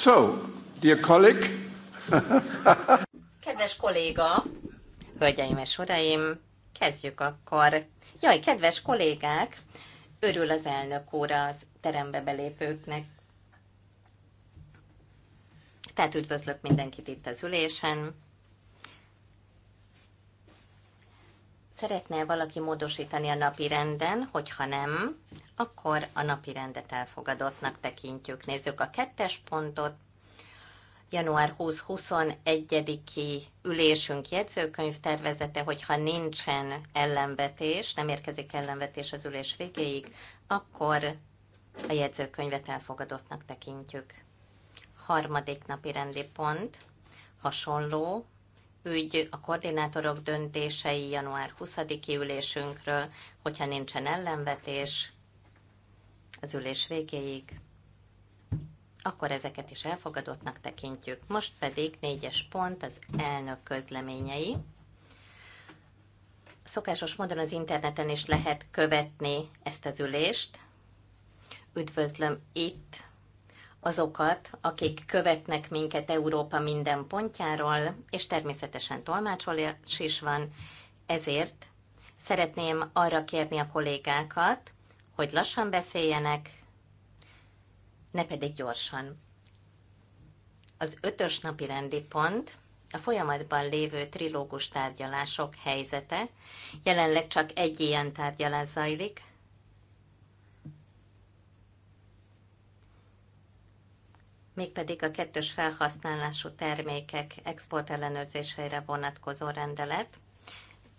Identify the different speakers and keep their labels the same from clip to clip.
Speaker 1: So, dear colleague.
Speaker 2: Kedves kolléga, hölgyeim és uraim, kezdjük akkor. Jaj, kedves kollégák, örül az elnök úr az terembe belépőknek. Tehát üdvözlök mindenkit itt az ülésen. Szeretne valaki módosítani a napi renden, hogyha nem, akkor a napi rendet elfogadottnak tekintjük. Nézzük a kettes pontot. Január 20-21-i ülésünk jegyzőkönyv tervezete, hogyha nincsen ellenvetés, nem érkezik ellenvetés az ülés végéig, akkor a jegyzőkönyvet elfogadottnak tekintjük. Harmadik napi rendi pont, hasonló, ügy a koordinátorok döntései január 20-i ülésünkről, hogyha nincsen ellenvetés, az ülés végéig, akkor ezeket is elfogadottnak tekintjük. Most pedig négyes pont az elnök közleményei. Szokásos módon az interneten is lehet követni ezt az ülést. Üdvözlöm itt azokat, akik követnek minket Európa minden pontjáról, és természetesen tolmácsolás is van, ezért szeretném arra kérni a kollégákat, hogy lassan beszéljenek, ne pedig gyorsan. Az ötös napi rendi pont a folyamatban lévő trilógus tárgyalások helyzete. Jelenleg csak egy ilyen tárgyalás zajlik. mégpedig a kettős felhasználású termékek ellenőrzéseire vonatkozó rendelet.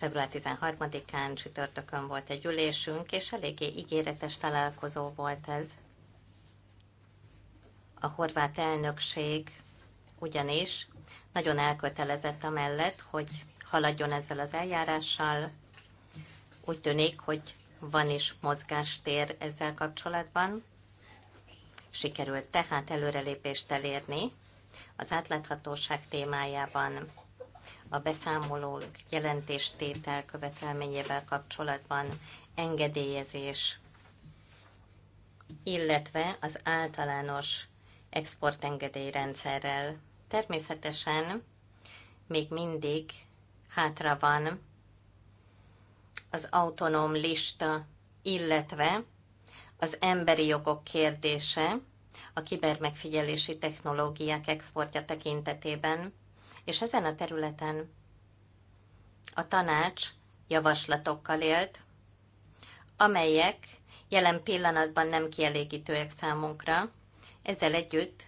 Speaker 2: Február 13-án csütörtökön volt egy ülésünk, és eléggé ígéretes találkozó volt ez. A horvát elnökség ugyanis nagyon elkötelezett amellett, hogy haladjon ezzel az eljárással. Úgy tűnik, hogy van is mozgástér ezzel kapcsolatban. Sikerült tehát előrelépést elérni az átláthatóság témájában a beszámoló jelentéstétel követelményével kapcsolatban engedélyezés, illetve az általános exportengedélyrendszerrel. Természetesen még mindig hátra van az autonóm lista, illetve az emberi jogok kérdése a kibermegfigyelési technológiák exportja tekintetében, és ezen a területen a tanács javaslatokkal élt, amelyek jelen pillanatban nem kielégítőek számunkra. Ezzel együtt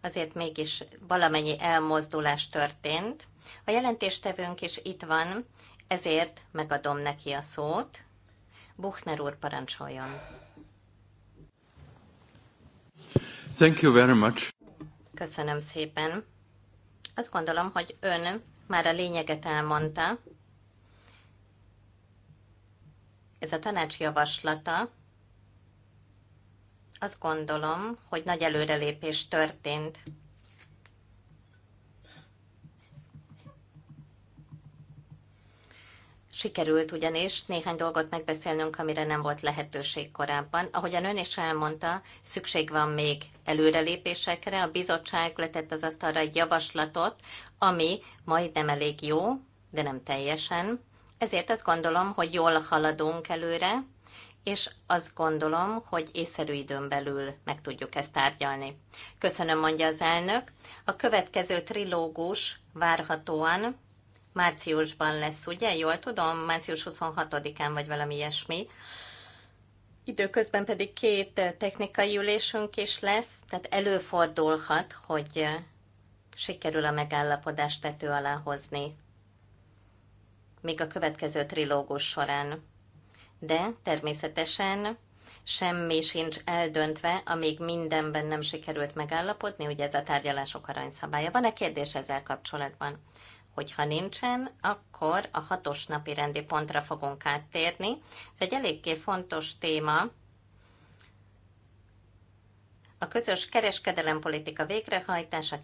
Speaker 2: azért mégis valamennyi elmozdulás történt. A jelentéstevőnk is itt van, ezért megadom neki a szót. Buchner úr parancsoljon.
Speaker 1: Thank you very much.
Speaker 2: Köszönöm szépen. Azt gondolom, hogy ön már a lényeget elmondta. Ez a tanács javaslata. Azt gondolom, hogy nagy előrelépés történt Sikerült ugyanis néhány dolgot megbeszélnünk, amire nem volt lehetőség korábban. Ahogyan ön is elmondta, szükség van még előrelépésekre. A bizottság letett az asztalra egy javaslatot, ami nem elég jó, de nem teljesen. Ezért azt gondolom, hogy jól haladunk előre, és azt gondolom, hogy észszerű időn belül meg tudjuk ezt tárgyalni. Köszönöm, mondja az elnök. A következő trilógus várhatóan márciusban lesz, ugye? Jól tudom, március 26-án vagy valami ilyesmi. Időközben pedig két eh, technikai ülésünk is lesz, tehát előfordulhat, hogy eh, sikerül a megállapodást tető alá hozni, még a következő trilógus során. De természetesen semmi sincs eldöntve, amíg mindenben nem sikerült megállapodni, ugye ez a tárgyalások aranyszabálya. Van-e kérdés ezzel kapcsolatban? Hogyha nincsen, akkor a hatos napi rendi pontra fogunk áttérni. Ez egy eléggé fontos téma. A közös kereskedelempolitika végrehajtása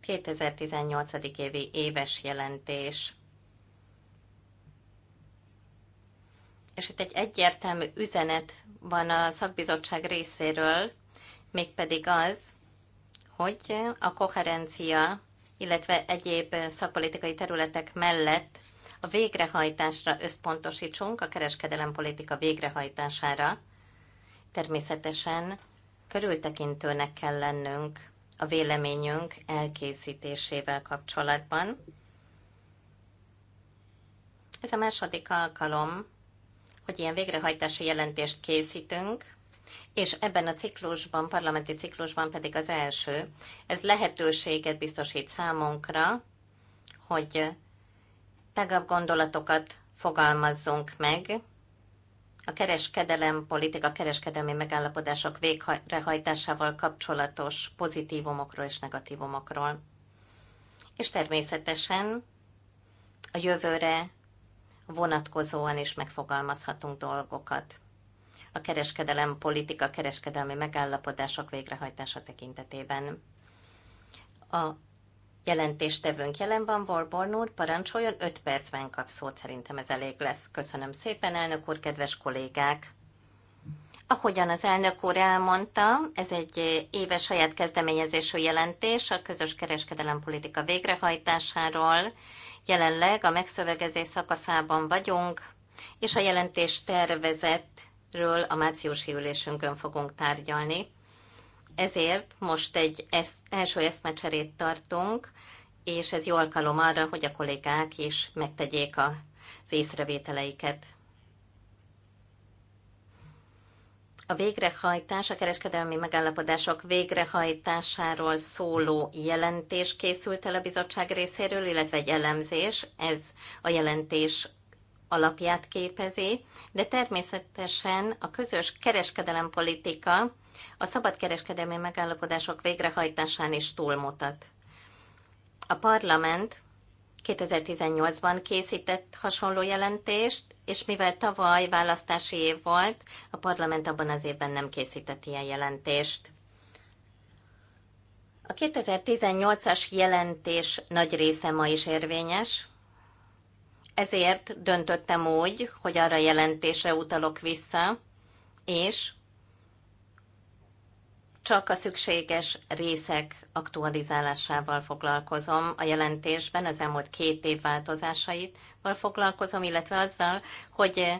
Speaker 2: 2018. évi éves jelentés. És itt egy egyértelmű üzenet van a szakbizottság részéről, mégpedig az, hogy a koherencia illetve egyéb eh, szakpolitikai területek mellett a végrehajtásra összpontosítsunk, a kereskedelempolitika végrehajtására. Természetesen körültekintőnek kell lennünk a véleményünk elkészítésével kapcsolatban. Ez a második alkalom, hogy ilyen végrehajtási jelentést készítünk, és ebben a ciklusban, parlamenti ciklusban pedig az első. Ez lehetőséget biztosít számunkra, hogy tágabb gondolatokat fogalmazzunk meg, a kereskedelem politika, kereskedelmi megállapodások végrehajtásával kapcsolatos pozitívumokról és negatívumokról. És természetesen a jövőre vonatkozóan is megfogalmazhatunk dolgokat a kereskedelem politika, kereskedelmi megállapodások végrehajtása tekintetében. A jelentéstevőnk jelen van, Warborn úr, parancsoljon, 5 percben kap szót, szerintem ez elég lesz. Köszönöm szépen, elnök úr, kedves kollégák! Ahogyan az elnök úr elmondta, ez egy éves saját kezdeményezésű jelentés a közös politika végrehajtásáról. Jelenleg a megszövegezés szakaszában vagyunk, és a jelentés tervezett ről a márciusi ülésünkön fogunk tárgyalni. Ezért most egy esz- első eszmecserét tartunk, és ez jó alkalom arra, hogy a kollégák is megtegyék a, az észrevételeiket. A végrehajtás, a kereskedelmi megállapodások végrehajtásáról szóló jelentés készült el a bizottság részéről, illetve egy elemzés. Ez a jelentés alapját képezi, de természetesen a közös kereskedelempolitika a szabadkereskedelmi megállapodások végrehajtásán is túlmutat. A parlament 2018-ban készített hasonló jelentést, és mivel tavaly választási év volt, a parlament abban az évben nem készített ilyen jelentést. A 2018-as jelentés nagy része ma is érvényes, ezért döntöttem úgy, hogy arra jelentésre utalok vissza, és csak a szükséges részek aktualizálásával foglalkozom a jelentésben, az elmúlt két év változásaival foglalkozom, illetve azzal, hogy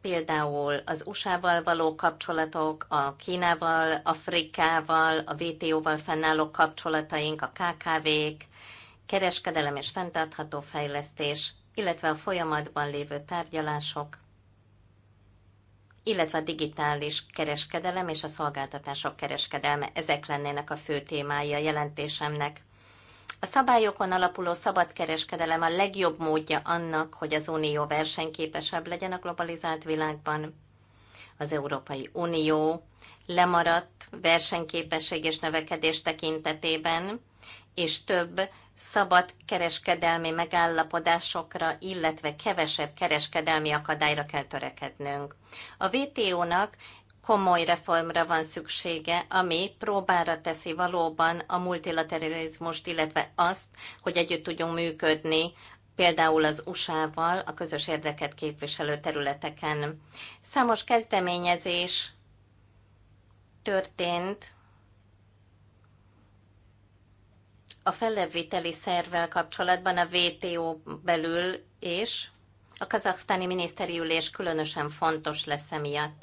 Speaker 2: például az USA-val való kapcsolatok, a Kínával, Afrikával, a WTO-val fennálló kapcsolataink, a KKV-k, kereskedelem és fenntartható fejlesztés, illetve a folyamatban lévő tárgyalások, illetve a digitális kereskedelem és a szolgáltatások kereskedelme, ezek lennének a fő témái a jelentésemnek. A szabályokon alapuló szabad kereskedelem a legjobb módja annak, hogy az Unió versenyképesebb legyen a globalizált világban. Az Európai Unió lemaradt versenyképesség és növekedés tekintetében, és több szabad kereskedelmi megállapodásokra, illetve kevesebb kereskedelmi akadályra kell törekednünk. A WTO-nak komoly reformra van szüksége, ami próbára teszi valóban a multilateralizmust, illetve azt, hogy együtt tudjunk működni például az USA-val a közös érdeket képviselő területeken. Számos kezdeményezés történt a fellevételi szervvel kapcsolatban a VTO belül és a kazaksztáni miniszteri ülés különösen fontos lesz emiatt.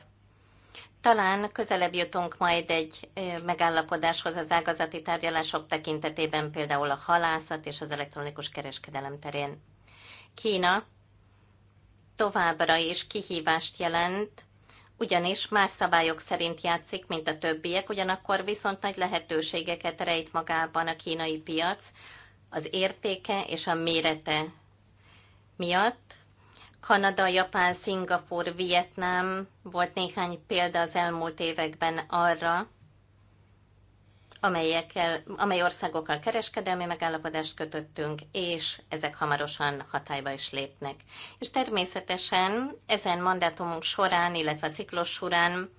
Speaker 2: Talán közelebb jutunk majd egy megállapodáshoz az ágazati tárgyalások tekintetében, például a halászat és az elektronikus kereskedelem terén. Kína továbbra is kihívást jelent ugyanis más szabályok szerint játszik, mint a többiek, ugyanakkor viszont nagy lehetőségeket rejt magában a kínai piac az értéke és a mérete miatt. Kanada, Japán, Szingapur, Vietnám volt néhány példa az elmúlt években arra, amelyekkel, amely országokkal kereskedelmi megállapodást kötöttünk, és ezek hamarosan hatályba is lépnek. És természetesen ezen mandátumunk során, illetve a ciklus során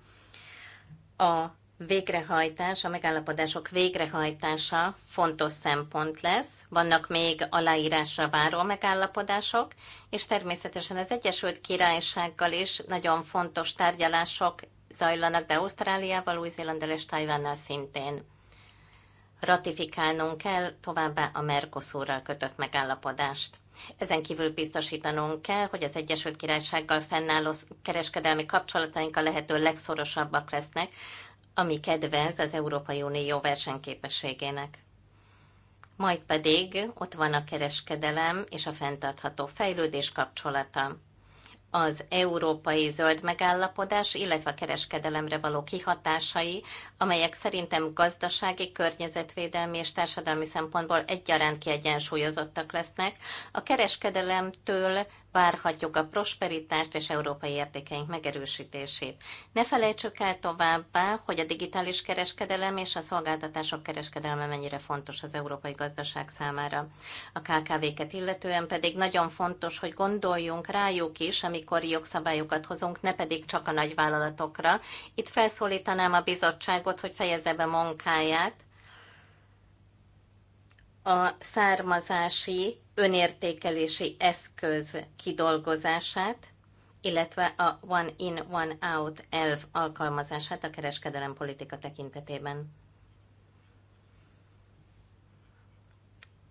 Speaker 2: a végrehajtás, a megállapodások végrehajtása fontos szempont lesz. Vannak még aláírásra váró megállapodások, és természetesen az Egyesült Királysággal is nagyon fontos tárgyalások zajlanak, de Ausztráliával, Új-Zélandel és Tajvánnal szintén ratifikálnunk kell továbbá a Mercosurral kötött megállapodást. Ezen kívül biztosítanunk kell, hogy az Egyesült Királysággal fennálló kereskedelmi kapcsolataink a lehető legszorosabbak lesznek, ami kedvez az Európai Unió versenyképességének. Majd pedig ott van a kereskedelem és a fenntartható fejlődés kapcsolata az európai zöld megállapodás, illetve a kereskedelemre való kihatásai, amelyek szerintem gazdasági, környezetvédelmi és társadalmi szempontból egyaránt kiegyensúlyozottak lesznek. A kereskedelemtől várhatjuk a prosperitást és európai értékeink megerősítését. Ne felejtsük el továbbá, hogy a digitális kereskedelem és a szolgáltatások kereskedelme mennyire fontos az európai gazdaság számára. A KKV-ket illetően pedig nagyon fontos, hogy gondoljunk rájuk is, amikor jogszabályokat hozunk, ne pedig csak a nagyvállalatokra. Itt felszólítanám a bizottságot, hogy fejezze be munkáját, a származási önértékelési eszköz kidolgozását, illetve a One In, One Out elv alkalmazását a kereskedelem politika tekintetében.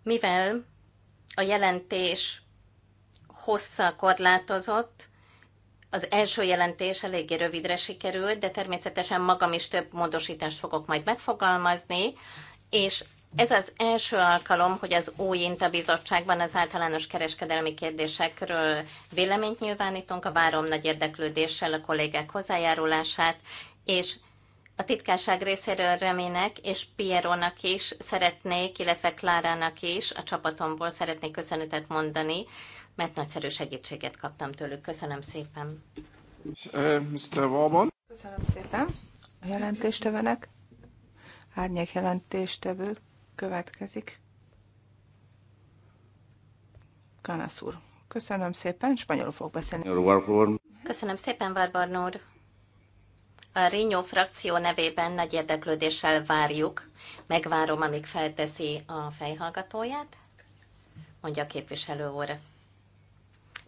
Speaker 2: Mivel a jelentés hossza korlátozott, az első jelentés eléggé rövidre sikerült, de természetesen magam is több módosítást fogok majd megfogalmazni, és ez az első alkalom, hogy az új INTA bizottságban az általános kereskedelmi kérdésekről véleményt nyilvánítunk, a várom nagy érdeklődéssel a kollégák hozzájárulását, és a titkárság részéről Remének és Pierónak is szeretnék, illetve Klárának is a csapatomból szeretnék köszönetet mondani, mert nagyszerű segítséget kaptam tőlük.
Speaker 3: Köszönöm szépen.
Speaker 2: Mr. Valban.
Speaker 3: Köszönöm szépen a jelentéstevőnek, árnyék jelentéstevők következik. Kanasz úr. Köszönöm szépen, spanyolul fog
Speaker 1: beszélni.
Speaker 2: Köszönöm szépen, Varbarn úr. A Rényó frakció nevében nagy érdeklődéssel várjuk. Megvárom, amíg felteszi a fejhallgatóját, mondja a képviselő úr.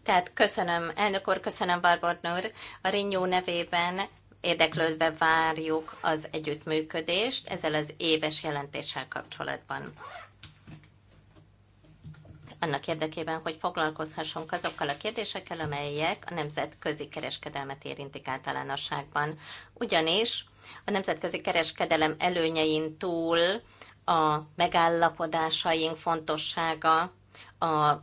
Speaker 2: Tehát köszönöm, elnök úr, köszönöm Barbarnőr. A Rinyó nevében érdeklődve várjuk az együttműködést ezzel az éves jelentéssel kapcsolatban. Annak érdekében, hogy foglalkozhassunk azokkal a kérdésekkel, amelyek a nemzetközi kereskedelmet érintik általánosságban. Ugyanis a nemzetközi kereskedelem előnyein túl a megállapodásaink fontossága, a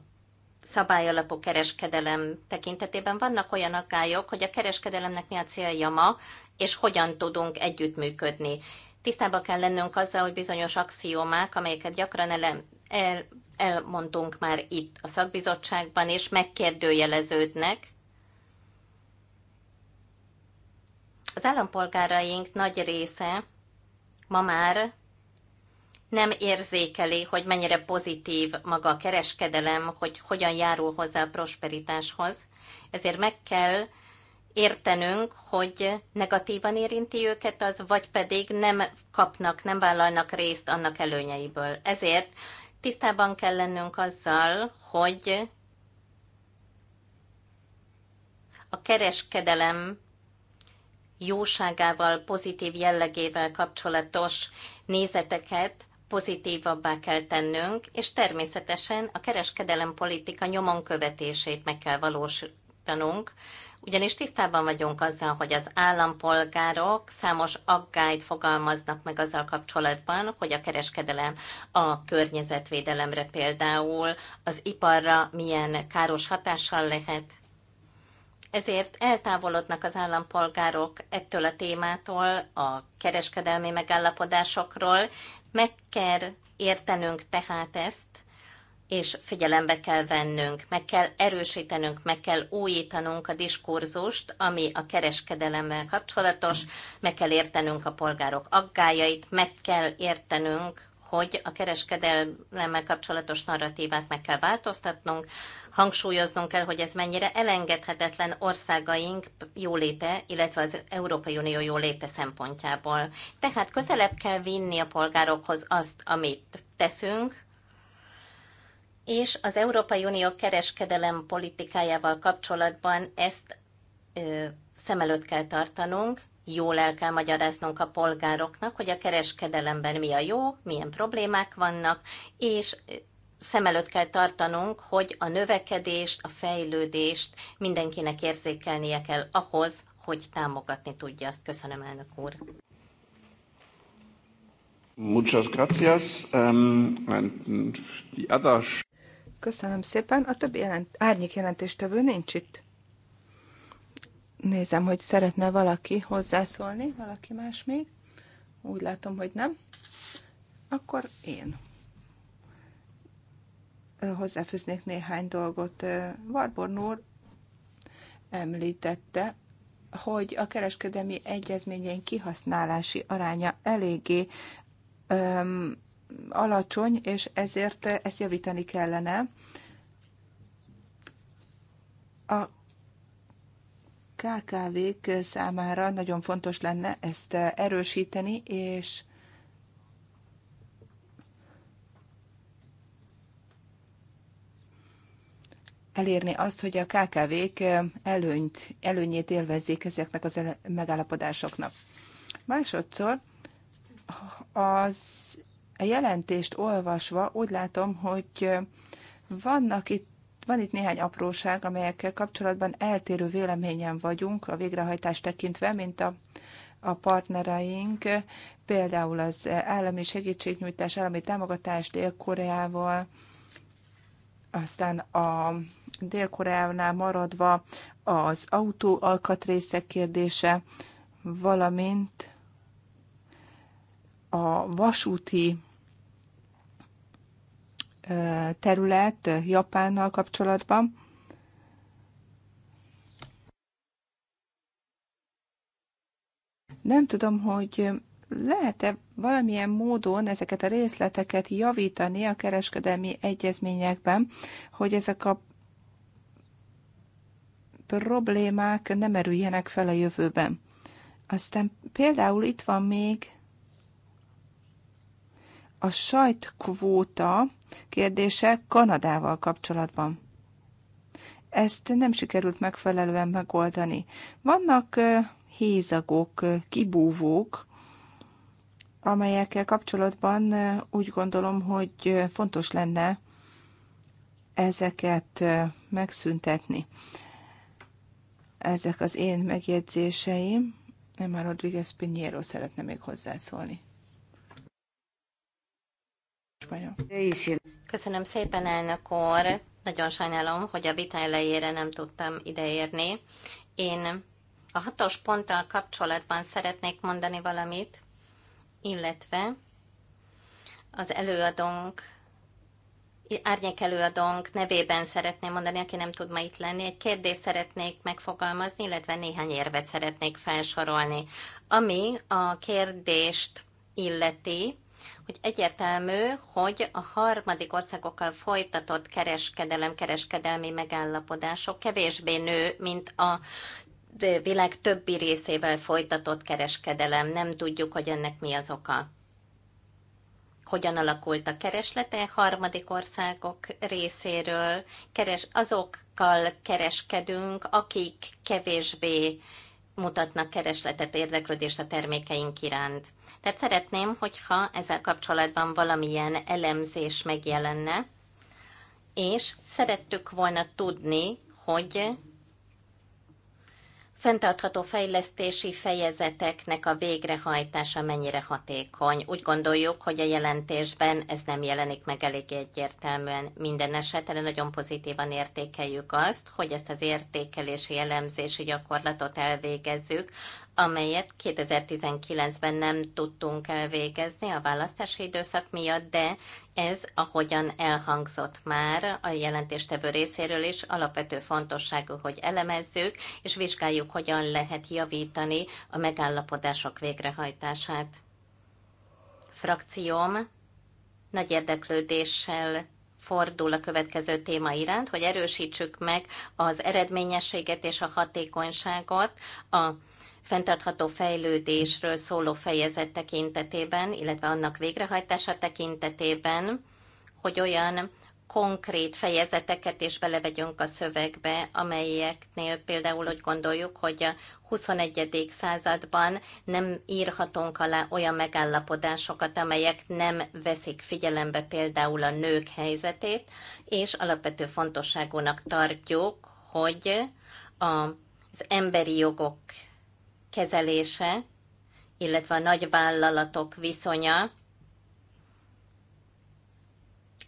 Speaker 2: szabályalapú kereskedelem tekintetében vannak olyan akályok, hogy a kereskedelemnek mi a célja ma, és hogyan tudunk együttműködni. Tisztában kell lennünk azzal, hogy bizonyos axiómák, amelyeket gyakran ele, el, elmondtunk már itt a szakbizottságban, és megkérdőjeleződnek. Az állampolgáraink nagy része ma már nem érzékeli, hogy mennyire pozitív maga a kereskedelem, hogy hogyan járul hozzá a prosperitáshoz. Ezért meg kell értenünk, hogy negatívan érinti őket az, vagy pedig nem kapnak, nem vállalnak részt annak előnyeiből. Ezért tisztában kell lennünk azzal, hogy a kereskedelem jóságával, pozitív jellegével kapcsolatos nézeteket pozitívabbá kell tennünk, és természetesen a kereskedelem politika nyomon követését meg kell valósítanunk, ugyanis tisztában vagyunk azzal, hogy az állampolgárok számos aggályt fogalmaznak meg azzal kapcsolatban, hogy a kereskedelem a környezetvédelemre például, az iparra milyen káros hatással lehet. Ezért eltávolodnak az állampolgárok ettől a témától, a kereskedelmi megállapodásokról, meg kell értenünk tehát ezt, és figyelembe kell vennünk, meg kell erősítenünk, meg kell újítanunk a diskurzust, ami a kereskedelemmel kapcsolatos, meg kell értenünk a polgárok aggájait, meg kell értenünk, hogy a kereskedelemmel kapcsolatos narratívát meg kell változtatnunk, hangsúlyoznunk kell, hogy ez mennyire elengedhetetlen országaink jóléte, illetve az Európai Unió jóléte szempontjából. Tehát közelebb kell vinni a polgárokhoz azt, amit teszünk, és az Európai Unió kereskedelem politikájával kapcsolatban ezt ö, szem előtt kell tartanunk, jól el kell magyaráznunk a polgároknak, hogy a kereskedelemben mi a jó, milyen problémák vannak, és szem előtt kell tartanunk, hogy a növekedést, a fejlődést mindenkinek érzékelnie kell ahhoz, hogy támogatni tudja azt. Köszönöm, elnök úr.
Speaker 1: Muchas gracias.
Speaker 3: Köszönöm szépen. A többi jelent, árnyék jelentéstevő nincs itt. Nézem, hogy szeretne valaki hozzászólni, valaki más még. Úgy látom, hogy nem. Akkor én hozzáfűznék néhány dolgot. Varborn úr említette, hogy a kereskedelmi egyezményeink kihasználási aránya eléggé öm, alacsony, és ezért ezt javítani kellene. A KKV-k számára nagyon fontos lenne ezt erősíteni, és elérni azt, hogy a KKV-k előnyt, előnyét élvezzék ezeknek az megállapodásoknak. Másodszor az a jelentést olvasva úgy látom, hogy vannak itt van itt néhány apróság, amelyekkel kapcsolatban eltérő véleményen vagyunk a végrehajtást tekintve, mint a, a partnereink, például az állami segítségnyújtás, állami támogatás Dél-Koreával, aztán a Dél-Koreánál maradva az autó alkatrészek kérdése, valamint a vasúti terület Japánnal kapcsolatban. Nem tudom, hogy lehet-e valamilyen módon ezeket a részleteket javítani a kereskedelmi egyezményekben, hogy ezek a problémák nem merüljenek fel a jövőben. Aztán például itt van még a sajtkvóta, kérdése Kanadával kapcsolatban. Ezt nem sikerült megfelelően megoldani. Vannak hézagok, kibúvók, amelyekkel kapcsolatban úgy gondolom, hogy fontos lenne ezeket megszüntetni. Ezek az én megjegyzéseim. már Rodriguez Pinheiro szeretne még hozzászólni vagyok.
Speaker 2: Köszönöm szépen, elnök úr. Nagyon sajnálom, hogy a vita elejére nem tudtam ideérni. Én a hatos ponttal kapcsolatban szeretnék mondani valamit, illetve az előadónk, árnyék előadónk nevében szeretném mondani, aki nem tud ma itt lenni. Egy kérdést szeretnék megfogalmazni, illetve néhány érvet szeretnék felsorolni. Ami a kérdést illeti, hogy egyértelmű, hogy a harmadik országokkal folytatott kereskedelem, kereskedelmi megállapodások kevésbé nő, mint a világ többi részével folytatott kereskedelem. Nem tudjuk, hogy ennek mi az oka. Hogyan alakult a kereslete harmadik országok részéről? Keres, azokkal kereskedünk, akik kevésbé mutatnak keresletet, érdeklődést a termékeink iránt. Tehát szeretném, hogyha ezzel kapcsolatban valamilyen elemzés megjelenne, és szerettük volna tudni, hogy fenntartható fejlesztési fejezeteknek a végrehajtása mennyire hatékony. Úgy gondoljuk, hogy a jelentésben ez nem jelenik meg elég egyértelműen. Minden esetre nagyon pozitívan értékeljük azt, hogy ezt az értékelési elemzési gyakorlatot elvégezzük amelyet 2019-ben nem tudtunk elvégezni a választási időszak miatt, de ez, ahogyan elhangzott már a jelentéstevő részéről is, alapvető fontosságú, hogy elemezzük és vizsgáljuk, hogyan lehet javítani a megállapodások végrehajtását. Frakcióm nagy érdeklődéssel fordul a következő téma iránt, hogy erősítsük meg az eredményességet és a hatékonyságot a fenntartható fejlődésről szóló fejezet tekintetében, illetve annak végrehajtása tekintetében, hogy olyan konkrét fejezeteket is belevegyünk a szövegbe, amelyeknél például úgy gondoljuk, hogy a 21. században nem írhatunk alá olyan megállapodásokat, amelyek nem veszik figyelembe például a nők helyzetét, és alapvető fontosságúnak tartjuk, hogy az emberi jogok kezelése, illetve a nagyvállalatok viszonya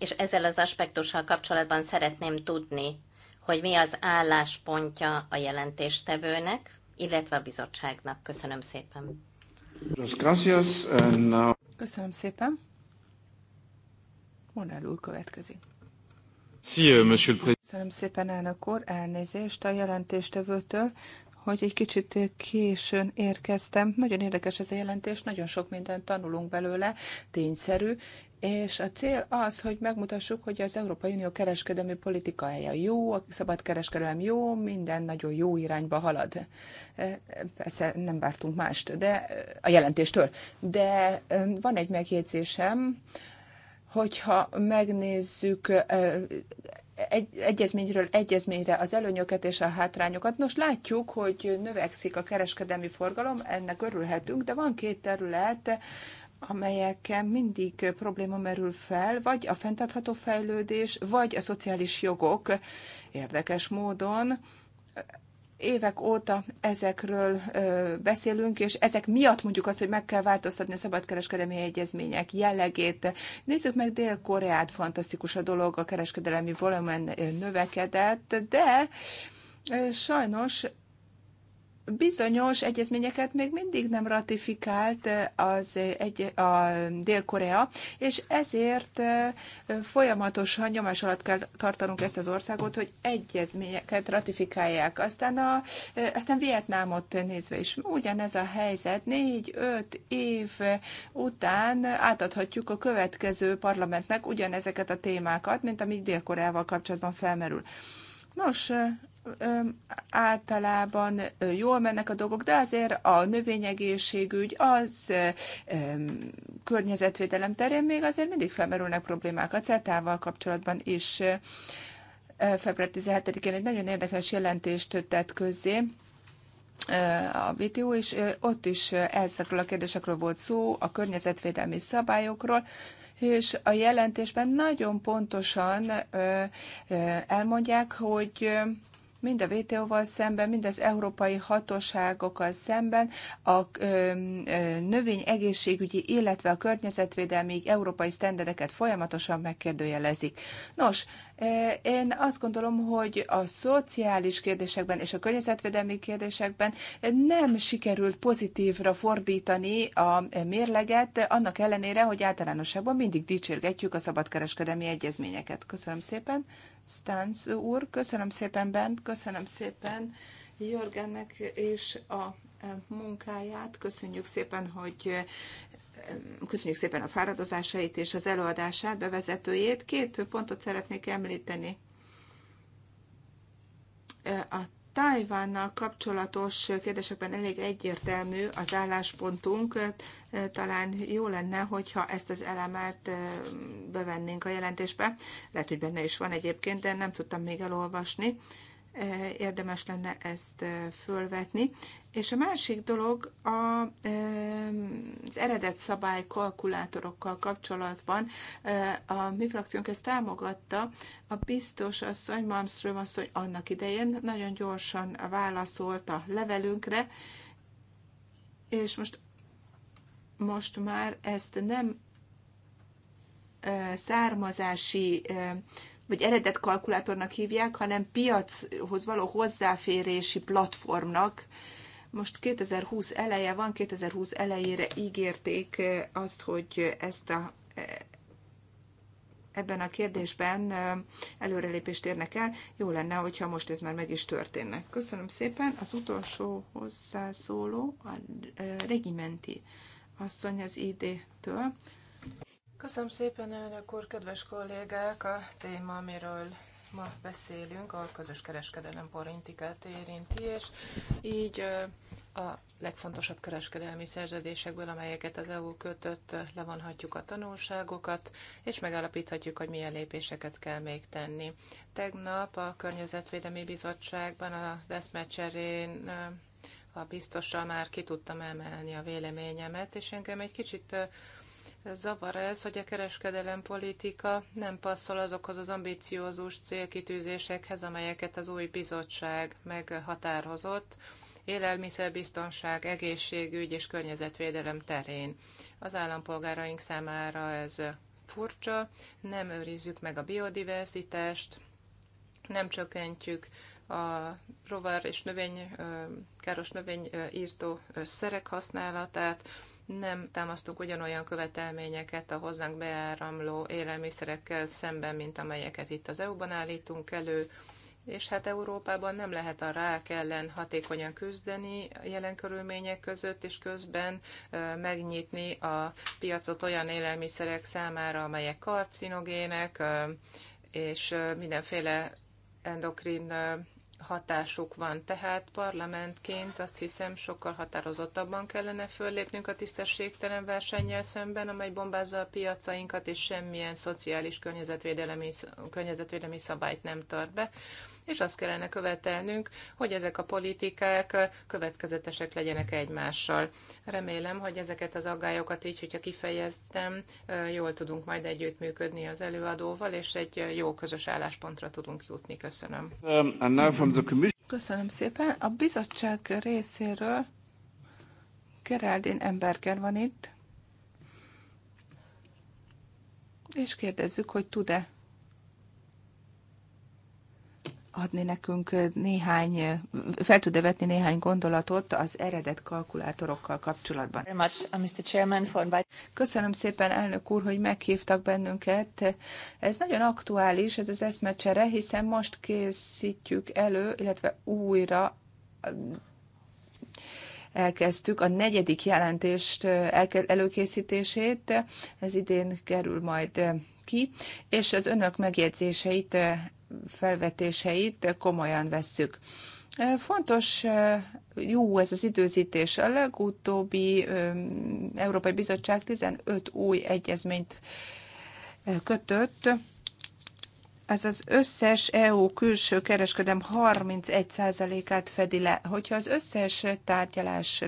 Speaker 2: és ezzel az aspektussal kapcsolatban szeretném tudni, hogy mi az álláspontja a jelentéstevőnek, illetve a bizottságnak. Köszönöm szépen.
Speaker 3: Köszönöm szépen. Monel úr következik. Euh, Köszönöm szépen, elnök úr, elnézést a jelentéstevőtől, hogy egy kicsit későn érkeztem. Nagyon érdekes ez a jelentés, nagyon sok mindent tanulunk belőle, tényszerű, és a cél az, hogy megmutassuk, hogy az Európai Unió kereskedelmi politikája jó, a szabad kereskedelem jó, minden nagyon jó irányba halad. E, persze nem vártunk mást, de a jelentéstől. De e, van egy megjegyzésem, hogyha megnézzük e, egy, egyezményről egyezményre az előnyöket és a hátrányokat. Nos, látjuk, hogy növekszik a kereskedelmi forgalom, ennek örülhetünk, de van két terület, amelyeken mindig probléma merül fel, vagy a fenntartható fejlődés, vagy a szociális jogok érdekes módon. Évek óta ezekről beszélünk, és ezek miatt mondjuk azt, hogy meg kell változtatni a szabadkereskedelmi egyezmények jellegét. Nézzük meg Dél-Koreát, fantasztikus a dolog, a kereskedelemi volumen növekedett, de sajnos bizonyos egyezményeket még mindig nem ratifikált az egy, a Dél-Korea, és ezért folyamatosan nyomás alatt kell tartanunk ezt az országot, hogy egyezményeket ratifikálják. Aztán, a, aztán Vietnámot nézve is ugyanez a helyzet. Négy-öt év után átadhatjuk a következő parlamentnek ugyanezeket a témákat, mint amit Dél-Koreával kapcsolatban felmerül. Nos, általában jól mennek a dolgok, de azért a növényegészségügy, az környezetvédelem terén még azért mindig felmerülnek problémák a CETA-val kapcsolatban is. Február 17-én egy nagyon érdekes jelentést tett közzé, a videó, és ott is ezekről a kérdésekről volt szó, a környezetvédelmi szabályokról, és a jelentésben nagyon pontosan elmondják, hogy mind a vto val szemben, mind az európai hatóságokkal szemben, a növényegészségügyi, illetve a környezetvédelmi európai sztendereket folyamatosan megkérdőjelezik. Nos, én azt gondolom, hogy a szociális kérdésekben és a környezetvédelmi kérdésekben nem sikerült pozitívra fordítani a mérleget, annak ellenére, hogy általánosságban mindig dicsérgetjük a szabadkereskedelmi egyezményeket. Köszönöm szépen, Stanz úr, köszönöm szépen, ben, köszönöm szépen Jörgennek és a e, munkáját. Köszönjük szépen, hogy köszönjük szépen a fáradozásait és az előadását, bevezetőjét. Két pontot szeretnék említeni. A Tajvánnal kapcsolatos kérdésekben elég egyértelmű az álláspontunk. Talán jó lenne, hogyha ezt az elemet eh, bevennénk a jelentésbe. Lehet, hogy benne is van egyébként, de nem tudtam még elolvasni. Eh, érdemes lenne ezt eh, fölvetni. És a másik dolog a, az eredet szabály kalkulátorokkal kapcsolatban a mi frakciónk ezt támogatta. A biztos asszony, Malmström asszony annak idején nagyon gyorsan válaszolt a levelünkre, és most, most már ezt nem származási vagy eredet kalkulátornak hívják, hanem piachoz való hozzáférési platformnak, most 2020 eleje van, 2020 elejére ígérték eh, azt, hogy ezt a eh, ebben a kérdésben eh, előrelépést érnek el. Jó lenne, hogyha most ez már meg is történne. Köszönöm szépen. Az utolsó hozzászóló a regimenti asszony az ID-től.
Speaker 4: Köszönöm szépen, elnök úr, kedves kollégák! A téma, amiről ma beszélünk, a közös kereskedelem politikát érinti, és így a legfontosabb kereskedelmi szerződésekből, amelyeket az EU kötött, levonhatjuk a tanulságokat, és megállapíthatjuk, hogy milyen lépéseket kell még tenni. Tegnap a Környezetvédelmi Bizottságban az eszmecserén a biztossal már ki tudtam emelni a véleményemet, és engem egy kicsit zavar ez, hogy a kereskedelem politika nem passzol azokhoz az ambiciózus célkitűzésekhez, amelyeket az új bizottság meghatározott élelmiszerbiztonság, egészségügy és környezetvédelem terén. Az állampolgáraink számára ez furcsa, nem őrizzük meg a biodiverzitást, nem csökkentjük a rovar és növény, káros növényírtó szerek használatát, nem támasztunk ugyanolyan követelményeket a hozzánk beáramló élelmiszerekkel szemben, mint amelyeket itt az EU-ban állítunk elő, és hát Európában nem lehet a rák ellen hatékonyan küzdeni jelen körülmények között, és közben megnyitni a piacot olyan élelmiszerek számára, amelyek karcinogének, és mindenféle endokrin hatásuk van. Tehát parlamentként azt hiszem sokkal határozottabban kellene föllépnünk a tisztességtelen versennyel szemben, amely bombázza a piacainkat, és semmilyen szociális környezetvédelmi, környezetvédelmi szabályt nem tart be és azt kellene követelnünk, hogy ezek a politikák következetesek legyenek egymással. Remélem, hogy ezeket az aggályokat így, hogyha kifejeztem, jól tudunk majd együttműködni az előadóval, és egy jó közös álláspontra tudunk jutni. Köszönöm.
Speaker 3: Um, Köszönöm szépen. A bizottság részéről Geraldine Emberger van itt, és kérdezzük, hogy tud-e adni nekünk néhány, fel tud-e vetni néhány gondolatot az eredet kalkulátorokkal kapcsolatban. Uh, Köszönöm szépen, elnök úr, hogy meghívtak bennünket. Ez nagyon aktuális, ez az eszmecsere, hiszen most készítjük elő, illetve újra um, elkezdtük a negyedik jelentést uh, előkészítését, ez idén kerül majd uh, ki, és az önök megjegyzéseit felvetéseit komolyan vesszük. Fontos, jó ez az időzítés. A legutóbbi Európai Bizottság 15 új egyezményt kötött. Ez az összes EU külső kereskedem 31%-át fedi le. Hogyha az összes tárgyalás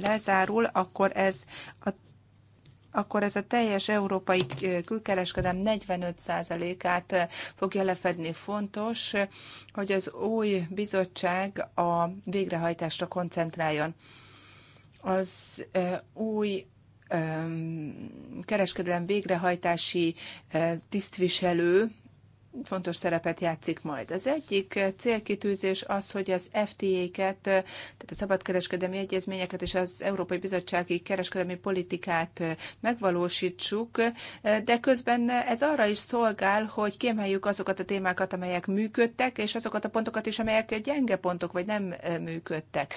Speaker 3: lezárul, akkor ez a akkor ez a teljes európai külkereskedem 45%-át fogja lefedni. Fontos, hogy az új bizottság a végrehajtásra koncentráljon. Az új kereskedelem végrehajtási tisztviselő fontos szerepet játszik majd. Az egyik célkitűzés az, hogy az FTA-ket, tehát a szabadkereskedelmi egyezményeket és az Európai Bizottsági Kereskedelmi Politikát megvalósítsuk, de közben ez arra is szolgál, hogy kiemeljük azokat a témákat, amelyek működtek, és azokat a pontokat is, amelyek gyenge pontok, vagy nem működtek.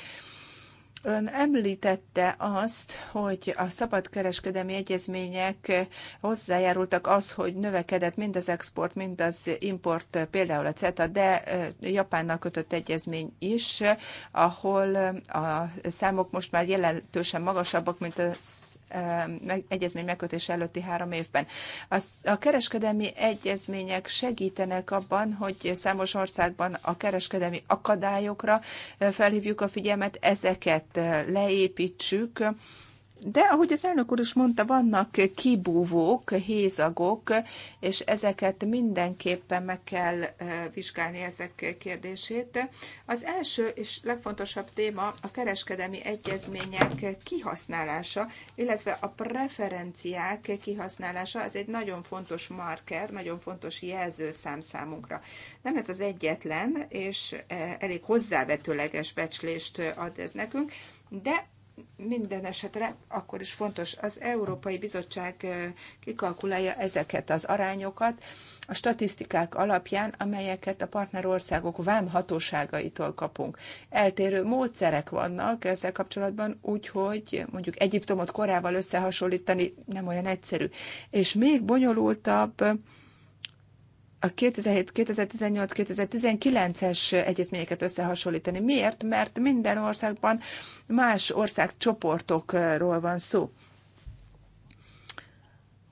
Speaker 3: Ön említette azt, hogy a szabadkereskedelmi egyezmények hozzájárultak az, hogy növekedett mind az export, mind az import, például a CETA, de Japánnal kötött egyezmény is, ahol a számok most már jelentősen magasabbak, mint az egyezmény megkötése előtti három évben. A kereskedelmi egyezmények segítenek abban, hogy számos országban a kereskedelmi akadályokra felhívjuk a figyelmet, ezeket leépítsük, de ahogy az elnök úr is mondta, vannak kibúvók, hézagok, és ezeket mindenképpen meg kell eh, vizsgálni ezek kérdését. Az első és legfontosabb téma a kereskedelmi egyezmények kihasználása, illetve a preferenciák kihasználása. Ez egy nagyon fontos marker, nagyon fontos jelzőszám számunkra. Nem ez az egyetlen, és eh, elég hozzávetőleges becslést ad ez nekünk, de minden esetre akkor is fontos, az Európai Bizottság kikalkulálja ezeket az arányokat a statisztikák alapján, amelyeket a partnerországok vámhatóságaitól kapunk. Eltérő módszerek vannak ezzel kapcsolatban, úgyhogy mondjuk Egyiptomot korával összehasonlítani nem olyan egyszerű. És még bonyolultabb, a 2007-2018-2019-es egyezményeket összehasonlítani. Miért? Mert minden országban más országcsoportokról van szó.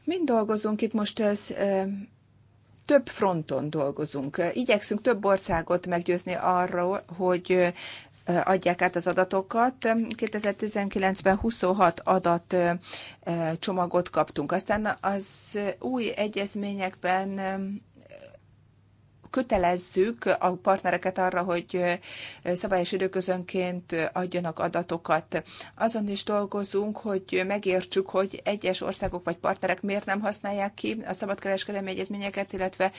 Speaker 3: Mind dolgozunk itt most, ez több fronton dolgozunk. Igyekszünk több országot meggyőzni arra, hogy adják át az adatokat. 2019-ben 26 adat csomagot kaptunk. Aztán az új egyezményekben kötelezzük a partnereket arra, hogy szabályos időközönként adjanak adatokat. Azon is dolgozunk, hogy megértsük, hogy egyes országok vagy partnerek miért nem használják ki a szabadkereskedelmi egyezményeket, illetve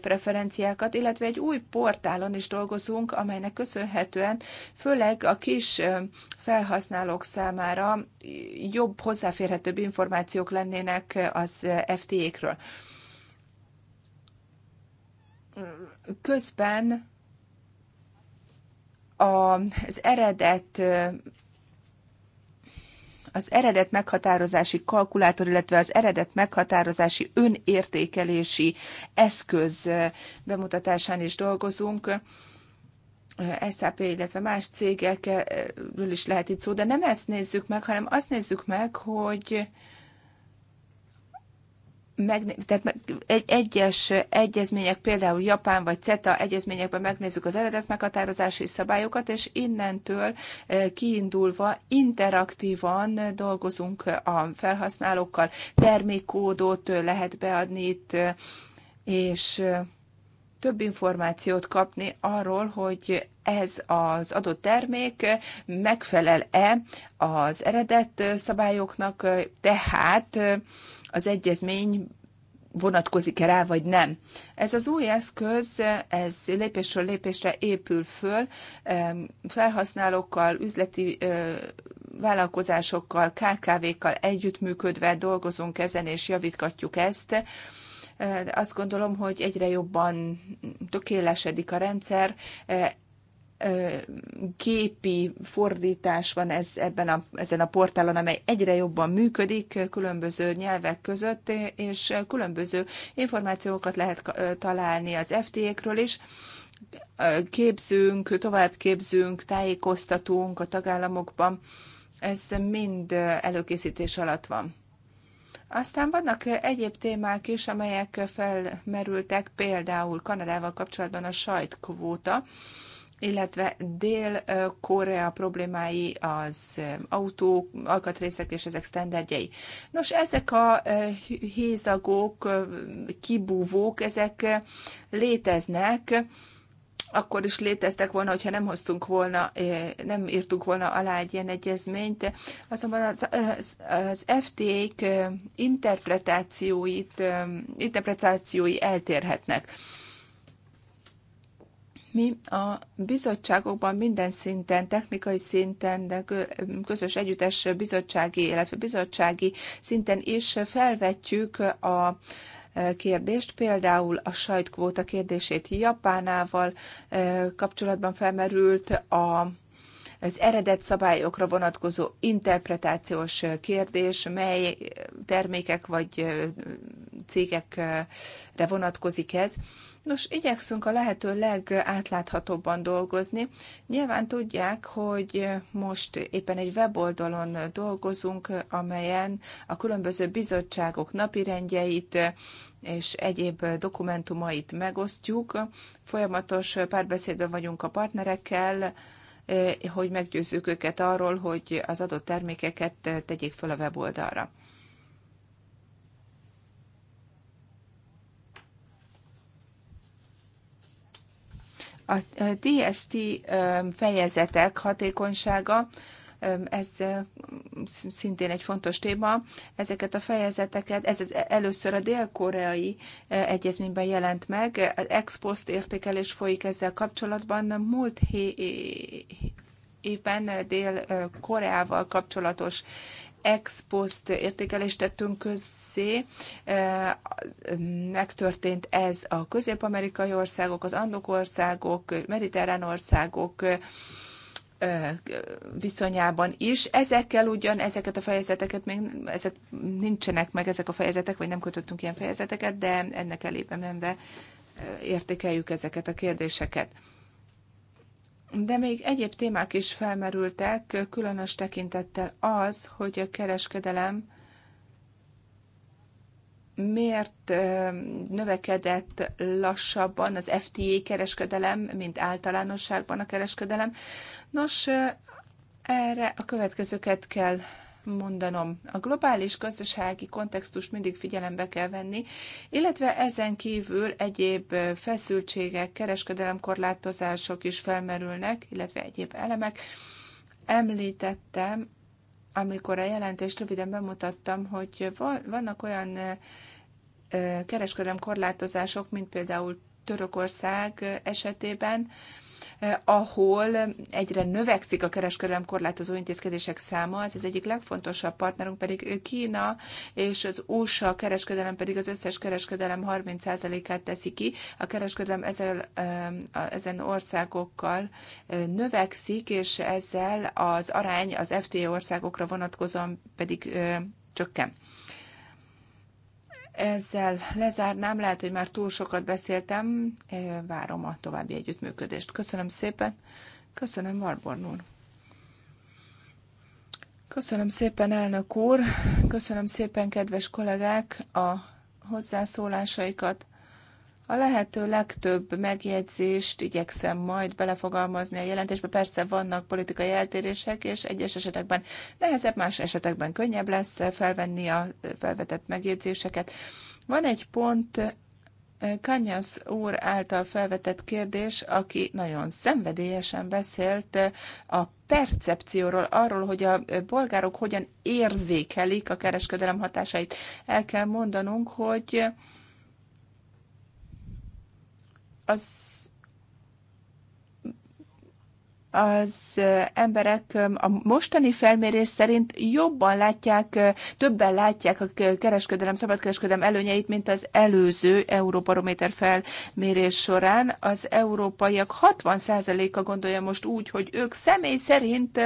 Speaker 3: preferenciákat, illetve egy új portálon is dolgozunk, amelynek köszönhetően főleg a kis felhasználók számára jobb hozzáférhetőbb információk lennének az FTA-kről közben az eredet az eredet meghatározási kalkulátor, illetve az eredet meghatározási önértékelési eszköz bemutatásán is dolgozunk. SAP, illetve más cégekről is lehet itt szó, de nem ezt nézzük meg, hanem azt nézzük meg, hogy meg, tehát egy, egyes egyezmények, például Japán vagy CETA egyezményekben megnézzük az eredet meghatározási szabályokat, és innentől e, kiindulva interaktívan dolgozunk a felhasználókkal, termékkódot e, lehet beadni itt, e, és több információt kapni arról, hogy ez az adott termék megfelel-e az eredet szabályoknak, tehát az egyezmény vonatkozik-e rá, vagy nem. Ez az új eszköz, ez lépésről lépésre épül föl, felhasználókkal, üzleti vállalkozásokkal, KKV-kkal együttműködve dolgozunk ezen, és javítgatjuk ezt. Azt gondolom, hogy egyre jobban tökélesedik a rendszer, gépi fordítás van ez, ebben a, ezen a portálon, amely egyre jobban működik különböző nyelvek között, és különböző információkat lehet találni az FTA-kről is. Képzünk, továbbképzünk, tájékoztatunk a tagállamokban. Ez mind előkészítés alatt van. Aztán vannak egyéb témák is, amelyek felmerültek, például Kanadával kapcsolatban a sajtkvóta illetve Dél-Korea problémái az autó, alkatrészek és ezek standardjai. Nos, ezek a e, hézagok, e, kibúvók, ezek e, léteznek, akkor is léteztek volna, hogyha nem hoztunk volna, nem írtunk volna alá egy ilyen egyezményt. Azonban az, az, az FTA-k interpretációit, interpretációi eltérhetnek. Mi a bizottságokban minden szinten, technikai szinten, de közös együttes bizottsági, illetve bizottsági szinten is felvetjük a e, kérdést, például a sajtkvóta kérdését Japánával e, kapcsolatban felmerült a az eredet szabályokra vonatkozó interpretációs kérdés, mely termékek vagy e, cégekre vonatkozik ez. Nos, igyekszünk a lehető legátláthatóbban dolgozni. Nyilván tudják, hogy most éppen egy weboldalon dolgozunk, amelyen a különböző bizottságok napirendjeit és egyéb dokumentumait megosztjuk. Folyamatos párbeszédben vagyunk a partnerekkel, eh, hogy meggyőzzük őket arról, hogy az adott termékeket tegyék fel a weboldalra. A DST fejezetek hatékonysága, ez szintén egy fontos téma. Ezeket a fejezeteket, ez az e, először a dél-koreai egyezményben jelent meg, az ex post értékelés folyik ezzel kapcsolatban. Múlt hé- évben Dél-Koreával kapcsolatos ex post értékelést tettünk közzé. E, megtörtént ez a közép-amerikai országok, az andok országok, mediterrán országok e, e, viszonyában is. Ezekkel ugyan ezeket a fejezeteket még ezek nincsenek meg ezek a fejezetek, vagy nem kötöttünk ilyen fejezeteket, de ennek elébe menve értékeljük ezeket a kérdéseket. De még egyéb témák is felmerültek, különös tekintettel az, hogy a kereskedelem miért növekedett lassabban az FTA kereskedelem, mint általánosságban a kereskedelem. Nos, erre a következőket kell mondanom. A globális gazdasági kontextust mindig figyelembe kell venni, illetve ezen kívül egyéb feszültségek, kereskedelemkorlátozások is felmerülnek, illetve egyéb elemek. Említettem, amikor a jelentést röviden bemutattam, hogy vannak olyan kereskedelemkorlátozások, korlátozások, mint például Törökország esetében, ahol egyre növekszik a kereskedelem korlátozó intézkedések száma, ez az egyik legfontosabb partnerünk pedig Kína, és az USA kereskedelem pedig az összes kereskedelem 30%-át teszi ki. A kereskedelem ezzel, ezen országokkal növekszik, és ezzel az arány az FTA e országokra vonatkozóan pedig csökken. Ezzel lezárnám, lehet, hogy már túl sokat beszéltem, várom a további együttműködést. Köszönöm szépen, köszönöm Marborn úr. Köszönöm szépen, elnök úr, köszönöm szépen, kedves kollégák, a hozzászólásaikat. A lehető legtöbb megjegyzést igyekszem majd belefogalmazni a jelentésbe. Persze vannak politikai eltérések, és egyes esetekben nehezebb, más esetekben könnyebb lesz felvenni a felvetett megjegyzéseket. Van egy pont, Kanyasz úr által felvetett kérdés, aki nagyon szenvedélyesen beszélt a percepcióról, arról, hogy a bolgárok hogyan érzékelik a kereskedelem hatásait. El kell mondanunk, hogy az az emberek a mostani felmérés szerint jobban látják, többen látják a kereskedelem, szabadkereskedelem előnyeit, mint az előző Euróbarométer felmérés során. Az európaiak 60%-a gondolja most úgy, hogy ők személy szerint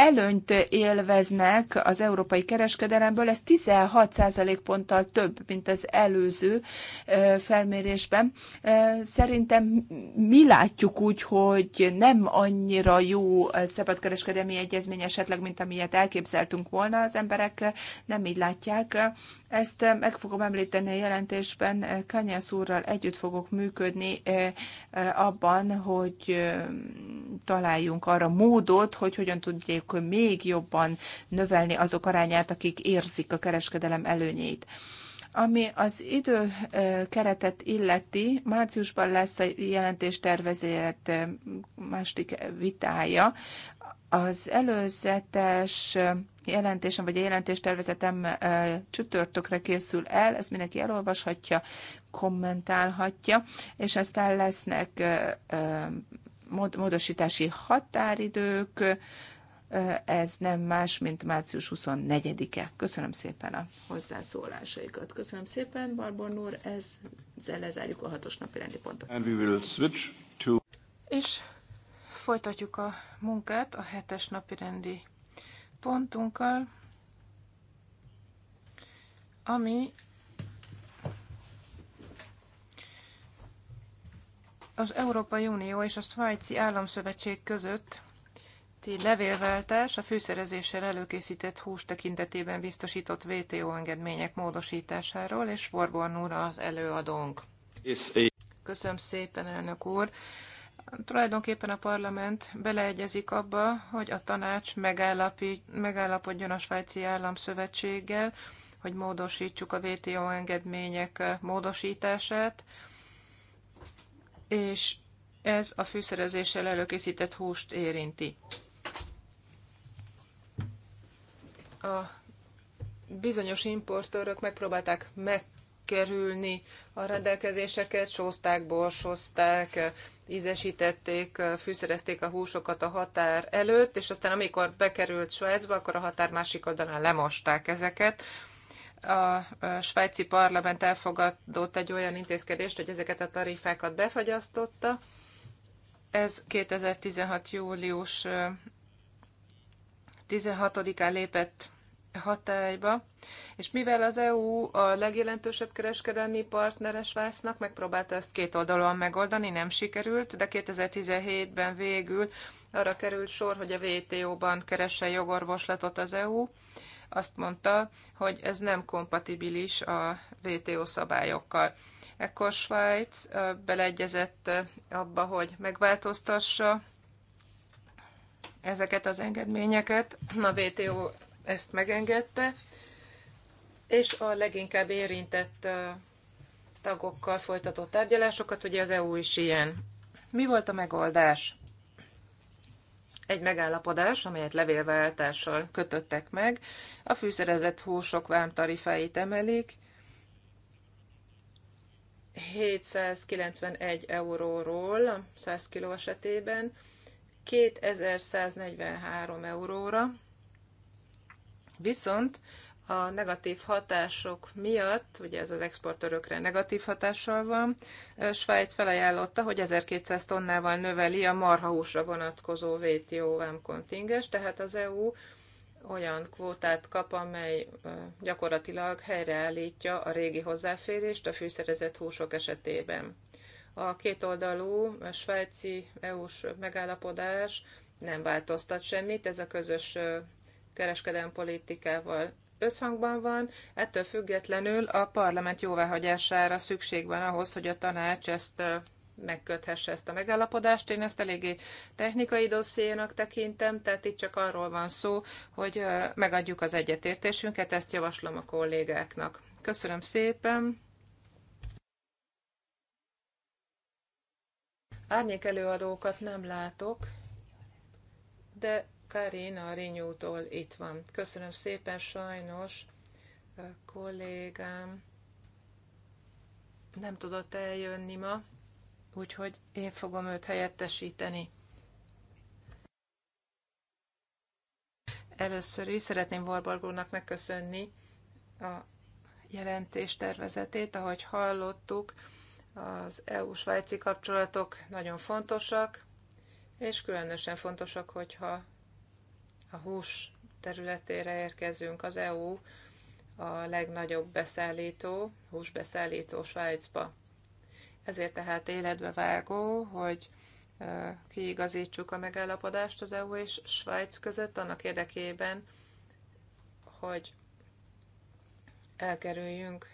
Speaker 3: előnyt élveznek az európai kereskedelemből, ez 16 ponttal több, mint az előző felmérésben. Szerintem mi látjuk úgy, hogy nem annyira jó szabadkereskedelmi egyezmény esetleg, mint amilyet elképzeltünk volna az emberek, nem így látják. Ezt meg fogom említeni a jelentésben, Kanyász úrral együtt fogok működni abban, hogy találjunk arra módot, hogy hogyan tudjuk akkor még jobban növelni azok arányát, akik érzik a kereskedelem előnyeit. Ami az időkeretet illeti, márciusban lesz a jelentéstervezet második vitája. Az előzetes jelentésem, vagy a jelentéstervezetem csütörtökre készül el, ezt mindenki elolvashatja, kommentálhatja, és aztán lesznek módosítási határidők, ez nem más, mint március 24-e. Köszönöm szépen a hozzászólásaikat. Köszönöm szépen, Barbon úr, ezzel lezárjuk a hatos napi rendi
Speaker 1: pontot. And we will switch to...
Speaker 3: És folytatjuk a munkát a
Speaker 4: hetes napi rendi pontunkkal, ami az Európai Unió és a Svájci Államszövetség között nemzeti levélváltás a fűszerezéssel előkészített hús tekintetében biztosított VTO engedmények módosításáról, és Vorborn úr az előadónk. Köszönöm szépen, elnök úr! Tulajdonképpen a parlament beleegyezik abba, hogy a tanács megállapodjon a svájci államszövetséggel, hogy módosítsuk a VTO engedmények eh, módosítását, és ez a fűszerezéssel előkészített húst érinti. a bizonyos importőrök megpróbálták megkerülni a rendelkezéseket, sózták, borsozták, ízesítették, fűszerezték a húsokat a határ előtt, és aztán amikor bekerült Svájcba, akkor a határ másik oldalán lemosták ezeket. A svájci parlament elfogadott egy olyan intézkedést, hogy ezeket a tarifákat befagyasztotta. Ez 2016. július 16-án lépett hatályba, és mivel az EU a legjelentősebb kereskedelmi partnere Svájcnak, megpróbálta ezt két oldalon megoldani, nem sikerült, de 2017-ben végül arra került sor, hogy a WTO-ban keresse jogorvoslatot az EU, azt mondta, hogy ez nem kompatibilis a WTO szabályokkal. Ekkor Svájc beleegyezett abba, hogy megváltoztassa ezeket az engedményeket. A WTO ezt megengedte, és a leginkább érintett tagokkal folytatott tárgyalásokat, ugye az EU is ilyen. Mi volt a megoldás? Egy megállapodás, amelyet levélváltással kötöttek meg, a fűszerezett húsok vámtarifáit emelik, 791 euróról 100 kiló esetében 2143 euróra, Viszont a negatív hatások miatt, ugye ez az exportörökre negatív hatással van, Svájc felajánlotta, hogy 1200 tonnával növeli a marhahúsra vonatkozó WTO vámkontinges, tehát az EU olyan kvótát kap, amely gyakorlatilag helyreállítja a régi hozzáférést a fűszerezett húsok esetében. A kétoldalú svájci EU-s megállapodás nem változtat semmit, ez a közös kereskedelmi politikával összhangban van, ettől függetlenül a parlament jóváhagyására szükség van ahhoz, hogy a tanács ezt megköthesse ezt a megállapodást. Én ezt eléggé technikai dossziénak tekintem, tehát itt csak arról van szó, hogy megadjuk az egyetértésünket, ezt javaslom a kollégáknak. Köszönöm szépen! Árnyék előadókat nem látok, de Karin a Rinyútól itt van. Köszönöm szépen, sajnos a kollégám nem tudott eljönni ma, úgyhogy én fogom őt helyettesíteni. Először is szeretném Valbargónak megköszönni a jelentés tervezetét. Ahogy hallottuk, az EU-svájci kapcsolatok nagyon fontosak, és különösen fontosak, hogyha a hús területére érkezünk. Az EU a legnagyobb beszállító, húsbeszállító Svájcba. Ezért tehát életbe vágó, hogy kiigazítsuk a megállapodást az EU és Svájc között annak érdekében, hogy elkerüljünk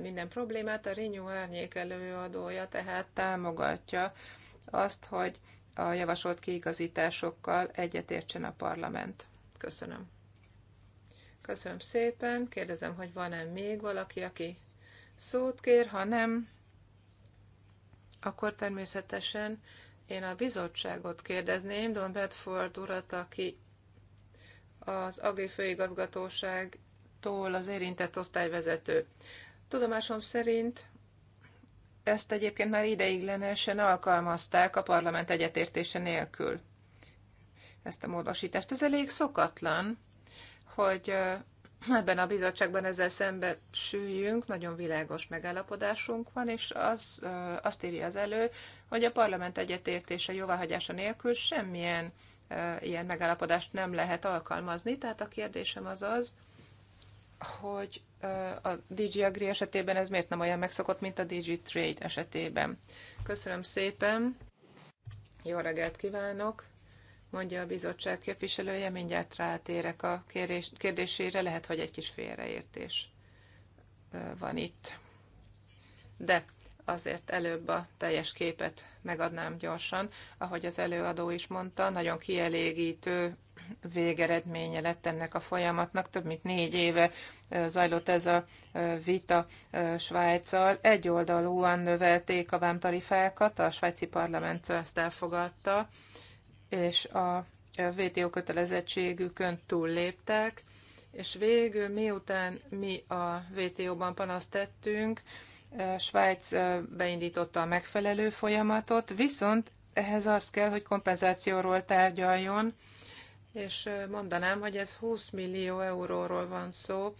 Speaker 4: minden problémát. A Renew árnyék előadója tehát támogatja azt, hogy a javasolt kiigazításokkal egyetértsen a parlament. Köszönöm. Köszönöm szépen. Kérdezem, hogy van-e még valaki, aki szót kér, ha nem, akkor természetesen én a bizottságot kérdezném, Don Bedford urat, aki az Agri Főigazgatóságtól az érintett osztályvezető. Tudomásom szerint ezt egyébként már ideiglenesen alkalmazták a parlament egyetértése nélkül, ezt a módosítást. Ez elég szokatlan, hogy ebben a bizottságban ezzel szembe süljünk, nagyon világos megállapodásunk van, és az, azt írja az elő, hogy a parlament egyetértése jóváhagyása nélkül semmilyen ilyen megállapodást nem lehet alkalmazni. Tehát a kérdésem az az, hogy a DG Agri esetében ez miért nem olyan megszokott, mint a DG Trade esetében. Köszönöm szépen, jó reggelt kívánok, mondja a bizottság képviselője, mindjárt rátérek a kérdésére, lehet, hogy egy kis félreértés van itt. De azért előbb a teljes képet megadnám gyorsan. Ahogy az előadó is mondta, nagyon kielégítő végeredménye lett ennek a folyamatnak. Több mint négy éve zajlott ez a vita Svájccal. Egyoldalúan növelték a vámtarifákat, a svájci parlament ezt elfogadta, és a VTO kötelezettségükön túlléptek, és végül miután mi a VTO-ban panaszt tettünk, Svájc beindította a megfelelő folyamatot, viszont ehhez az kell, hogy kompenzációról tárgyaljon, és mondanám, hogy ez 20 millió euróról van szó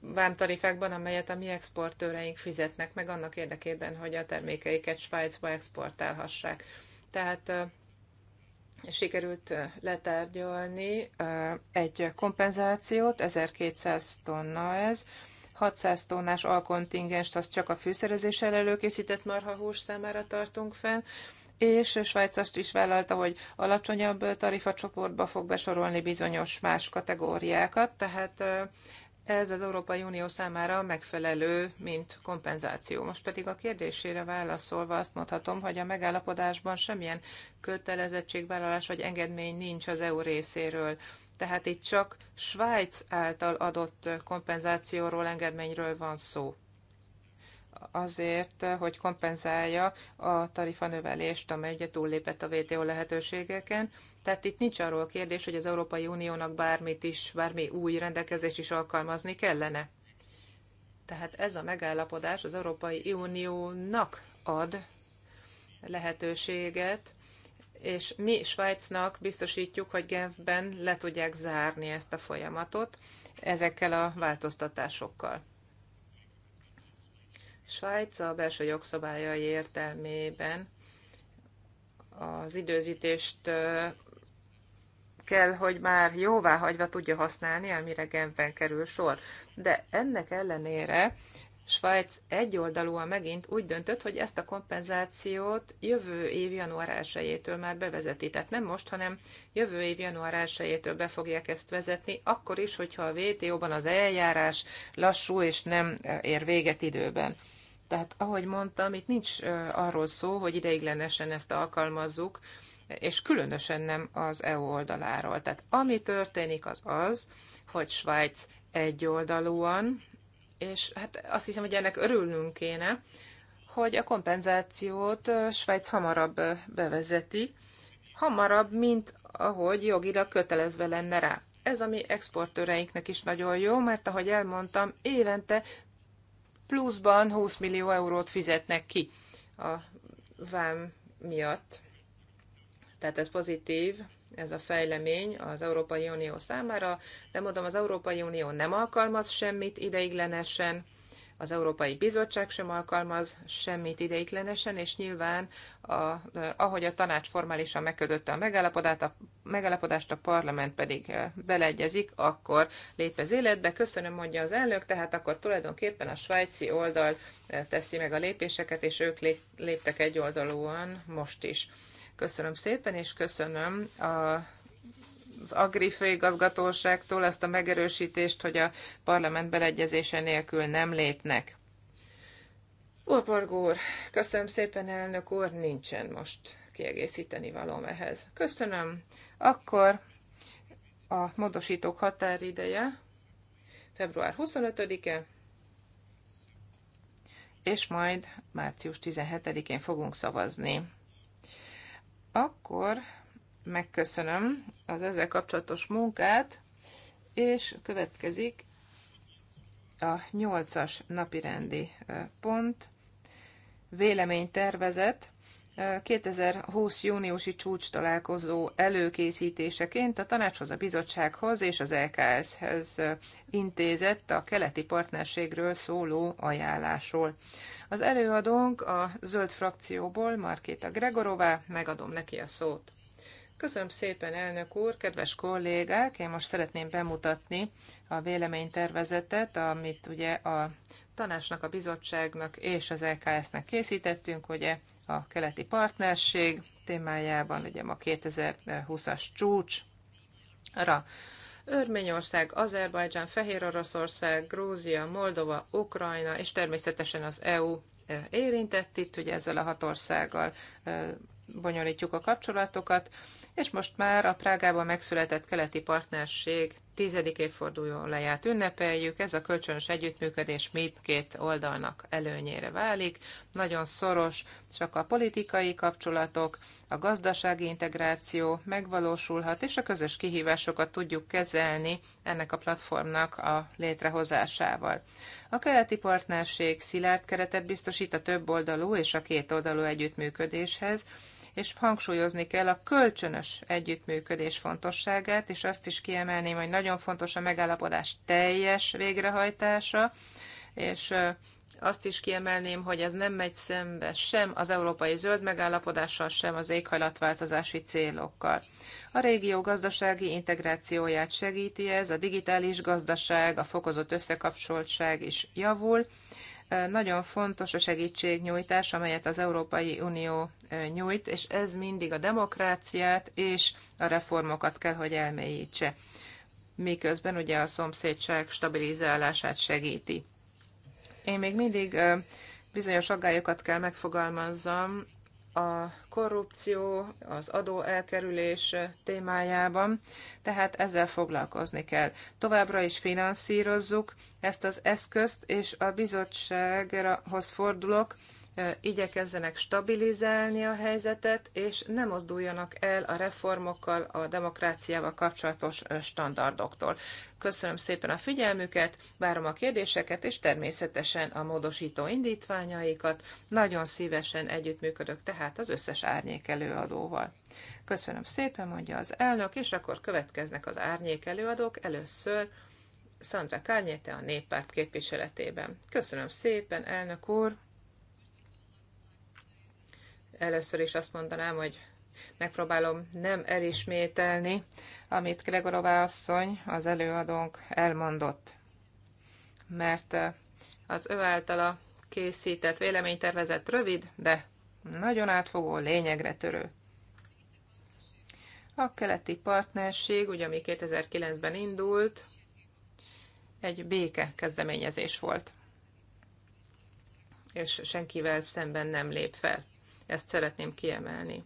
Speaker 4: vámtarifákban, amelyet a mi exportőreink fizetnek meg annak érdekében, hogy a termékeiket Svájcba exportálhassák. Tehát sikerült letárgyalni egy kompenzációt, 1200 tonna ez, 600 tonnás alkontingenst, azt csak a fűszerezéssel előkészített marhahús számára tartunk fenn, és azt is vállalta, hogy alacsonyabb tarifacsoportba fog besorolni bizonyos más kategóriákat, tehát ez az Európai Unió számára megfelelő, mint kompenzáció. Most pedig a kérdésére válaszolva azt mondhatom, hogy a megállapodásban semmilyen kötelezettségvállalás vagy engedmény nincs az EU részéről. Tehát itt csak Svájc által adott kompenzációról, engedményről van szó azért, hogy kompenzálja a tarifanövelést, amely ugye túllépett a WTO lehetőségeken. Tehát itt nincs arról kérdés, hogy az Európai Uniónak bármit is, bármi új rendelkezést is alkalmazni kellene. Tehát ez a megállapodás az Európai Uniónak ad lehetőséget, és mi Svájcnak biztosítjuk, hogy Genfben le tudják zárni ezt a folyamatot ezekkel a változtatásokkal. Svájc a belső jogszabályai értelmében az időzítést kell, hogy már jóvá hagyva tudja használni, amire Genfben kerül sor. De ennek ellenére Svájc egyoldalúan megint úgy döntött, hogy ezt a kompenzációt jövő év január 1 már bevezeti. Tehát nem most, hanem jövő év január 1 be fogják ezt vezetni, akkor is, hogyha a vto ban az eljárás lassú és nem ér véget időben. Tehát ahogy mondtam, itt nincs arról szó, hogy ideiglenesen ezt alkalmazzuk, és különösen nem az EU oldaláról. Tehát ami történik az az, hogy Svájc egyoldalúan, és hát azt hiszem, hogy ennek örülnünk kéne, hogy a kompenzációt Svájc hamarabb bevezeti, hamarabb, mint ahogy jogilag kötelezve lenne rá. Ez a mi exportőreinknek is nagyon jó, mert ahogy elmondtam, évente pluszban 20 millió eurót fizetnek ki a vám miatt. Tehát ez pozitív, ez a fejlemény az Európai Unió számára, de mondom, az Európai Unió nem alkalmaz semmit ideiglenesen, az Európai Bizottság sem alkalmaz semmit ideiglenesen, és nyilván, a, ahogy a tanács formálisan megködötte a megállapodást, a megállapodást, a parlament pedig eh, beleegyezik, akkor lép az életbe. Köszönöm, mondja az elnök, tehát akkor tulajdonképpen a svájci oldal eh, teszi meg a lépéseket, és ők léptek egyoldalúan most is. Köszönöm szépen, és köszönöm a az Agri főigazgatóságtól azt a megerősítést, hogy a parlament beleegyezése nélkül nem lépnek. Orborg úr, köszönöm szépen, elnök úr, nincsen most kiegészíteni valóm ehhez. Köszönöm. Akkor a módosítók határideje február 25-e, és majd március 17-én fogunk szavazni. Akkor megköszönöm az ezzel kapcsolatos munkát, és következik a nyolcas napirendi pont, véleménytervezet, 2020 júniusi csúcs találkozó előkészítéseként a tanácshoz, a bizottsághoz és az LKS-hez intézett a keleti partnerségről szóló ajánlásról. Az előadónk a zöld frakcióból, Markéta Gregorová, megadom neki a szót. Köszönöm szépen, elnök úr, kedves kollégák! Én most szeretném bemutatni a véleménytervezetet, amit ugye a tanácsnak, a bizottságnak és az LKS-nek e készítettünk, ugye a keleti partnerség témájában, ugye a 2020-as csúcsra. Örményország, Azerbajdzsán, Fehér Oroszország, Grúzia, Moldova, Ukrajna és természetesen az EU eh, érintett itt, ugye ezzel a hat országgal eh, bonyolítjuk a kapcsolatokat, és most már a Prágában megszületett keleti partnerség tizedik évfordulóját ünnepeljük. Ez a kölcsönös együttműködés mindkét oldalnak előnyére válik. Nagyon szoros, csak a politikai kapcsolatok, a gazdasági integráció megvalósulhat, és a közös kihívásokat tudjuk kezelni ennek a platformnak a létrehozásával. A keleti partnerség szilárd keretet biztosít a több oldalú és a két oldalú együttműködéshez, és hangsúlyozni kell a kölcsönös együttműködés fontosságát, és azt is kiemelném, hogy nagyon fontos a megállapodás teljes végrehajtása, és azt is kiemelném, hogy ez nem megy szembe sem az európai zöld megállapodással, sem az éghajlatváltozási célokkal. A régió gazdasági integrációját segíti ez, a digitális gazdaság, a fokozott összekapcsoltság is javul, nagyon fontos a segítségnyújtás, amelyet az Európai Unió nyújt, és ez mindig a demokráciát és a reformokat kell, hogy elmélyítse, miközben ugye a szomszédság stabilizálását segíti. Én még mindig bizonyos aggályokat kell megfogalmazzam a korrupció, az adó elkerülés témájában, tehát ezzel foglalkozni kell. Továbbra is finanszírozzuk ezt az eszközt, és a bizottsághoz fordulok, igyekezzenek stabilizálni a helyzetet, és nem mozduljanak el a reformokkal, a demokráciával kapcsolatos standardoktól. Köszönöm szépen a figyelmüket, várom a kérdéseket, és természetesen a módosító indítványaikat. Nagyon szívesen együttműködök tehát az összes árnyék előadóval. Köszönöm szépen, mondja az elnök, és akkor következnek az árnyék előadók. Először Szandra Kárnyéte a néppárt képviseletében. Köszönöm szépen, elnök úr! Először is azt mondanám, hogy megpróbálom nem elismételni, amit Gregorová asszony, az előadónk elmondott. Mert eh, az ő általa készített véleménytervezet rövid, de nagyon átfogó, lényegre törő. A keleti partnerség, ugye ami 2009-ben indult, egy béke kezdeményezés volt, és senkivel szemben nem lép fel. Ezt szeretném kiemelni.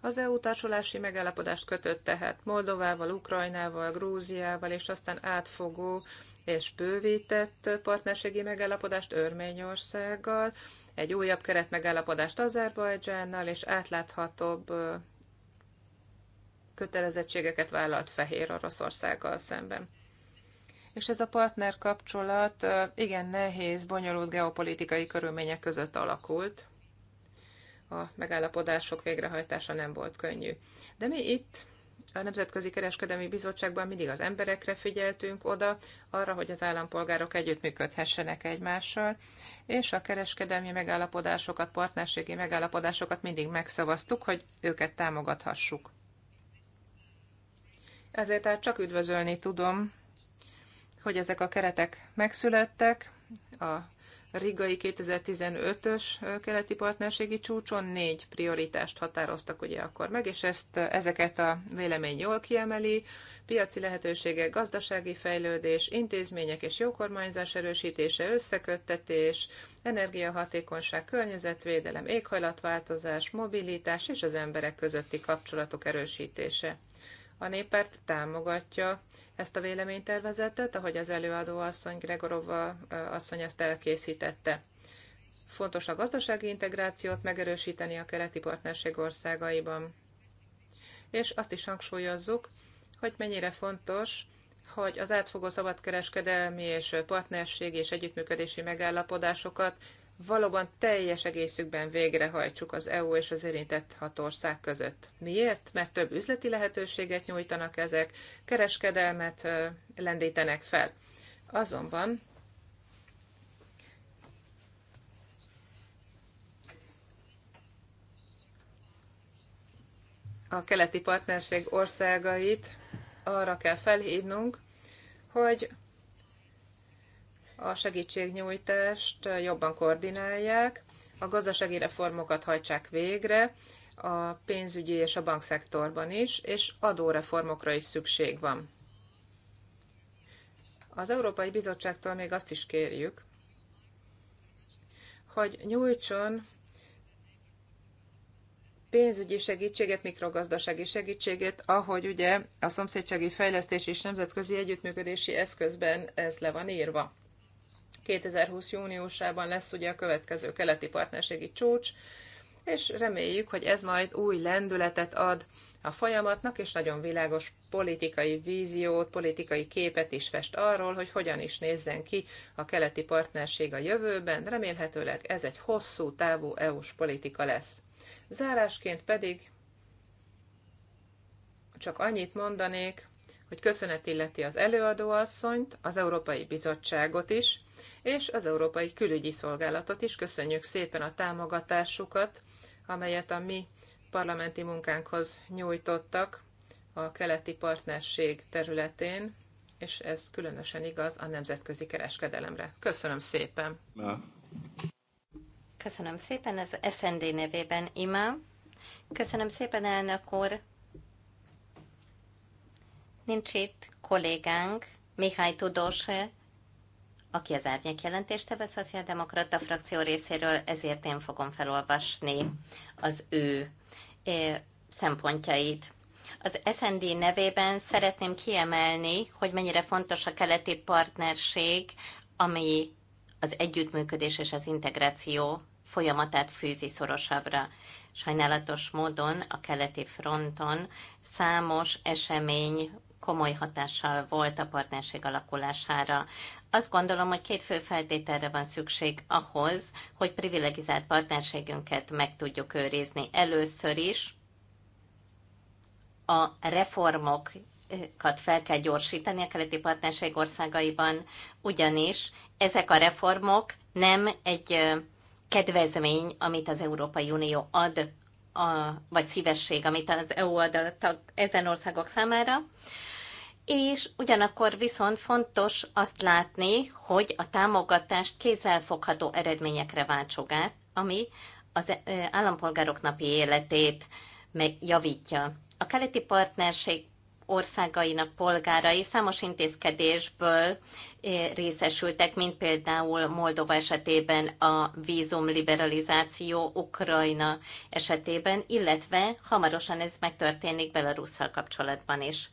Speaker 4: Az EU társulási megállapodást kötött tehát Moldovával, Ukrajnával, Grúziával, és aztán átfogó és bővített partnerségi megállapodást Örményországgal, egy újabb keret megállapodást Azerbajdzsánnal, és átláthatóbb kötelezettségeket vállalt Fehér Oroszországgal szemben. És ez a partner kapcsolat igen nehéz, bonyolult geopolitikai körülmények között alakult a megállapodások végrehajtása nem volt könnyű. De mi itt a Nemzetközi Kereskedelmi Bizottságban mindig az emberekre figyeltünk oda, arra, hogy az állampolgárok együttműködhessenek egymással, és a kereskedelmi megállapodásokat, partnerségi megállapodásokat mindig megszavaztuk, hogy őket támogathassuk. Ezért tehát csak üdvözölni tudom, hogy ezek a keretek megszülettek, a rigai 2015-ös keleti partnerségi csúcson négy prioritást határoztak ugye akkor meg, és ezt, ezeket a vélemény jól kiemeli, piaci lehetőségek, gazdasági fejlődés, intézmények és jókormányzás erősítése, összeköttetés, energiahatékonyság, környezetvédelem, éghajlatváltozás, mobilitás és az emberek közötti kapcsolatok erősítése. A néppárt támogatja ezt a véleménytervezetet, ahogy az előadó asszony Gregorova asszony ezt elkészítette. Fontos a gazdasági integrációt megerősíteni a keleti partnerség országaiban. És azt is hangsúlyozzuk, hogy mennyire fontos, hogy az átfogó szabadkereskedelmi és partnerség és együttműködési megállapodásokat valóban teljes egészükben végrehajtsuk az EU és az érintett hat ország között. Miért? Mert több üzleti lehetőséget nyújtanak ezek, kereskedelmet lendítenek fel. Azonban a keleti partnerség országait arra kell felhívnunk, hogy a segítségnyújtást jobban koordinálják, a gazdasági reformokat hajtsák végre, a pénzügyi és a bankszektorban is, és adóreformokra is szükség van. Az Európai Bizottságtól még azt is kérjük, hogy nyújtson pénzügyi segítséget, mikrogazdasági segítséget, ahogy ugye a szomszédsági fejlesztés és nemzetközi együttműködési eszközben ez le van írva. 2020 júniusában lesz ugye a következő keleti partnerségi csúcs, és reméljük, hogy ez majd új lendületet ad a folyamatnak, és nagyon világos politikai víziót, politikai képet is fest arról, hogy hogyan is nézzen ki a keleti partnerség a jövőben. Remélhetőleg ez egy hosszú távú EU-s politika lesz. Zárásként pedig csak annyit mondanék, hogy köszönet illeti az előadóasszonyt, az Európai Bizottságot is, és az Európai Külügyi Szolgálatot is. Köszönjük szépen a támogatásukat, amelyet a mi parlamenti munkánkhoz nyújtottak a keleti partnerség területén, és ez különösen igaz a nemzetközi kereskedelemre. Köszönöm szépen!
Speaker 2: Köszönöm szépen az SND nevében, Ima. Köszönöm szépen, elnök úr! Nincs itt kollégánk, Mihály Tudós, aki az árnyék a szociáldemokrata frakció részéről, ezért én fogom felolvasni az ő szempontjait. Az SND nevében szeretném kiemelni, hogy mennyire fontos a keleti partnerség, ami az együttműködés és az integráció folyamatát fűzi szorosabbra. Sajnálatos módon a keleti fronton számos esemény komoly hatással volt a partnerség alakulására. Azt gondolom, hogy két fő feltételre van szükség ahhoz, hogy privilegizált partnerségünket meg tudjuk őrizni. Először is a reformokat fel kell gyorsítani a keleti partnerség országaiban, ugyanis ezek a reformok nem egy kedvezmény, amit az Európai Unió ad, a, vagy szívesség, amit az EU ad a tag, ezen országok számára, és ugyanakkor viszont fontos azt látni, hogy a támogatást kézzelfogható eredményekre váltsuk át, ami az állampolgárok napi életét megjavítja. A keleti partnerség országainak polgárai számos intézkedésből részesültek, mint például Moldova esetében a vízum liberalizáció, Ukrajna esetében, illetve hamarosan ez megtörténik Belarusszal kapcsolatban is.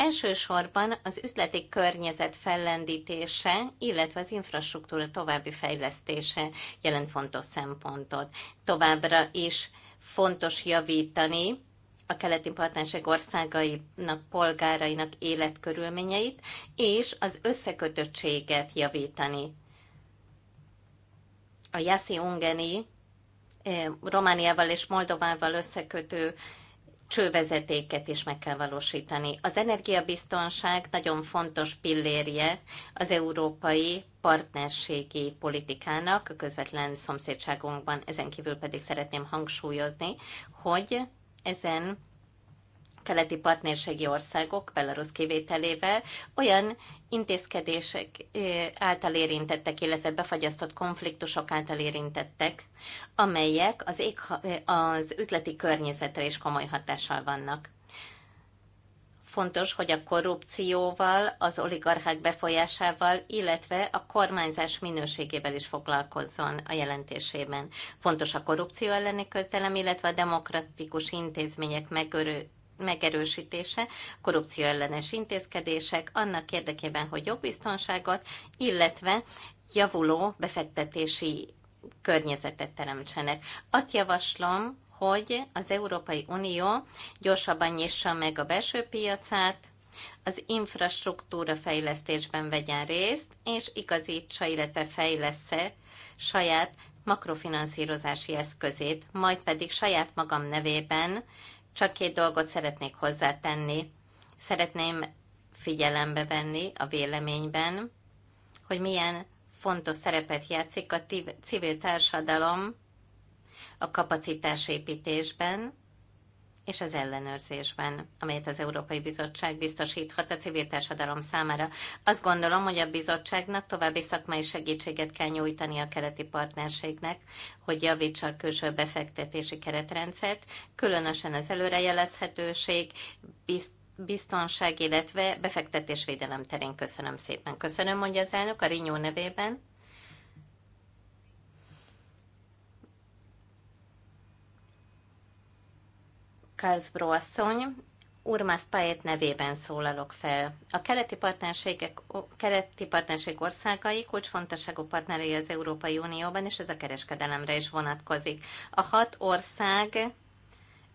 Speaker 2: Elsősorban az üzleti környezet fellendítése, illetve az infrastruktúra további fejlesztése jelent fontos szempontot. Továbbra is fontos javítani a keleti partnerség országainak, polgárainak életkörülményeit, és az összekötöttséget javítani. A Jászi Ungeni eh, Romániával és Moldovával összekötő csővezetéket is meg kell valósítani. Az energiabiztonság nagyon fontos pillérje az európai partnerségi politikának, a közvetlen szomszédságunkban. Ezen kívül pedig szeretném hangsúlyozni, hogy ezen keleti partnerségi országok, Belarus kivételével, olyan intézkedések által érintettek, illetve befagyasztott konfliktusok által érintettek, amelyek az, ég, az üzleti környezetre is komoly hatással vannak. Fontos, hogy a korrupcióval, az oligarchák befolyásával, illetve a kormányzás minőségével is foglalkozzon a jelentésében. Fontos a korrupció elleni közelem, illetve a demokratikus intézmények megörő, megerősítése, korrupcióellenes ellenes intézkedések annak érdekében, hogy jogbiztonságot, illetve javuló befektetési környezetet teremtsenek. Azt javaslom, hogy az Európai Unió gyorsabban nyissa meg a belső piacát, az infrastruktúra fejlesztésben vegyen részt, és igazítsa, illetve fejlesz-e saját makrofinanszírozási eszközét, majd pedig saját magam nevében csak két dolgot szeretnék hozzátenni. Szeretném figyelembe venni a véleményben, hogy milyen fontos szerepet játszik a civil társadalom a kapacitásépítésben, és az ellenőrzésben, amelyet az Európai Bizottság biztosíthat a civil társadalom számára. Azt gondolom, hogy a bizottságnak további szakmai segítséget kell nyújtani a keleti partnerségnek, hogy javítsa a külső befektetési keretrendszert, különösen az előrejelezhetőség, bizt biztonság, illetve befektetésvédelem terén köszönöm szépen. Köszönöm, mondja az elnök a Rinyó nevében. Karlsbro asszony, Urmas Paet nevében szólalok fel. A keleti, partnerség, keleti partnerség országai kulcsfontosságú partnerei az Európai Unióban, és ez a kereskedelemre is vonatkozik. A hat ország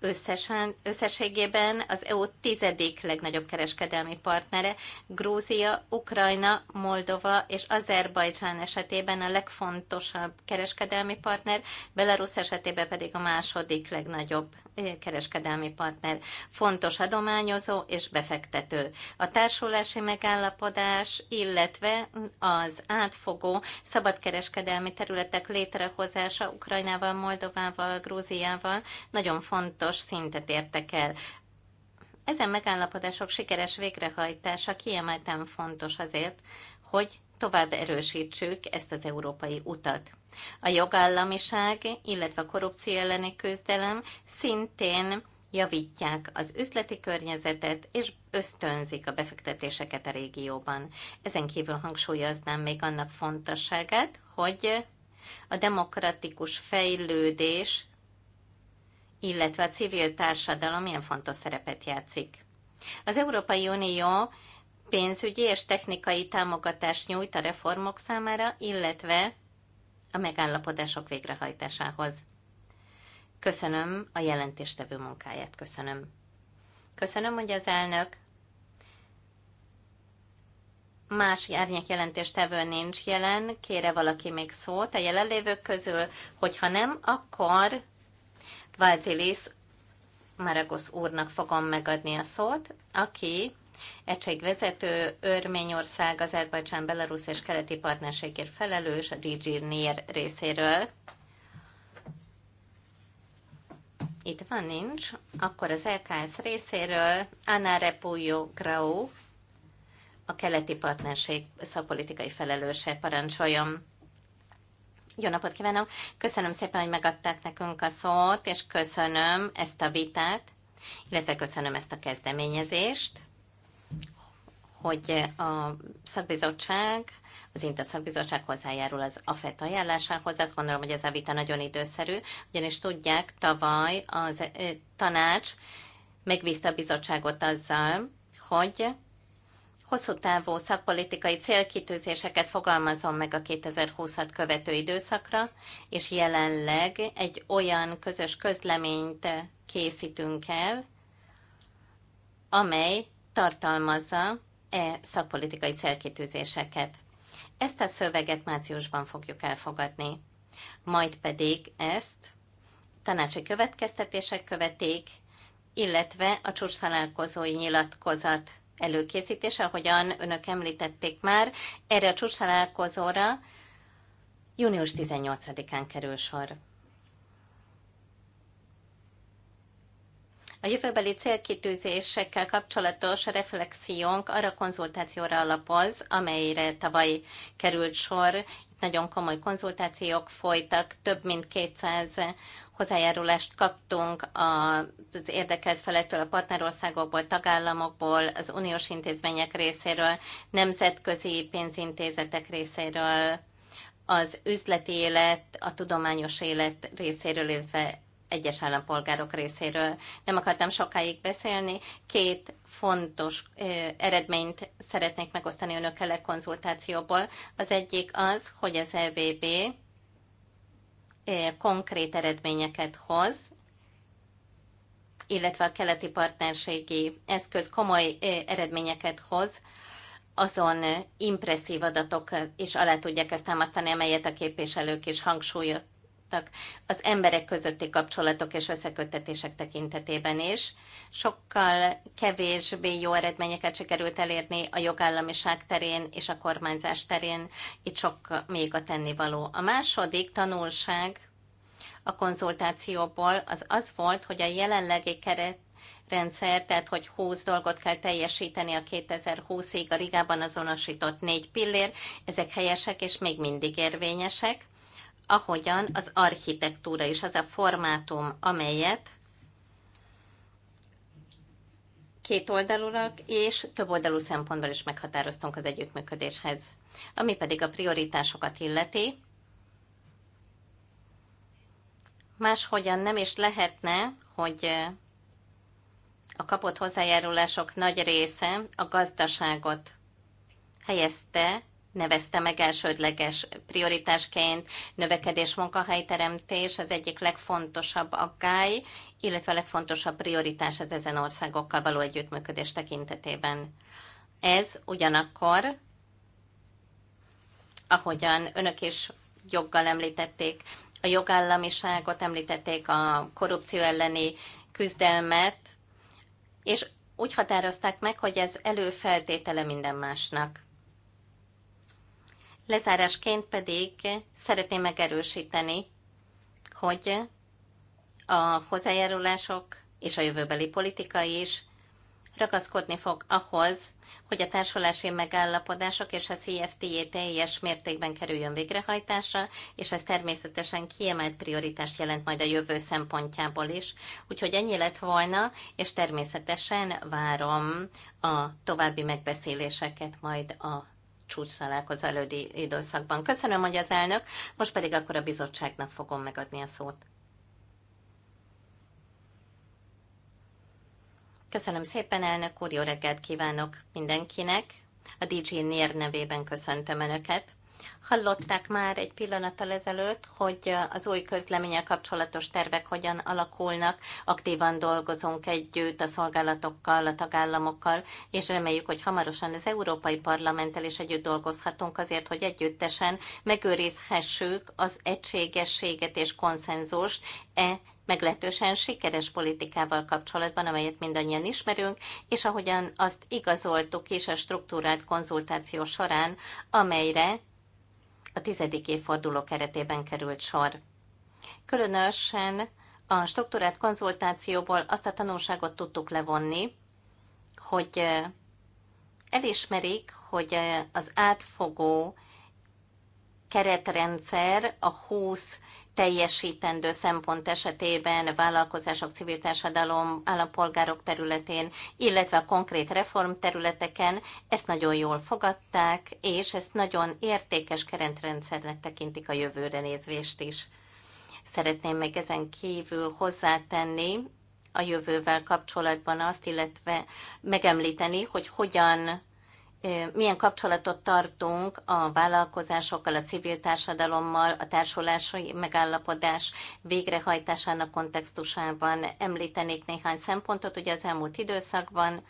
Speaker 2: Összesen, összességében az EU tizedik legnagyobb kereskedelmi partnere, Grúzia, Ukrajna, Moldova és Azerbajdzsán esetében a legfontosabb kereskedelmi partner, Belarus esetében pedig a második legnagyobb kereskedelmi partner. Fontos adományozó és befektető. A társulási megállapodás, illetve az átfogó szabadkereskedelmi területek létrehozása Ukrajnával, Moldovával, Grúziával nagyon fontos magas szintet értek el. Ezen megállapodások sikeres végrehajtása kiemelten fontos azért, hogy tovább erősítsük ezt az európai utat. A jogállamiság, illetve a korrupció elleni küzdelem szintén javítják az üzleti környezetet és ösztönzik a befektetéseket a régióban. Ezen kívül hangsúlyoznám még annak fontosságát, hogy a demokratikus fejlődés illetve a civil társadalom milyen fontos szerepet játszik. Az Európai Unió pénzügyi és technikai támogatást nyújt a reformok számára, illetve a megállapodások végrehajtásához. Köszönöm a jelentéstevő munkáját, köszönöm. Köszönöm, hogy az elnök más árnyék jelentéstevő nincs jelen, kére valaki még szót a jelenlévők közül, hogyha nem, akkor Valdilis Maragosz úrnak fogom megadni a szót, aki egységvezető Örményország, Azerbajcsán, Belarus és keleti partnerségért felelős a DG NIR részéről. Itt van, nincs. Akkor az LKS részéről Anna Repujo Grau, a keleti partnerség szakpolitikai felelőse parancsoljon. Jó napot kívánok! Köszönöm szépen, hogy megadták nekünk a szót, és köszönöm ezt a vitát, illetve köszönöm ezt a kezdeményezést, hogy a szakbizottság, az INTA szakbizottság hozzájárul az AFET ajánlásához. Azt gondolom, hogy ez a vita nagyon időszerű, ugyanis tudják, tavaly a eh, tanács megbízta a bizottságot azzal, hogy hosszú távú szakpolitikai célkitűzéseket fogalmazom meg a 2020-at követő időszakra, és jelenleg egy olyan közös közleményt készítünk el, amely tartalmazza e szakpolitikai célkitűzéseket. Ezt a szöveget márciusban fogjuk elfogadni, majd pedig ezt tanácsi következtetések követik, illetve a csúcs találkozói nyilatkozat előkészítése, ahogyan önök említették már, erre a csúcs találkozóra június 18-án kerül sor. A jövőbeli célkitűzésekkel kapcsolatos reflexiónk arra konzultációra alapoz, amelyre tavaly került sor. Itt nagyon komoly konzultációk folytak, több mint 200 hozzájárulást kaptunk az érdekelt felettől, a partnerországokból, tagállamokból, az uniós intézmények részéről, nemzetközi pénzintézetek részéről, az üzleti élet, a tudományos élet részéről, illetve egyes állampolgárok részéről. Nem akartam sokáig beszélni. Két fontos eredményt szeretnék megosztani önökkel a konzultációból. Az egyik az, hogy az EVB konkrét eredményeket hoz, illetve a keleti partnerségi eszköz komoly eredményeket hoz, azon impresszív adatok is alá tudják ezt támasztani, amelyet a képviselők is hangsúlyot változtak az emberek közötti kapcsolatok és összeköttetések tekintetében is. Sokkal kevésbé jó eredményeket sikerült elérni a jogállamiság terén és a kormányzás terén. Itt sok még a tennivaló. A második tanulság a konzultációból az az volt, hogy a jelenlegi keret rendszer, tehát hogy 20 dolgot kell teljesíteni a 2020-ig a Rigában azonosított négy pillér, ezek helyesek és még mindig érvényesek ahogyan az architektúra és az a formátum, amelyet két oldalúak és több oldalú szempontból is meghatároztunk az együttműködéshez. Ami pedig a prioritásokat illeti, máshogyan nem is lehetne, hogy a kapott hozzájárulások nagy része a gazdaságot helyezte nevezte meg elsődleges prioritásként növekedés munkahelyteremtés az egyik legfontosabb aggály, illetve a legfontosabb prioritás az ezen országokkal való együttműködés tekintetében. Ez ugyanakkor, ahogyan önök is joggal említették, a jogállamiságot említették, a korrupció elleni küzdelmet, és úgy határozták meg, hogy ez előfeltétele minden másnak. Lezárásként pedig szeretném megerősíteni, hogy a hozzájárulások és a jövőbeli politika is ragaszkodni fog ahhoz, hogy a társulási megállapodások és a CFTA teljes mértékben kerüljön végrehajtásra, és ez természetesen kiemelt prioritást jelent majd a jövő szempontjából is. Úgyhogy ennyi lett volna, és természetesen várom a további megbeszéléseket majd a csúcs találkozó elődi időszakban. Köszönöm, hogy az elnök, most pedig akkor a bizottságnak fogom megadni a szót. Köszönöm szépen, elnök úr, jó reggelt kívánok mindenkinek. A DJ Nér nevében köszöntöm Önöket. Hallották már egy pillanattal ezelőtt, hogy az új közleménnyel kapcsolatos tervek hogyan alakulnak. Aktívan dolgozunk együtt a szolgálatokkal, a tagállamokkal, és reméljük, hogy hamarosan az Európai Parlamenttel is együtt dolgozhatunk azért, hogy együttesen megőrizhessük az egységességet és konszenzust e meglehetősen sikeres politikával kapcsolatban, amelyet mindannyian ismerünk, és ahogyan azt igazoltuk is a struktúrált konzultáció során, amelyre a tizedik évforduló keretében került sor. Különösen a struktúrát konzultációból azt a tanulságot tudtuk levonni, hogy eh, elismerik, hogy eh, az átfogó keretrendszer a 20 teljesítendő szempont esetében, a vállalkozások, civil társadalom, állampolgárok területén, illetve a konkrét reformterületeken ezt nagyon jól fogadták, és ezt nagyon értékes kerentrendszernek tekintik a jövőre nézvést is. Szeretném még ezen kívül hozzátenni a jövővel kapcsolatban azt, illetve megemlíteni, hogy hogyan milyen kapcsolatot tartunk a vállalkozásokkal, a civil társadalommal, a társulási megállapodás végrehajtásának kontextusában. Említenék néhány szempontot, ugye az elmúlt időszakban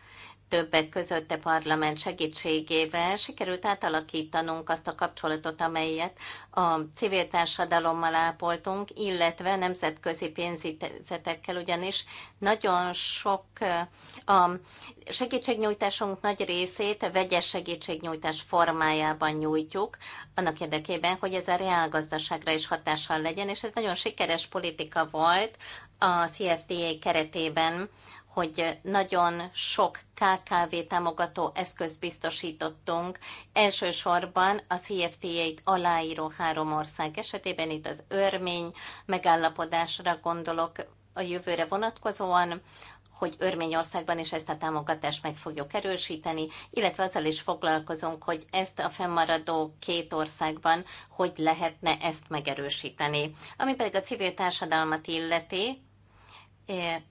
Speaker 2: többek között a parlament segítségével sikerült átalakítanunk azt a kapcsolatot, amelyet a civil társadalommal ápoltunk, illetve nemzetközi pénzintézetekkel, ugyanis nagyon sok eh, a segítségnyújtásunk nagy részét a vegyes segítségnyújtás formájában nyújtjuk, annak érdekében, hogy ez a reálgazdaságra is hatással legyen, és ez nagyon sikeres politika volt a CFDA keretében, hogy nagyon sok KKV támogató eszközt biztosítottunk. Elsősorban az IFTA-t aláíró három ország esetében, itt az örmény megállapodásra gondolok a jövőre vonatkozóan, hogy Örményországban is ezt a támogatást meg fogjuk erősíteni, illetve azzal is foglalkozunk, hogy ezt a fennmaradó két országban hogy lehetne ezt megerősíteni. Ami pedig a civil társadalmat illeti,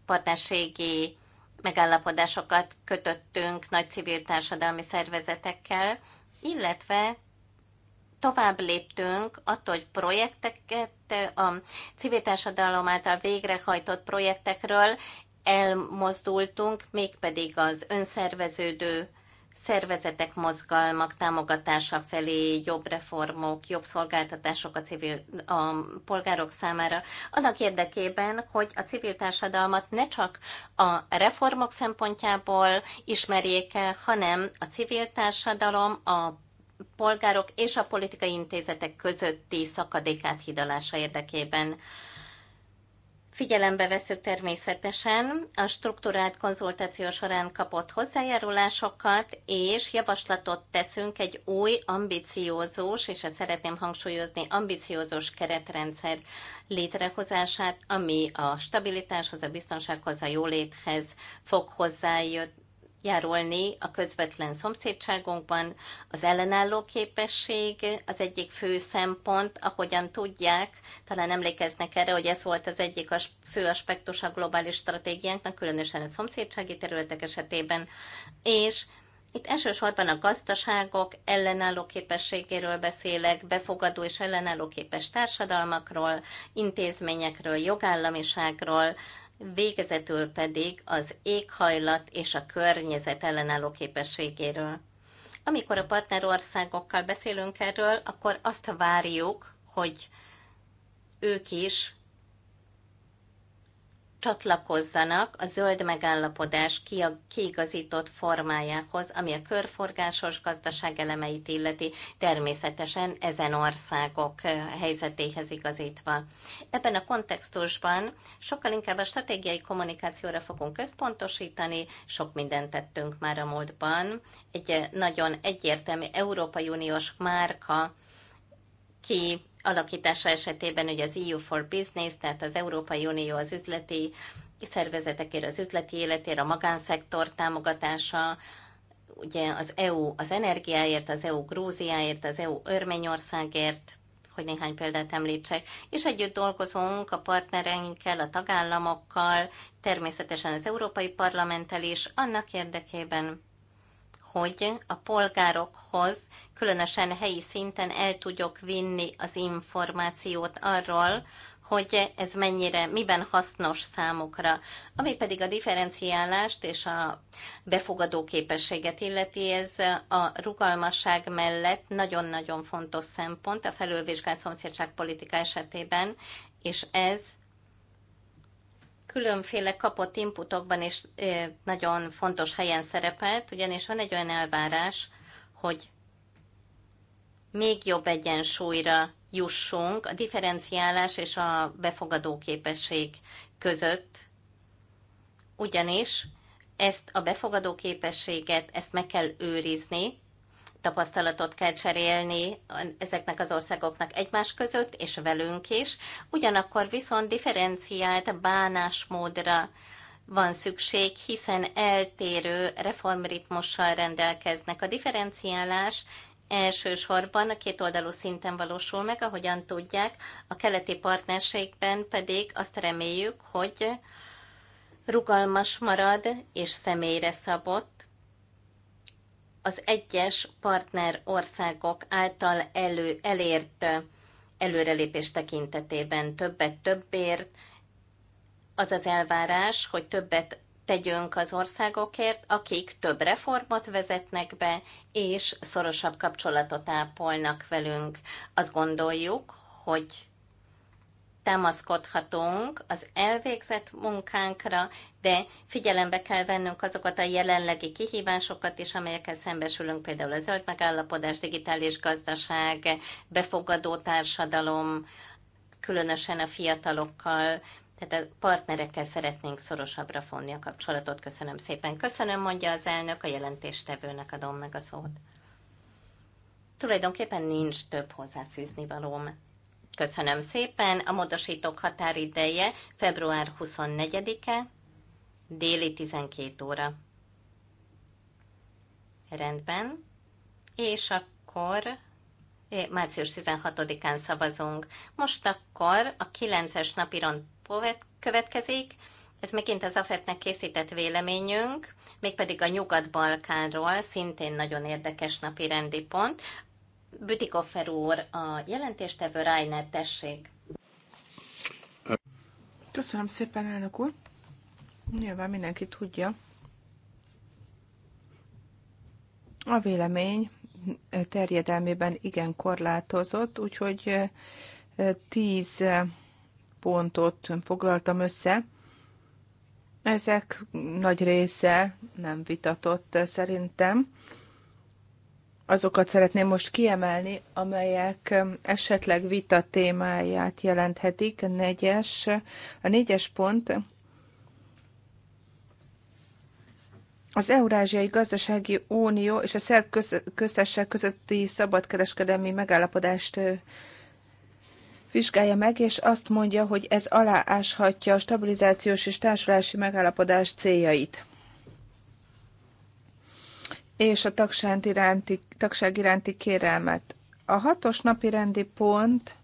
Speaker 2: partnerségi megállapodásokat kötöttünk nagy civil társadalmi szervezetekkel, illetve tovább léptünk attól, hogy projekteket, a civil társadalom által végrehajtott projektekről elmozdultunk, mégpedig az önszerveződő szervezetek, mozgalmak támogatása felé, jobb reformok, jobb szolgáltatások a, civil, a polgárok számára, annak érdekében, hogy a civil társadalmat ne csak a reformok szempontjából ismerjék el, hanem a civil társadalom, a polgárok és a politikai intézetek közötti szakadékát hidalása érdekében. Figyelembe veszük természetesen a struktúrált konzultáció során kapott hozzájárulásokat, és javaslatot teszünk egy új, ambiciózós, és ezt szeretném hangsúlyozni, ambiciózós keretrendszer létrehozását, ami a stabilitáshoz, a biztonsághoz, a jóléthez fog hozzájött, járulni a közvetlen szomszédságunkban. Az ellenálló képesség az egyik fő szempont, ahogyan tudják, talán emlékeznek erre, hogy ez volt az egyik a fő aspektus a globális stratégiánknak, különösen a szomszédsági területek esetében, és itt elsősorban a gazdaságok ellenálló képességéről beszélek, befogadó és ellenálló képes társadalmakról, intézményekről, jogállamiságról, végezetül pedig az éghajlat és a környezet ellenálló képességéről. Amikor a partnerországokkal beszélünk erről, akkor azt várjuk, hogy ők is csatlakozzanak a zöld megállapodás kiigazított formájához, ami a körforgásos gazdaság elemeit illeti, természetesen ezen országok eh, helyzetéhez igazítva. Ebben a kontextusban sokkal inkább a stratégiai kommunikációra fogunk központosítani, sok mindent tettünk már a módban. Egy eh, nagyon egyértelmű Európai Uniós márka ki alakítása esetében, hogy az EU for Business, tehát az Európai Unió az üzleti szervezetekért, az üzleti életért, a magánszektor támogatása, ugye az EU az energiáért, az EU Grúziáért, az EU Örményországért, hogy néhány példát említsek, és együtt dolgozunk a partnereinkkel, a tagállamokkal, természetesen az Európai Parlamenttel is, annak érdekében, hogy a polgárokhoz, különösen helyi szinten el tudjuk vinni az információt arról, hogy ez mennyire, miben hasznos számukra. Ami pedig a differenciálást és a befogadó képességet illeti, ez a rugalmasság mellett nagyon-nagyon fontos szempont a felülvizsgált politika esetében, és ez különféle kapott inputokban is nagyon fontos helyen szerepelt, ugyanis van egy olyan elvárás, hogy még jobb egyensúlyra jussunk a differenciálás és a befogadó képesség között, ugyanis ezt a befogadó képességet, ezt meg kell őrizni, tapasztalatot kell cserélni ezeknek az országoknak egymás között, és velünk is. Ugyanakkor viszont differenciált bánásmódra van szükség, hiszen eltérő reformritmussal rendelkeznek. A differenciálás elsősorban a kétoldalú szinten valósul meg, ahogyan tudják, a keleti partnerségben pedig azt reméljük, hogy rugalmas marad és személyre szabott, az egyes partner országok által elő, elért előrelépés tekintetében többet többért, az az elvárás, hogy többet tegyünk az országokért, akik több reformot vezetnek be, és szorosabb kapcsolatot ápolnak velünk. Azt gondoljuk, hogy támaszkodhatunk az elvégzett munkánkra, de figyelembe kell vennünk azokat a jelenlegi kihívásokat is, amelyekkel szembesülünk, például a zöld megállapodás, digitális gazdaság, befogadó társadalom, különösen a fiatalokkal, tehát a partnerekkel szeretnénk szorosabbra fonni a kapcsolatot. Köszönöm szépen. Köszönöm, mondja az elnök, a jelentéstevőnek adom meg a szót. Tulajdonképpen nincs több hozzáfűzni valóm. Köszönöm szépen. A módosítók határideje február 24-e, déli 12 óra. Rendben. És akkor március 16-án szavazunk. Most akkor a 9-es rond következik. Ez megint az AFET-nek készített véleményünk, mégpedig a Nyugat-Balkánról, szintén nagyon érdekes napi rendi pont. Bütikoffer úr, a jelentéstevő Reiner, tessék.
Speaker 3: Köszönöm szépen, elnök úr. Nyilván mindenki tudja. A vélemény terjedelmében igen korlátozott, úgyhogy eh, tíz pontot foglaltam össze. Ezek nagy része nem vitatott eh, szerintem azokat szeretném most kiemelni, amelyek esetleg vita témáját jelenthetik. A négyes, a négyes pont az Eurázsiai Gazdasági Unió és a Szerb köztesség közötti szabadkereskedelmi megállapodást vizsgálja meg, és azt mondja, hogy ez alááshatja a stabilizációs és társulási megállapodás céljait és a tagság iránti, tagság iránti kérelmet. A hatos napi rendi pont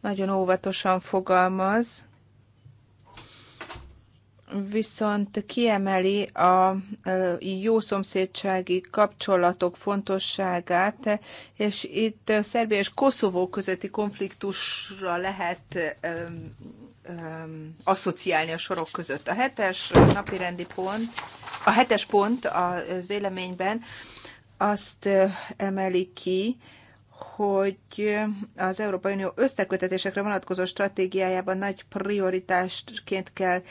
Speaker 3: nagyon óvatosan fogalmaz, viszont kiemeli a jó szomszédsági kapcsolatok fontosságát, és itt Szerbia és Koszovó közötti konfliktusra lehet öm, öm, asszociálni a sorok között. A hetes napirendi pont a hetes pont a véleményben azt emeli ki, hogy az Európai Unió összekötetésekre vonatkozó stratégiájában nagy prioritásként kell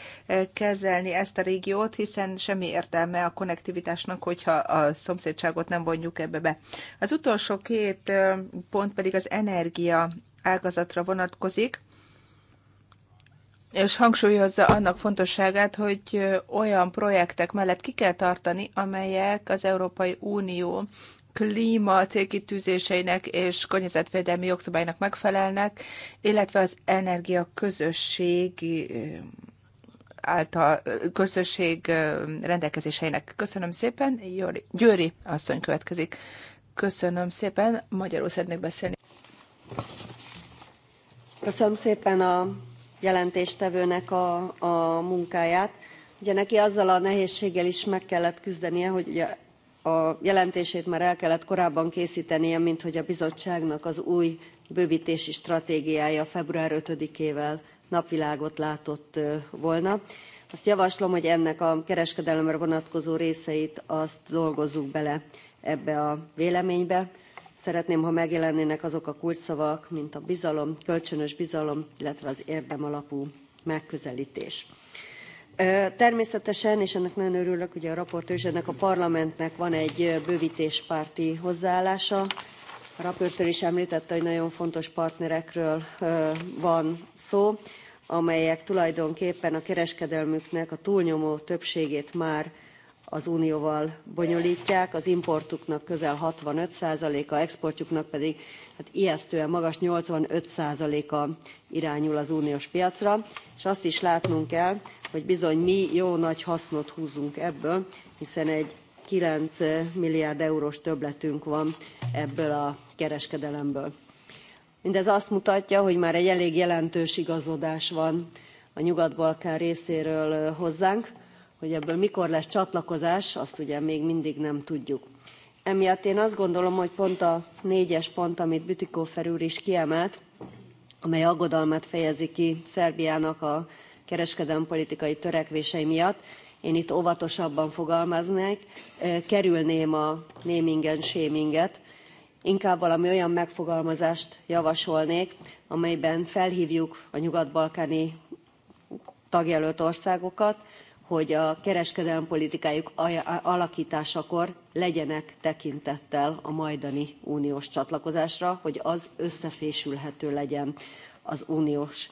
Speaker 3: kezelni ezt a régiót, hiszen semmi értelme a konnektivitásnak, hogyha a szomszédságot nem vonjuk ebbe be. Az utolsó két pont pedig az energia ágazatra vonatkozik és hangsúlyozza annak fontosságát, hogy olyan projektek mellett ki kell tartani, amelyek az Európai Unió klíma célkitűzéseinek és környezetvédelmi jogszabálynak megfelelnek, illetve az energia közösség által közösség rendelkezéseinek. Köszönöm szépen. Győri, Győri
Speaker 1: asszony következik. Köszönöm szépen. Magyarul szeretnék beszélni. Köszönöm szépen a jelentéstevőnek a, a munkáját. Ugye neki azzal a nehézséggel is meg kellett küzdenie, hogy ugye a jelentését már el kellett korábban készítenie, mint hogy a bizottságnak az új bővítési stratégiája február 5-ével napvilágot látott volna. Azt javaslom, hogy ennek a kereskedelemre vonatkozó részeit azt dolgozzuk bele ebbe a véleménybe Szeretném, ha megjelennének azok a kulcsszavak, mint a bizalom, kölcsönös bizalom, illetve az érdem alapú megközelítés. Természetesen, és ennek nagyon örülök, ugye a raportőr és ennek a parlamentnek van egy bővítéspárti hozzáállása. A raportőr is említette, hogy nagyon fontos partnerekről van szó, amelyek tulajdonképpen a kereskedelmüknek a túlnyomó többségét már az unióval bonyolítják, az importuknak közel 65%-a, exportjuknak pedig hát ijesztően magas 85%-a irányul az uniós piacra, és azt is látnunk kell, hogy bizony mi jó nagy hasznot húzunk ebből, hiszen egy 9 milliárd eurós többletünk van ebből a kereskedelemből. Mindez azt mutatja, hogy már egy elég jelentős igazodás van a Nyugat-Balkán részéről hozzánk, hogy ebből mikor lesz csatlakozás, azt ugye még mindig nem tudjuk. Emiatt én azt gondolom, hogy pont a négyes pont, amit Bütikó úr is kiemelt, amely aggodalmat fejezi ki Szerbiának a kereskedelmpolitikai törekvései miatt, én itt óvatosabban fogalmaznék, kerülném a némingen, séminget, inkább valami olyan megfogalmazást javasolnék, amelyben felhívjuk a nyugat-balkáni tagjelölt országokat, hogy a kereskedelmi politikájuk alakításakor legyenek tekintettel a majdani uniós csatlakozásra, hogy az összefésülhető legyen az uniós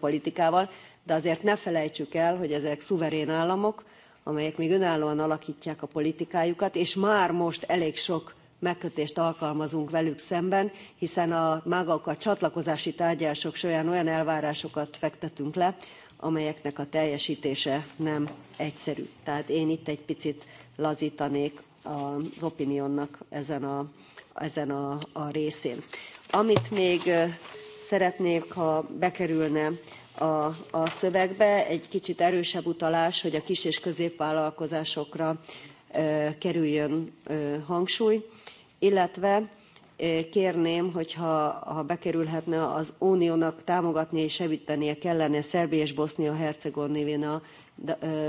Speaker 1: politikával, De azért ne felejtsük el, hogy ezek szuverén államok, amelyek még önállóan alakítják a politikájukat, és már most elég sok megkötést alkalmazunk velük szemben, hiszen a magak a csatlakozási tárgyalások során olyan elvárásokat fektetünk le, amelyeknek a teljesítése nem egyszerű. Tehát én itt egy picit lazítanék az opinionnak ezen a, ezen a, a részén. Amit még szeretnék, ha bekerülne a, a szövegbe, egy kicsit erősebb utalás, hogy a kis- és középvállalkozásokra kerüljön hangsúly, illetve kérném, hogyha ha bekerülhetne az Uniónak támogatni és segítenie kellene Szerbia és Bosznia-Hercegovina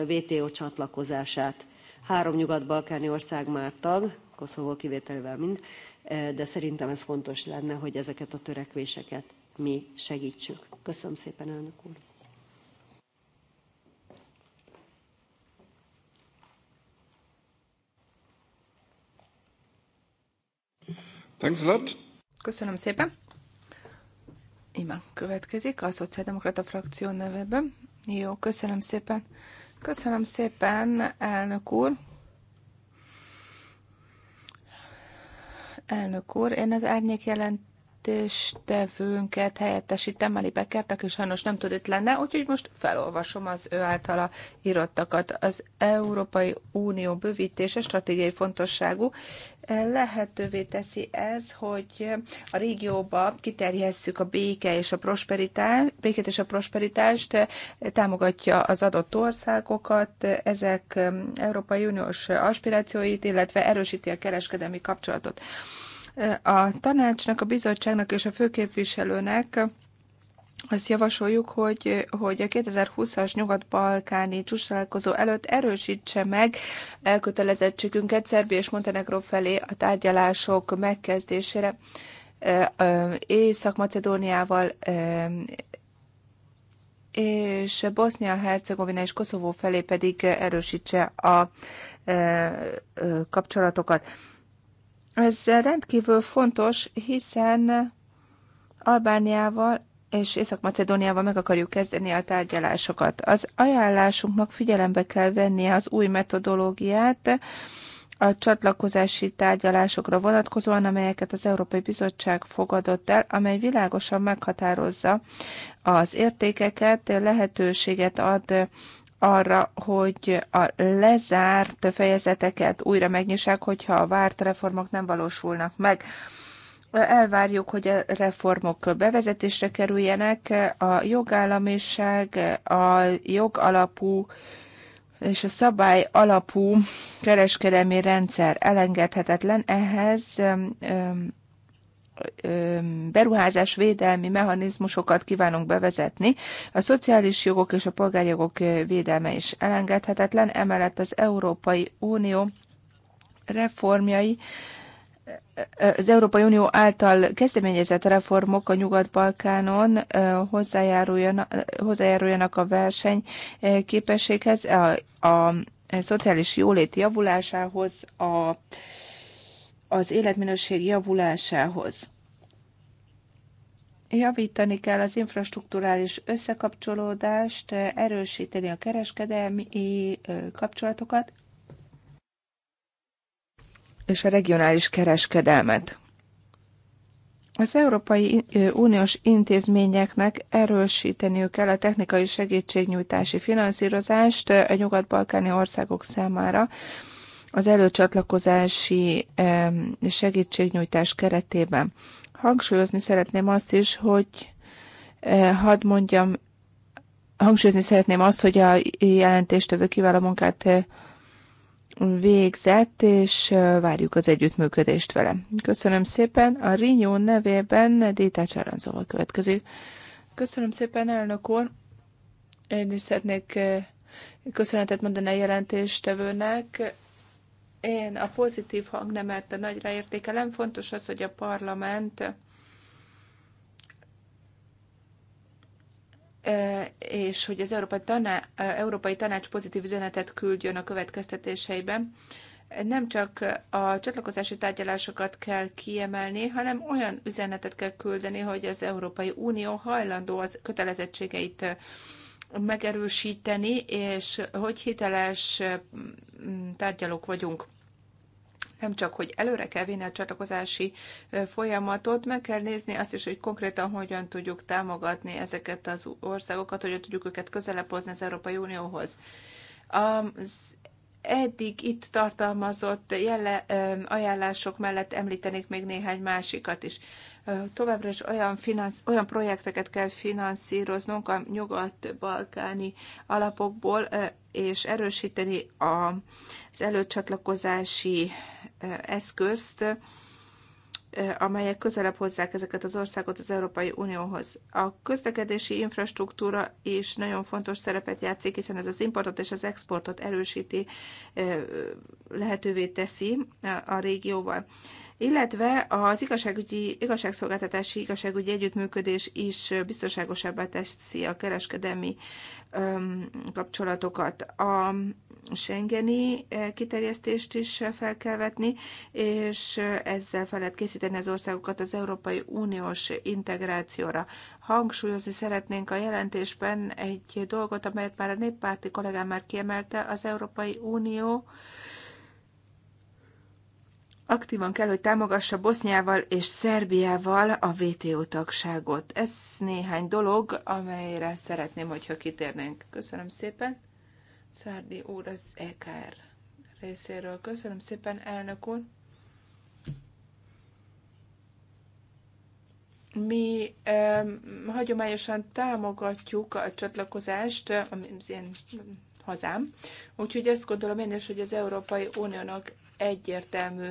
Speaker 1: WTO csatlakozását. Három nyugat-balkáni ország már tag, Koszovó kivételével mind, de szerintem ez fontos lenne, hogy ezeket a törekvéseket mi segítsük. Köszönöm szépen, elnök úr! Thanks a lot.
Speaker 3: Köszönöm szépen. Ima következik a Szociáldemokrata frakció nevében. Jó, köszönöm szépen. Köszönöm szépen, elnök úr. Elnök úr, én az árnyék jelent jelentéstevőnket helyettesítem, Meli Beckert, aki sajnos nem tud itt lenne, úgyhogy most felolvasom az ő általa írottakat. Az Európai Unió bővítése stratégiai fontosságú lehetővé teszi ez, hogy a régióba kiterjesszük a béke és a prosperitást. békét és a prosperitást, támogatja az adott országokat, ezek Európai Uniós aspirációit, illetve erősíti a kereskedelmi kapcsolatot. A tanácsnak, a bizottságnak és a főképviselőnek azt javasoljuk, hogy, hogy a 2020-as nyugat-balkáni csúcstalálkozó előtt erősítse meg elkötelezettségünket Szerbia és Montenegró felé a tárgyalások megkezdésére. Észak-Macedóniával és Bosznia-Hercegovina és Koszovó felé pedig erősítse a kapcsolatokat. Ez rendkívül fontos, hiszen Albániával és Észak-Macedóniával meg akarjuk kezdeni a tárgyalásokat. Az ajánlásunknak figyelembe kell vennie az új metodológiát a csatlakozási tárgyalásokra vonatkozóan, amelyeket az Európai Bizottság fogadott el, amely világosan meghatározza az értékeket, lehetőséget ad arra, hogy a lezárt fejezeteket újra megnyissák, hogyha a várt reformok nem valósulnak meg. Elvárjuk, hogy a reformok bevezetésre kerüljenek, a jogállamiság, a jogalapú és a szabály alapú kereskedelmi rendszer elengedhetetlen, ehhez beruházás védelmi mechanizmusokat kívánunk bevezetni. A szociális jogok és a polgárjogok védelme is elengedhetetlen, emellett az Európai Unió reformjai az Európai Unió által kezdeményezett reformok a Nyugat-Balkánon hozzájáruljanak a verseny képességhez, a, a szociális jólét javulásához, a, az életminőség javulásához. Javítani kell az infrastruktúrális összekapcsolódást, erősíteni a kereskedelmi kapcsolatokat, és a regionális kereskedelmet. Az Európai Uniós intézményeknek erősíteniük kell a technikai segítségnyújtási finanszírozást a nyugat-balkáni országok számára az előcsatlakozási segítségnyújtás keretében. Hangsúlyozni szeretném azt is, hogy eh, hadd mondjam, hangsúlyozni szeretném azt, hogy a jelentéstevő kiváló munkát eh, végzett, és eh, várjuk az együttműködést vele. Köszönöm szépen. A Rinyó nevében Dita Csaranzóval következik. Köszönöm szépen, elnök úr. Én is szeretnék köszönetet mondani a jelentéstevőnek én a pozitív hangnemet nagyra értékelem. Fontos az, hogy a parlament és hogy az Európai, Taná- Európai Tanács pozitív üzenetet küldjön a következtetéseiben. Nem csak a csatlakozási tárgyalásokat kell kiemelni, hanem olyan üzenetet kell küldeni, hogy az Európai Unió hajlandó az kötelezettségeit megerősíteni, és hogy hiteles tárgyalók vagyunk nem csak, hogy előre kell vinni a csatlakozási folyamatot, meg kell nézni azt is, hogy konkrétan hogyan tudjuk támogatni ezeket az országokat, hogyan tudjuk őket közelebb hozni az Európai Unióhoz. Az eddig itt tartalmazott jelle, ajánlások mellett említenék még néhány másikat is. Továbbra is olyan, finansz, olyan projekteket kell finanszíroznunk a nyugat-balkáni alapokból, és erősíteni az előcsatlakozási eszközt, amelyek közelebb hozzák ezeket az országot az Európai Unióhoz. A közlekedési infrastruktúra is nagyon fontos szerepet játszik, hiszen ez az importot és az exportot erősíti, lehetővé teszi a régióval. Illetve az igazságügyi, igazságszolgáltatási igazságügyi együttműködés is biztonságosabbá teszi a kereskedelmi kapcsolatokat. A Schengeni eh, kiterjesztést is fel kell vetni, és eh, ezzel fel lehet készíteni az országokat az Európai Uniós integrációra. Hangsúlyozni szeretnénk a jelentésben egy dolgot, amelyet már a néppárti kollégám már kiemelte, az Európai Unió aktívan kell, hogy támogassa Boszniával és Szerbiával a WTO tagságot. Ez néhány dolog, amelyre szeretném, hogyha kitérnénk. Köszönöm szépen! Szárdi úr az EKR részéről. Köszönöm szépen, elnök úr! mi um, hagyományosan támogatjuk a csatlakozást, az én hazám, úgyhogy azt gondolom én is, hogy az Európai Uniónak egyértelmű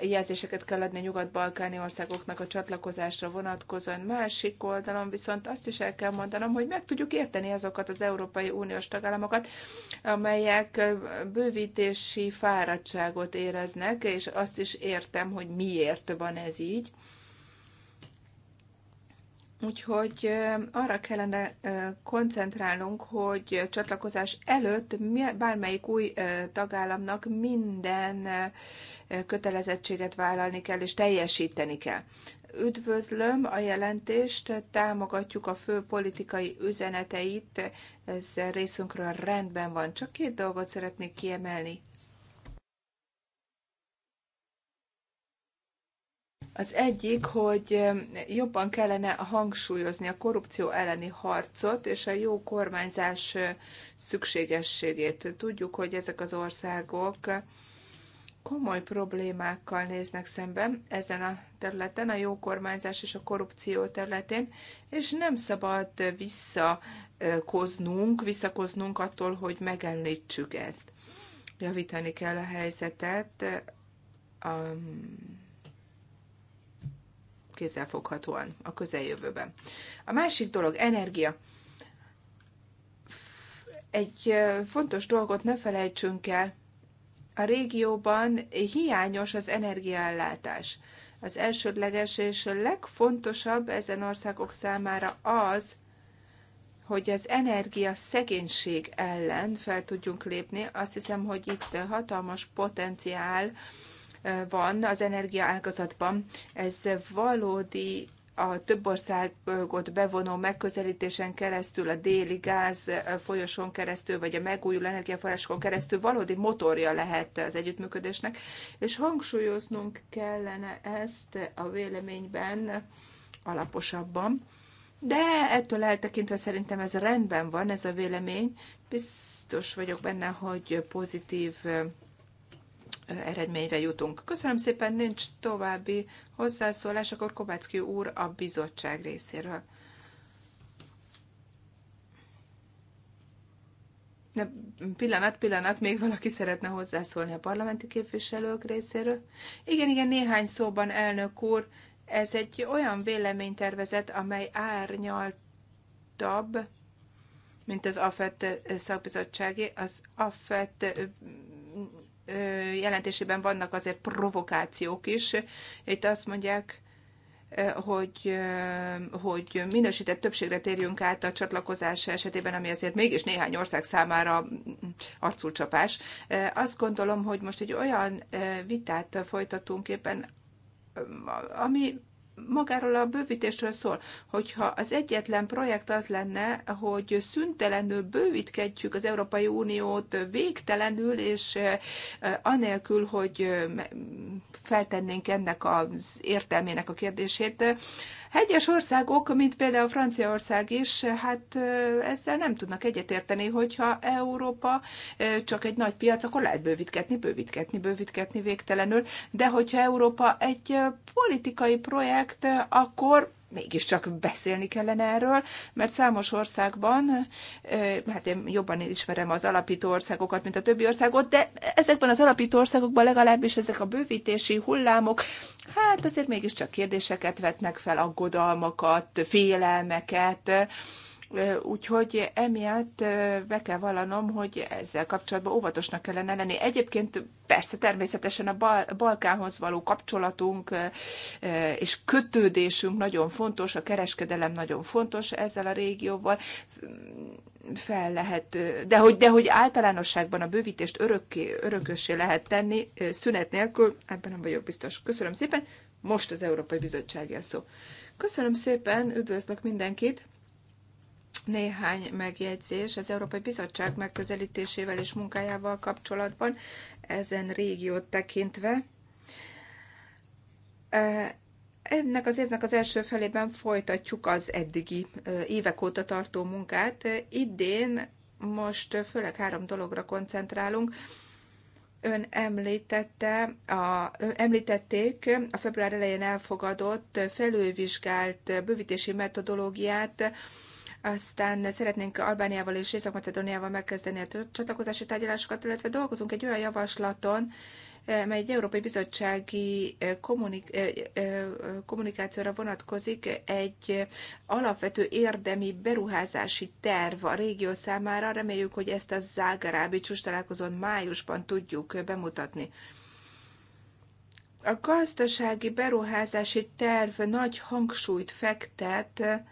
Speaker 3: jelzéseket kell adni nyugat-balkáni országoknak a csatlakozásra vonatkozóan. Másik oldalon viszont azt is el kell mondanom, hogy meg tudjuk érteni azokat az Európai Uniós tagállamokat, amelyek bővítési fáradtságot éreznek, és azt is értem, hogy miért van ez így. Úgyhogy arra kellene koncentrálnunk, hogy csatlakozás előtt bármelyik új tagállamnak minden kötelezettséget vállalni kell és teljesíteni kell. Üdvözlöm a jelentést, támogatjuk a fő politikai üzeneteit, ez részünkről rendben van. Csak két dolgot szeretnék kiemelni. Az egyik, hogy jobban kellene hangsúlyozni a korrupció elleni harcot és a jó kormányzás szükségességét. Tudjuk, hogy ezek az országok komoly problémákkal néznek szembe ezen a területen, a jó kormányzás és a korrupció területén, és nem szabad visszakoznunk, visszakoznunk attól, hogy megemlítsük ezt. Javítani kell a helyzetet a um, kézzelfoghatóan a közeljövőben. A másik dolog, energia egy fontos dolgot ne felejtsünk el a régióban hiányos az energiaellátás. Az elsődleges és legfontosabb ezen országok számára az, hogy az energia szegénység ellen fel tudjunk lépni. Azt hiszem, hogy itt hatalmas potenciál eh, van az energiaágazatban. Ez valódi a több országot bevonó megközelítésen keresztül, a déli gáz folyosón keresztül, vagy a megújuló energiaforrásokon keresztül valódi motorja lehet az együttműködésnek, és hangsúlyoznunk kellene ezt a véleményben alaposabban. De ettől eltekintve szerintem ez rendben van, ez a vélemény. Biztos vagyok benne, hogy pozitív eredményre jutunk. Köszönöm szépen, nincs további hozzászólás, akkor Kovácski úr a bizottság részéről. Ne, pillanat, pillanat, még valaki szeretne hozzászólni a parlamenti képviselők részéről? Igen, igen, néhány szóban, elnök úr, ez egy olyan véleménytervezet, amely árnyaltabb, mint az AFET szakbizottsági, Az AFET jelentésében vannak azért provokációk is. Itt azt mondják, hogy, hogy minősített többségre térjünk át a csatlakozás esetében, ami azért mégis néhány ország számára arculcsapás. Azt gondolom, hogy most egy olyan vitát folytatunk éppen, ami magáról a bővítésről szól, hogyha az egyetlen projekt az lenne, hogy szüntelenül bővítkedjük az Európai Uniót végtelenül, és anélkül, hogy feltennénk ennek az értelmének a kérdését, egyes országok, mint például Franciaország is, hát ezzel nem tudnak egyetérteni, hogyha Európa csak egy nagy piac, akkor lehet bővítgetni, bővítgetni, bővítgetni végtelenül, de hogyha Európa egy politikai projekt, akkor mégiscsak beszélni kellene erről, mert számos országban, hát én jobban ismerem az alapító országokat, mint a többi országot, de ezekben az alapító országokban legalábbis ezek a bővítési hullámok, hát azért mégiscsak kérdéseket vetnek fel, aggodalmakat, félelmeket, Úgyhogy emiatt be kell vallanom, hogy ezzel kapcsolatban óvatosnak kellene lenni. Egyébként persze természetesen a Balkánhoz való kapcsolatunk és kötődésünk nagyon fontos, a kereskedelem nagyon fontos ezzel a régióval fel lehet, de hogy, de hogy általánosságban a bővítést örökké, örökössé lehet tenni szünet nélkül, ebben nem vagyok biztos. Köszönöm szépen, most az Európai Bizottság szó. Köszönöm szépen, üdvözlök mindenkit! néhány megjegyzés az Európai Bizottság megközelítésével és munkájával kapcsolatban, ezen régiót tekintve. E, ennek az évnek az első felében folytatjuk az eddigi e, évek óta tartó munkát. Idén most főleg három dologra koncentrálunk. Ön említette, a, ön említették a február elején elfogadott felülvizsgált bővítési metodológiát, aztán szeretnénk Albániával és Észak-Macedóniával megkezdeni a csatlakozási tárgyalásokat, illetve dolgozunk egy olyan javaslaton, eh, mely egy Európai Bizottsági eh, kommunik- eh, kommunikációra vonatkozik, egy alapvető érdemi beruházási terv a régió számára. Reméljük, hogy ezt a Zágarábi csúcs találkozón májusban tudjuk bemutatni. A gazdasági beruházási terv nagy hangsúlyt fektet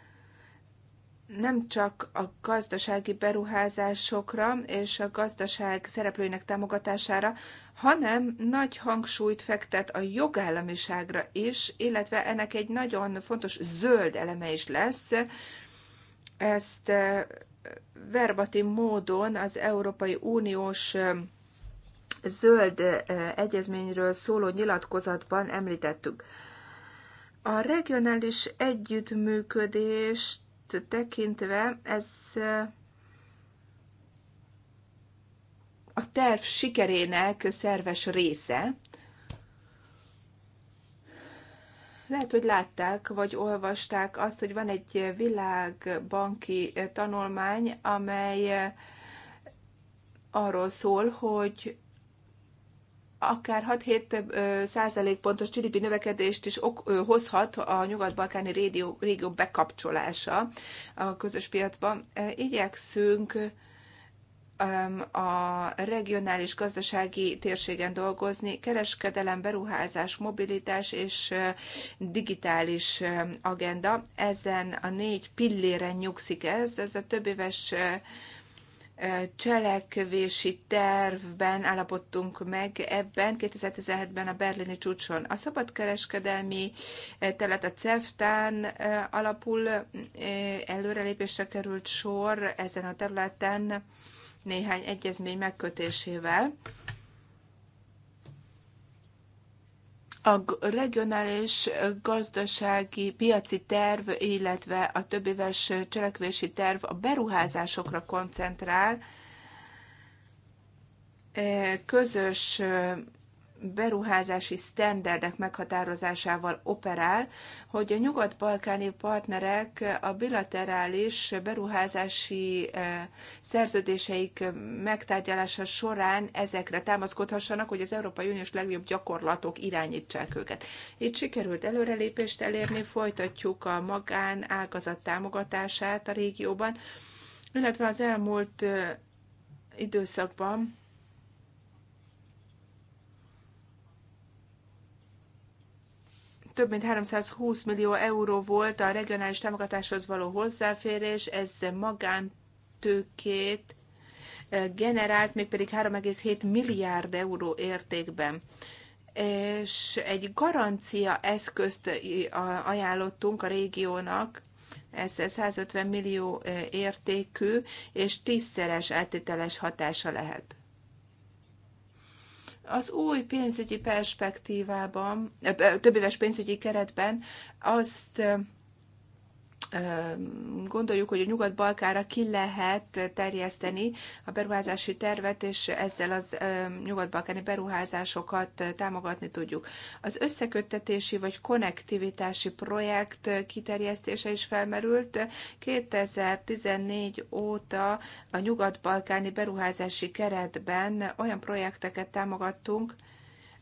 Speaker 3: nem csak a gazdasági beruházásokra és a gazdaság szereplőinek támogatására, hanem nagy hangsúlyt fektet a jogállamiságra is, illetve ennek egy nagyon fontos zöld eleme is lesz. Ezt eh, verbatim módon az Európai Uniós eh, zöld eh, egyezményről szóló nyilatkozatban említettük. A regionális együttműködést tekintve ez a terv sikerének szerves része. Lehet, hogy látták, vagy olvasták azt, hogy van egy világbanki tanulmány, amely arról szól, hogy akár 6-7 százalékpontos GDP növekedést is ok, hozhat a nyugat-balkáni régió, régió bekapcsolása a közös piacba. Igyekszünk a regionális gazdasági térségen dolgozni, kereskedelem, beruházás, mobilitás és digitális agenda. Ezen a négy pilléren nyugszik ez, ez a többéves éves cselekvési tervben állapodtunk meg ebben 2017-ben a berlini csúcson. A szabadkereskedelmi telet a CEFTÁN alapul előrelépésre került sor ezen a területen néhány egyezmény megkötésével. a regionális gazdasági piaci terv, illetve a többéves cselekvési terv a beruházásokra koncentrál, közös beruházási sztenderdek meghatározásával operál, hogy a nyugat-balkáni partnerek a bilaterális beruházási eh, szerződéseik megtárgyalása során ezekre támaszkodhassanak, hogy az Európai Uniós legjobb gyakorlatok irányítsák őket. Itt sikerült előrelépést elérni, folytatjuk a magán ágazat támogatását a régióban, illetve az elmúlt eh, időszakban több mint 320 millió euró volt a regionális támogatáshoz való hozzáférés, ez magántőkét eh, generált, mégpedig 3,7 milliárd euró értékben és egy garancia eszközt ajánlottunk a régiónak, ez 150 millió eh, értékű, és tízszeres áttételes hatása lehet. Az új pénzügyi perspektívában, többéves pénzügyi keretben azt gondoljuk, hogy a Nyugat-Balkára ki lehet terjeszteni a beruházási tervet, és ezzel az nyugat-balkáni beruházásokat támogatni tudjuk. Az összeköttetési vagy konnektivitási projekt kiterjesztése is felmerült. 2014 óta a nyugat-balkáni beruházási keretben olyan projekteket támogattunk,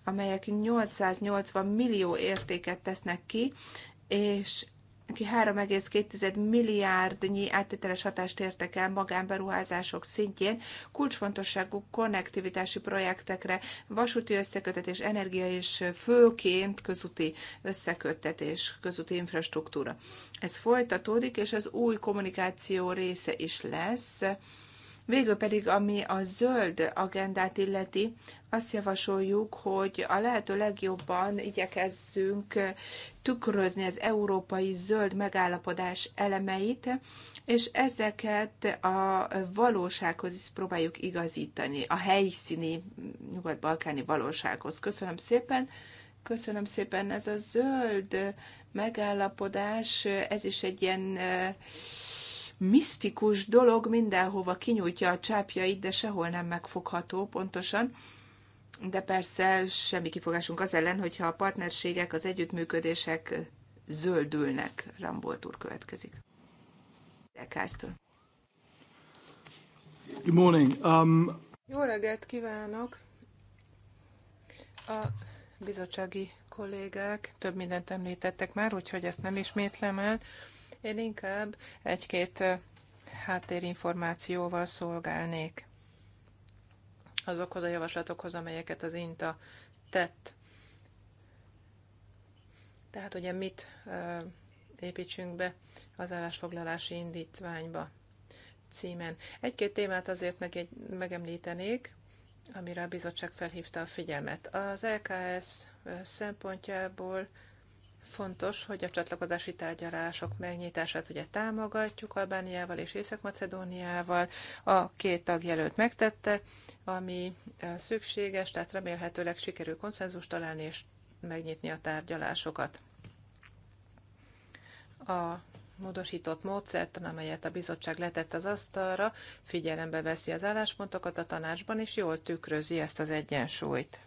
Speaker 3: amelyek 880 millió értéket tesznek ki, és aki 3,2 milliárdnyi áttételes hatást értek el magánberuházások szintjén, kulcsfontosságú konnektivitási projektekre, vasúti összekötetés, energia és főként közúti összekötetés, közúti infrastruktúra. Ez folytatódik, és az új kommunikáció része is lesz. Végül pedig, ami a zöld agendát illeti, azt javasoljuk, hogy a lehető legjobban igyekezzünk tükrözni az európai zöld megállapodás elemeit, és ezeket a valósághoz is próbáljuk igazítani, a helyszíni nyugat-balkáni valósághoz. Köszönöm szépen! Köszönöm szépen, ez a zöld megállapodás, ez is egy ilyen misztikus dolog, mindenhova kinyújtja a csápjait, de sehol nem megfogható pontosan. De persze semmi kifogásunk az ellen, hogyha a partnerségek, az együttműködések zöldülnek. Rambolt úr következik. Elkásztól.
Speaker 2: Good morning. Um...
Speaker 4: Jó reggelt kívánok! A bizottsági kollégák több mindent említettek már, úgyhogy ezt nem ismétlem el. Én inkább egy-két háttérinformációval szolgálnék azokhoz a javaslatokhoz, amelyeket az INTA tett. Tehát ugye mit építsünk be az állásfoglalási indítványba címen. Egy-két témát azért megemlítenék, amire a bizottság felhívta a figyelmet. Az LKS szempontjából Fontos, hogy a csatlakozási tárgyalások megnyitását ugye támogatjuk Albániával és Észak-Macedóniával. A két tagjelölt megtette, ami szükséges, tehát remélhetőleg sikerül konszenzust találni és megnyitni a tárgyalásokat. A módosított módszertan, amelyet a bizottság letett az asztalra, figyelembe veszi az álláspontokat a tanácsban, és jól tükrözi ezt az egyensúlyt.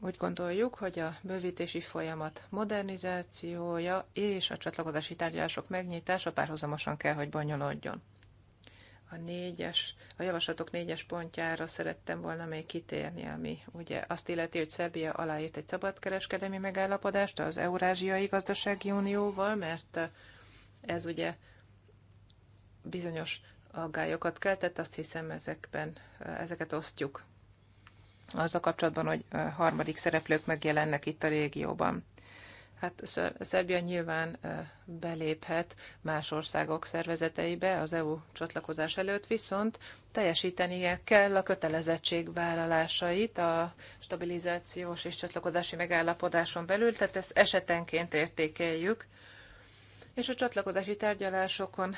Speaker 4: Úgy gondoljuk, hogy a bővítési folyamat modernizációja és a csatlakozási tárgyalások megnyitása párhuzamosan kell, hogy bonyolódjon. A, négyes, a javaslatok négyes pontjára szerettem volna még kitérni, ami ugye azt illeti, hogy Szerbia aláírt egy szabadkereskedelmi megállapodást az Eurázsiai Gazdasági Unióval, mert ez ugye bizonyos aggályokat keltett, azt hiszem ezekben, ezeket osztjuk azzal kapcsolatban, hogy harmadik szereplők megjelennek itt a régióban. Hát Szerbia nyilván beléphet más országok szervezeteibe az EU csatlakozás előtt, viszont teljesítenie kell a kötelezettség vállalásait a stabilizációs és csatlakozási megállapodáson belül, tehát ezt esetenként értékeljük. És a csatlakozási tárgyalásokon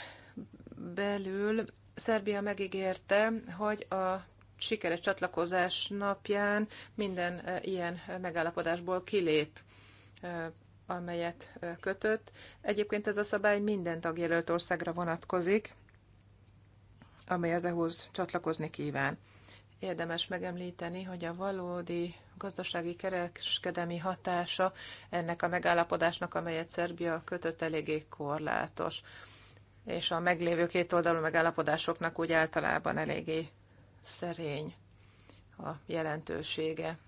Speaker 4: belül Szerbia megígérte, hogy a sikeres csatlakozás napján minden ilyen megállapodásból kilép amelyet kötött. Egyébként ez a szabály minden tagjelölt országra vonatkozik, amely az EU-hoz csatlakozni kíván. Érdemes megemlíteni, hogy a valódi gazdasági kereskedelmi hatása ennek a megállapodásnak, amelyet Szerbia kötött, eléggé korlátos. És a meglévő oldalú megállapodásoknak úgy általában eléggé szerény a jelentősége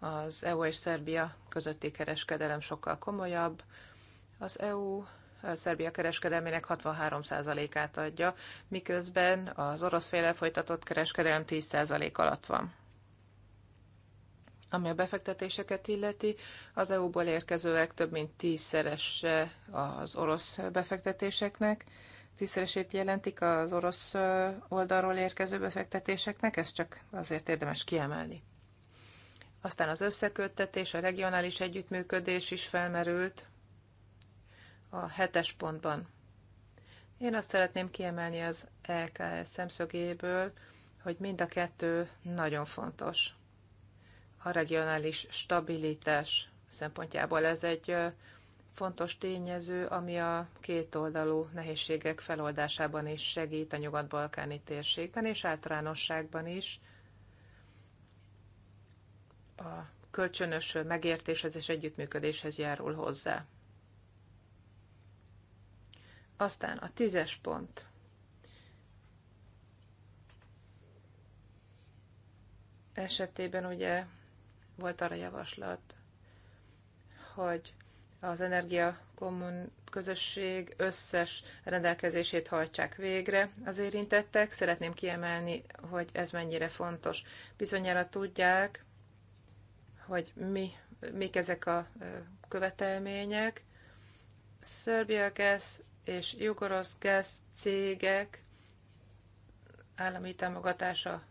Speaker 4: az EU és Szerbia közötti kereskedelem sokkal komolyabb. Az EU a Szerbia kereskedelmének 63%-át adja, miközben az orosz féle folytatott kereskedelem 10% alatt van. Ami a befektetéseket illeti, az EU-ból érkezőek több mint tízszeres az orosz befektetéseknek, tízszeresét jelentik az orosz oldalról érkező befektetéseknek, ezt csak azért érdemes kiemelni. Aztán az összeköttetés, a regionális együttműködés is felmerült a hetes pontban. Én azt szeretném kiemelni az LKS szemszögéből, hogy mind a kettő nagyon fontos. A regionális stabilitás szempontjából ez egy fontos tényező, ami a kétoldalú nehézségek feloldásában is segít a nyugat-balkáni térségben és általánosságban is. A kölcsönös megértéshez és együttműködéshez járul hozzá. Aztán a tízes pont. Esetében ugye volt arra javaslat, hogy az energia kommun közösség összes rendelkezését hajtsák végre az érintettek. Szeretném kiemelni, hogy ez mennyire fontos. Bizonyára tudják, hogy mi, mik ezek a követelmények. Szerbia Gas és Jugorosz Gas cégek állami támogatása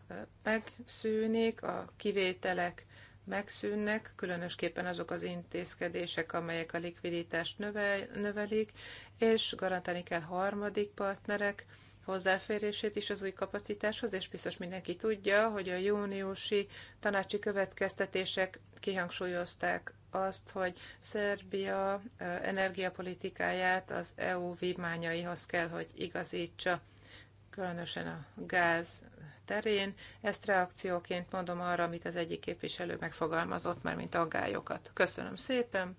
Speaker 4: megszűnik, a kivételek megszűnnek, különösképpen azok az intézkedések, amelyek a likviditást növel, növelik, és garantálni kell harmadik partnerek hozzáférését is az új kapacitáshoz, és biztos mindenki tudja, hogy a júniusi tanácsi következtetések kihangsúlyozták azt, hogy Szerbia energiapolitikáját az EU vívmányaihoz kell, hogy igazítsa, különösen a gáz terén. Ezt reakcióként mondom arra, amit az egyik képviselő megfogalmazott, már mint aggályokat. Köszönöm szépen,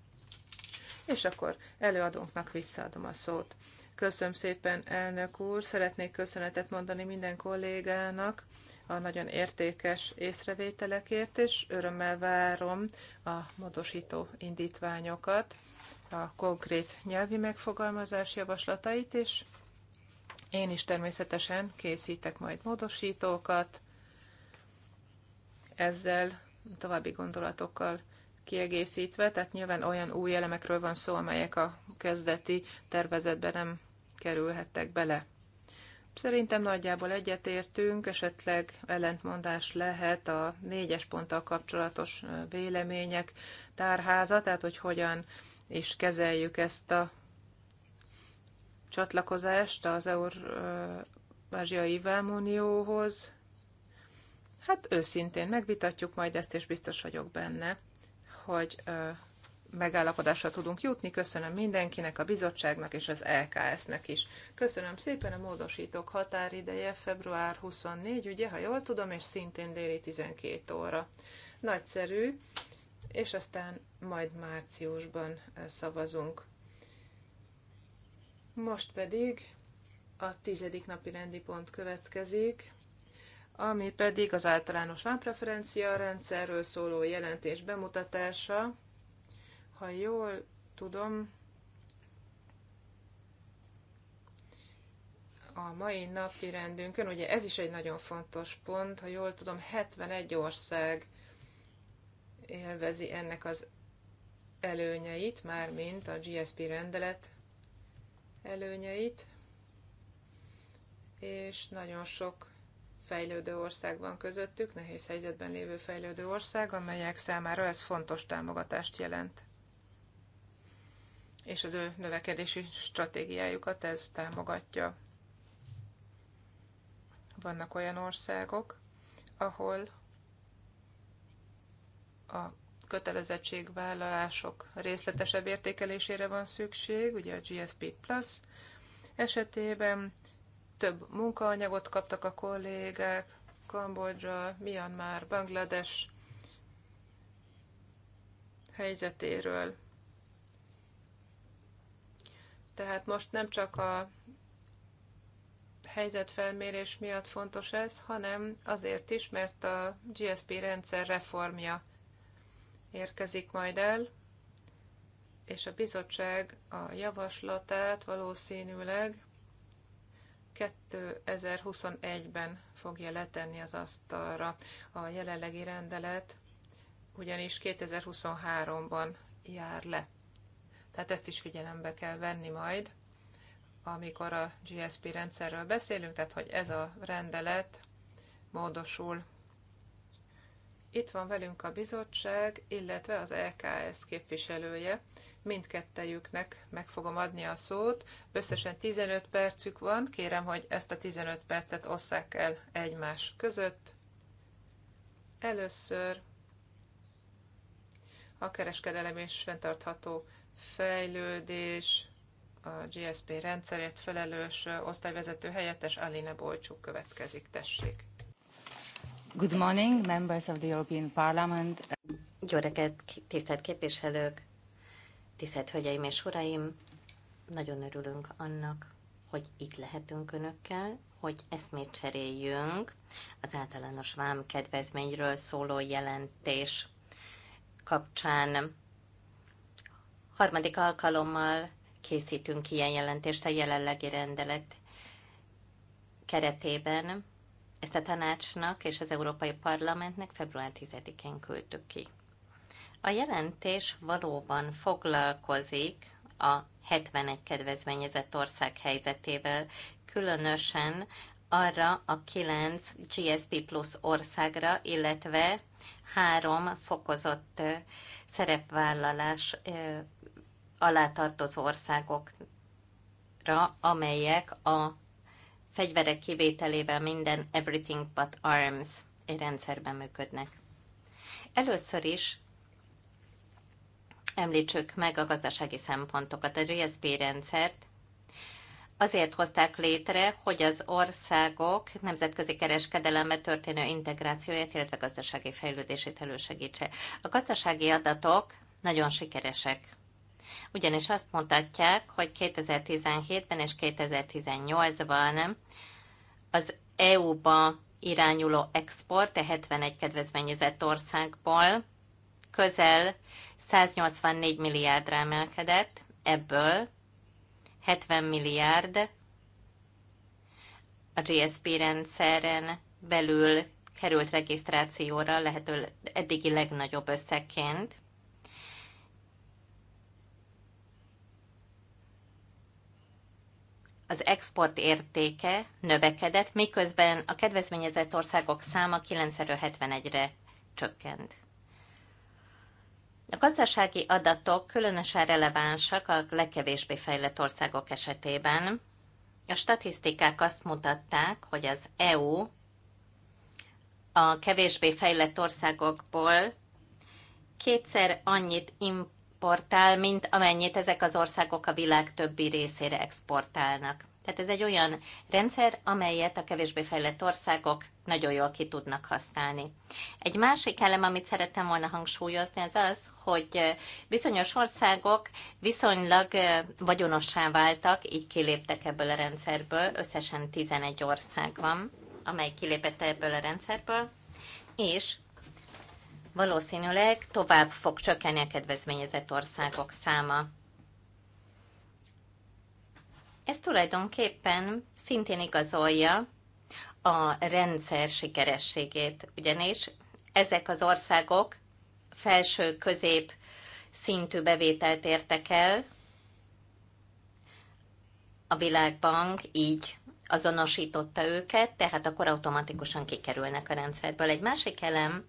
Speaker 4: és akkor előadónknak visszaadom a szót. Köszönöm szépen, elnök úr! Szeretnék köszönetet mondani minden kollégának a nagyon értékes észrevételekért, és örömmel várom a módosító indítványokat, a konkrét nyelvi megfogalmazás javaslatait, és én is természetesen készítek majd módosítókat, ezzel további gondolatokkal kiegészítve, tehát nyilván olyan új elemekről van szó, amelyek a kezdeti tervezetben nem kerülhettek bele. Szerintem nagyjából egyetértünk, esetleg ellentmondás lehet a négyes ponttal kapcsolatos vélemények tárháza, tehát hogy hogyan is kezeljük ezt a csatlakozást az Eurázsiai Vámunióhoz. Hát őszintén megvitatjuk majd ezt, és biztos vagyok benne, hogy megállapodásra tudunk jutni. Köszönöm mindenkinek, a bizottságnak és az LKS-nek is. Köszönöm szépen a módosítók határideje február 24, ugye, ha jól tudom, és szintén déli 12 óra. Nagyszerű, és aztán majd márciusban szavazunk. Most pedig a tizedik napi rendi pont következik, ami pedig az általános vámpreferencia rendszerről szóló jelentés bemutatása. Ha jól tudom, a mai napi rendünkön, ugye ez is egy nagyon fontos pont, ha jól tudom, 71 ország élvezi ennek az előnyeit, mármint a GSP rendelet előnyeit, és nagyon sok fejlődő ország van közöttük, nehéz helyzetben lévő fejlődő ország, amelyek számára ez fontos támogatást jelent. És az ő növekedési stratégiájukat ez támogatja. Vannak olyan országok, ahol a kötelezettségvállalások részletesebb értékelésére van szükség, ugye a GSP Plus esetében több munkaanyagot kaptak a kollégák, Kambodzsa, Myanmar, Banglades helyzetéről. Tehát most nem csak a helyzetfelmérés miatt fontos ez, hanem azért is, mert a GSP rendszer reformja érkezik majd el, és a bizottság a javaslatát valószínűleg 2021-ben fogja letenni az asztalra a jelenlegi rendelet, ugyanis 2023-ban jár le. Tehát ezt is figyelembe kell venni majd, amikor a GSP rendszerről beszélünk, tehát hogy ez a rendelet módosul itt van velünk a bizottság, illetve az LKS e képviselője. Mindkettejüknek meg fogom adni a szót. Összesen 15 percük van. Kérem, hogy ezt a 15 percet osszák el egymás között. Először a kereskedelem és fenntartható fejlődés, a GSP rendszerért felelős osztályvezető helyettes Aline Bolcsuk következik, tessék.
Speaker 2: Good morning, members of the European Parliament. Jó reggelt, tisztelt képviselők, tisztelt hölgyeim és uraim! Nagyon örülünk annak, hogy itt lehetünk önökkel, hogy eszmét cseréljünk az általános vám kedvezményről szóló jelentés kapcsán. Harmadik alkalommal készítünk ilyen jelentést a jelenlegi rendelet keretében, ezt a tanácsnak és az Európai Parlamentnek február 10-én küldtük ki. A jelentés valóban foglalkozik a 71 kedvezményezett ország helyzetével, különösen arra a 9 GSP plus országra, illetve három fokozott szerepvállalás alá tartozó országokra, amelyek a fegyverek kivételével minden Everything But Arms egy rendszerben működnek. Először is említsük meg a gazdasági szempontokat, a GSP rendszert, Azért hozták létre, hogy az országok nemzetközi kereskedelembe történő integrációját, illetve gazdasági fejlődését elősegítse. A gazdasági adatok nagyon sikeresek ugyanis azt mutatják, hogy 2017-ben és 2018-ban az EU-ba irányuló export a e 71 kedvezményezett országból közel 184 milliárdra emelkedett, ebből 70 milliárd a GSP rendszeren belül került regisztrációra lehető eddigi legnagyobb összegként. az export értéke növekedett, miközben a kedvezményezett országok száma 90-ről 71-re csökkent. A gazdasági adatok különösen relevánsak a legkevésbé fejlett országok esetében. A statisztikák azt mutatták, hogy az EU a kevésbé fejlett országokból kétszer annyit imp- exportál, mint amennyit ezek az országok a világ többi részére exportálnak. Tehát ez egy olyan rendszer, amelyet a kevésbé fejlett országok nagyon jól ki tudnak használni. Egy másik elem, amit szerettem volna hangsúlyozni, az az, hogy bizonyos országok viszonylag vagyonossá váltak, így kiléptek ebből a rendszerből. Összesen 11 ország van, amely kilépett ebből a rendszerből, és valószínűleg tovább fog csökkenni a kedvezményezett országok száma. Ez tulajdonképpen szintén igazolja a rendszer sikerességét, ugyanis ezek az országok felső-közép szintű bevételt értek el, a Világbank így azonosította őket, tehát akkor automatikusan kikerülnek a rendszerből. Egy másik elem,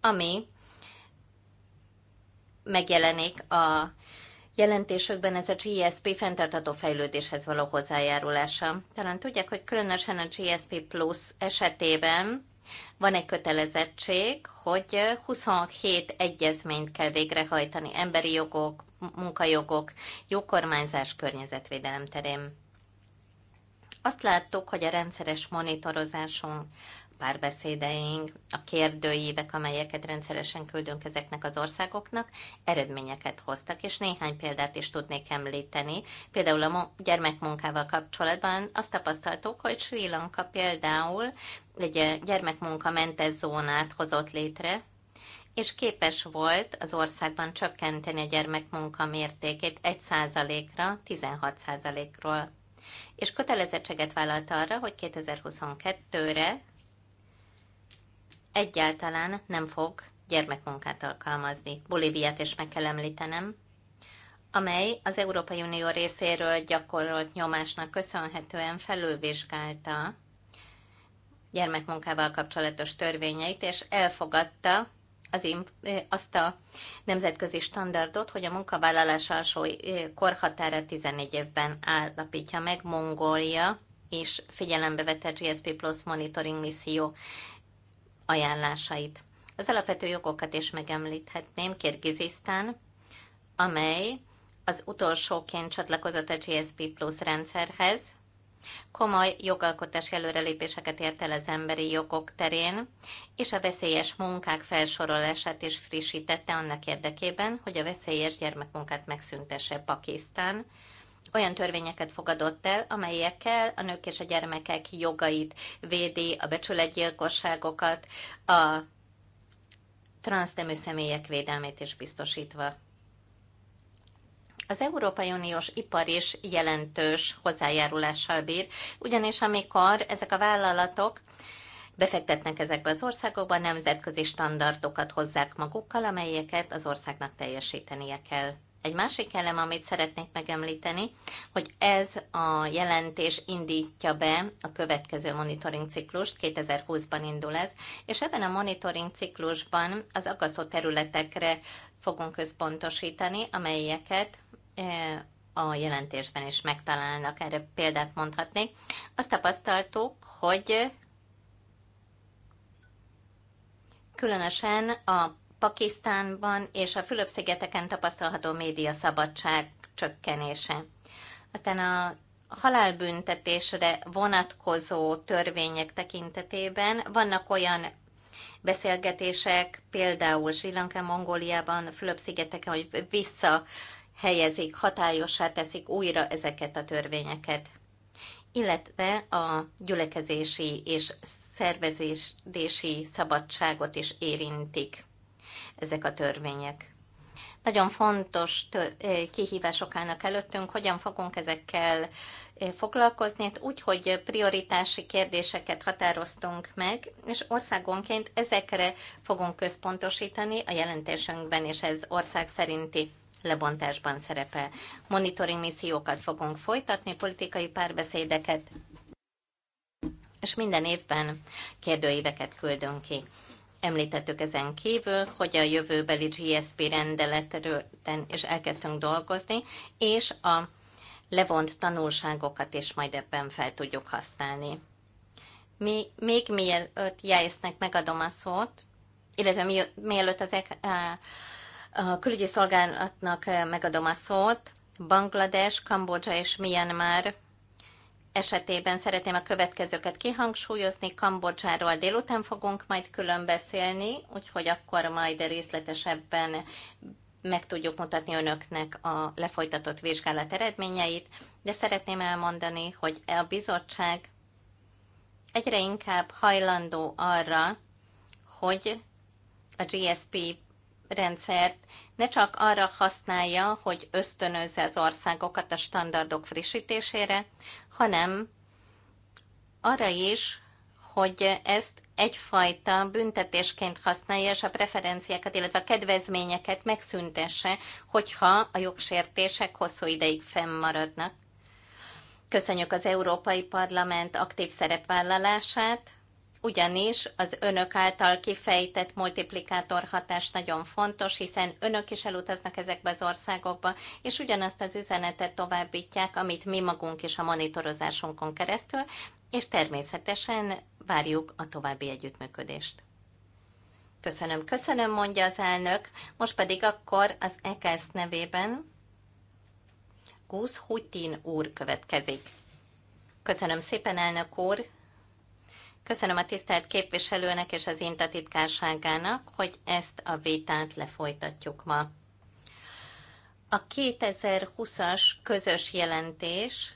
Speaker 2: ami megjelenik a jelentésekben ez a GSP fenntartató fejlődéshez való hozzájárulása. Talán tudják, hogy különösen a GSP Plus esetében van egy kötelezettség, hogy 27 egyezményt kell végrehajtani emberi jogok, munkajogok, jókormányzás, környezetvédelem terén. Azt láttuk, hogy a rendszeres monitorozáson párbeszédeink, a kérdőívek, amelyeket rendszeresen küldünk ezeknek az országoknak, eredményeket hoztak, és néhány példát is tudnék említeni. Például a gyermekmunkával kapcsolatban azt tapasztaltuk, hogy Sri Lanka például egy eh, gyermekmunkamentes zónát hozott létre, és képes volt az országban csökkenteni a gyermekmunka mértékét 1%-ra 16%-ról. És kötelezettséget vállalt arra, hogy 2022-re egyáltalán nem fog gyermekmunkát alkalmazni. Bolíviát is meg kell említenem, amely az Európai Unió részéről gyakorolt nyomásnak köszönhetően felülvizsgálta gyermekmunkával kapcsolatos törvényeit, és elfogadta az imp- azt a nemzetközi standardot, hogy a munkavállalás alsó korhatára 14 évben állapítja meg Mongólia és figyelembe vette GSP Plus monitoring misszió ajánlásait. Az alapvető jogokat is megemlíthetném, Kirgizisztán, amely az utolsóként csatlakozott a GSP Plus rendszerhez, komoly jogalkotási előrelépéseket ért el az emberi jogok terén, és a veszélyes munkák felsorolását is frissítette annak érdekében, hogy a veszélyes gyermekmunkát megszüntesse Pakisztán, olyan törvényeket fogadott el, amelyekkel a nők és a gyermekek jogait védi, a becsületgyilkosságokat, a transznemű személyek védelmét is biztosítva. Az Európai Uniós ipar is jelentős hozzájárulással bír, ugyanis amikor ezek a vállalatok befektetnek ezekbe az országokba, nemzetközi standardokat hozzák magukkal, amelyeket az országnak teljesítenie kell. Egy másik elem, amit szeretnék megemlíteni, hogy ez a jelentés indítja be a következő monitoring ciklust, 2020-ban indul ez, és ebben a monitoring ciklusban az aggasztó területekre fogunk központosítani, amelyeket e, a jelentésben is megtalálnak. Erre példát mondhatnék. Azt tapasztaltuk, hogy különösen a Pakisztánban és a Fülöp-szigeteken tapasztalható média szabadság csökkenése. Aztán a halálbüntetésre vonatkozó törvények tekintetében vannak olyan beszélgetések, például Sri Lanka, Mongóliában, Fülöp-szigeteken, hogy vissza helyezik, hatályossá teszik újra ezeket a törvényeket. Illetve a gyülekezési és szervezési szabadságot is érintik ezek a törvények. Nagyon fontos eh, kihívások állnak előttünk, hogyan fogunk ezekkel eh, foglalkozni, hát úgy, hogy prioritási kérdéseket határoztunk meg, és országonként ezekre fogunk központosítani a jelentésünkben, és ez ország szerinti lebontásban szerepel. Monitoring missziókat fogunk folytatni, politikai párbeszédeket, és minden évben kérdőíveket küldünk ki. Említettük ezen kívül, hogy a jövőbeli GSP rendeletterületen is elkezdtünk dolgozni, és a levont tanulságokat is majd ebben fel tudjuk használni. Mi, még mielőtt Jaisznek megadom a szót, illetve mielőtt az a külügyi szolgálatnak megadom a szót, Banglades, Kambodzsa és Myanmar esetében szeretném a következőket kihangsúlyozni. Kambodzsáról délután fogunk majd külön beszélni, úgyhogy akkor majd részletesebben meg tudjuk mutatni önöknek a lefolytatott vizsgálat eredményeit, de szeretném elmondani, hogy a bizottság egyre inkább hajlandó arra, hogy a GSP rendszert ne csak arra használja, hogy ösztönözze az országokat a standardok frissítésére, hanem arra is, hogy ezt egyfajta büntetésként használja, és a preferenciákat, illetve a kedvezményeket megszüntesse, hogyha a jogsértések hosszú ideig fennmaradnak. Köszönjük az Európai Parlament aktív szerepvállalását, ugyanis az önök által kifejtett multiplikátor hatás nagyon fontos, hiszen önök is elutaznak ezekbe az országokba, és ugyanazt az üzenetet továbbítják, amit mi magunk is a monitorozásunkon keresztül, és természetesen várjuk a további együttműködést. Köszönöm, köszönöm, mondja az elnök. Most pedig akkor az EKSZ nevében Gusz Hutin úr következik. Köszönöm szépen, elnök úr! Köszönöm a tisztelt képviselőnek és az INTA titkárságának, hogy ezt a vitát lefolytatjuk ma. A 2020-as közös jelentés,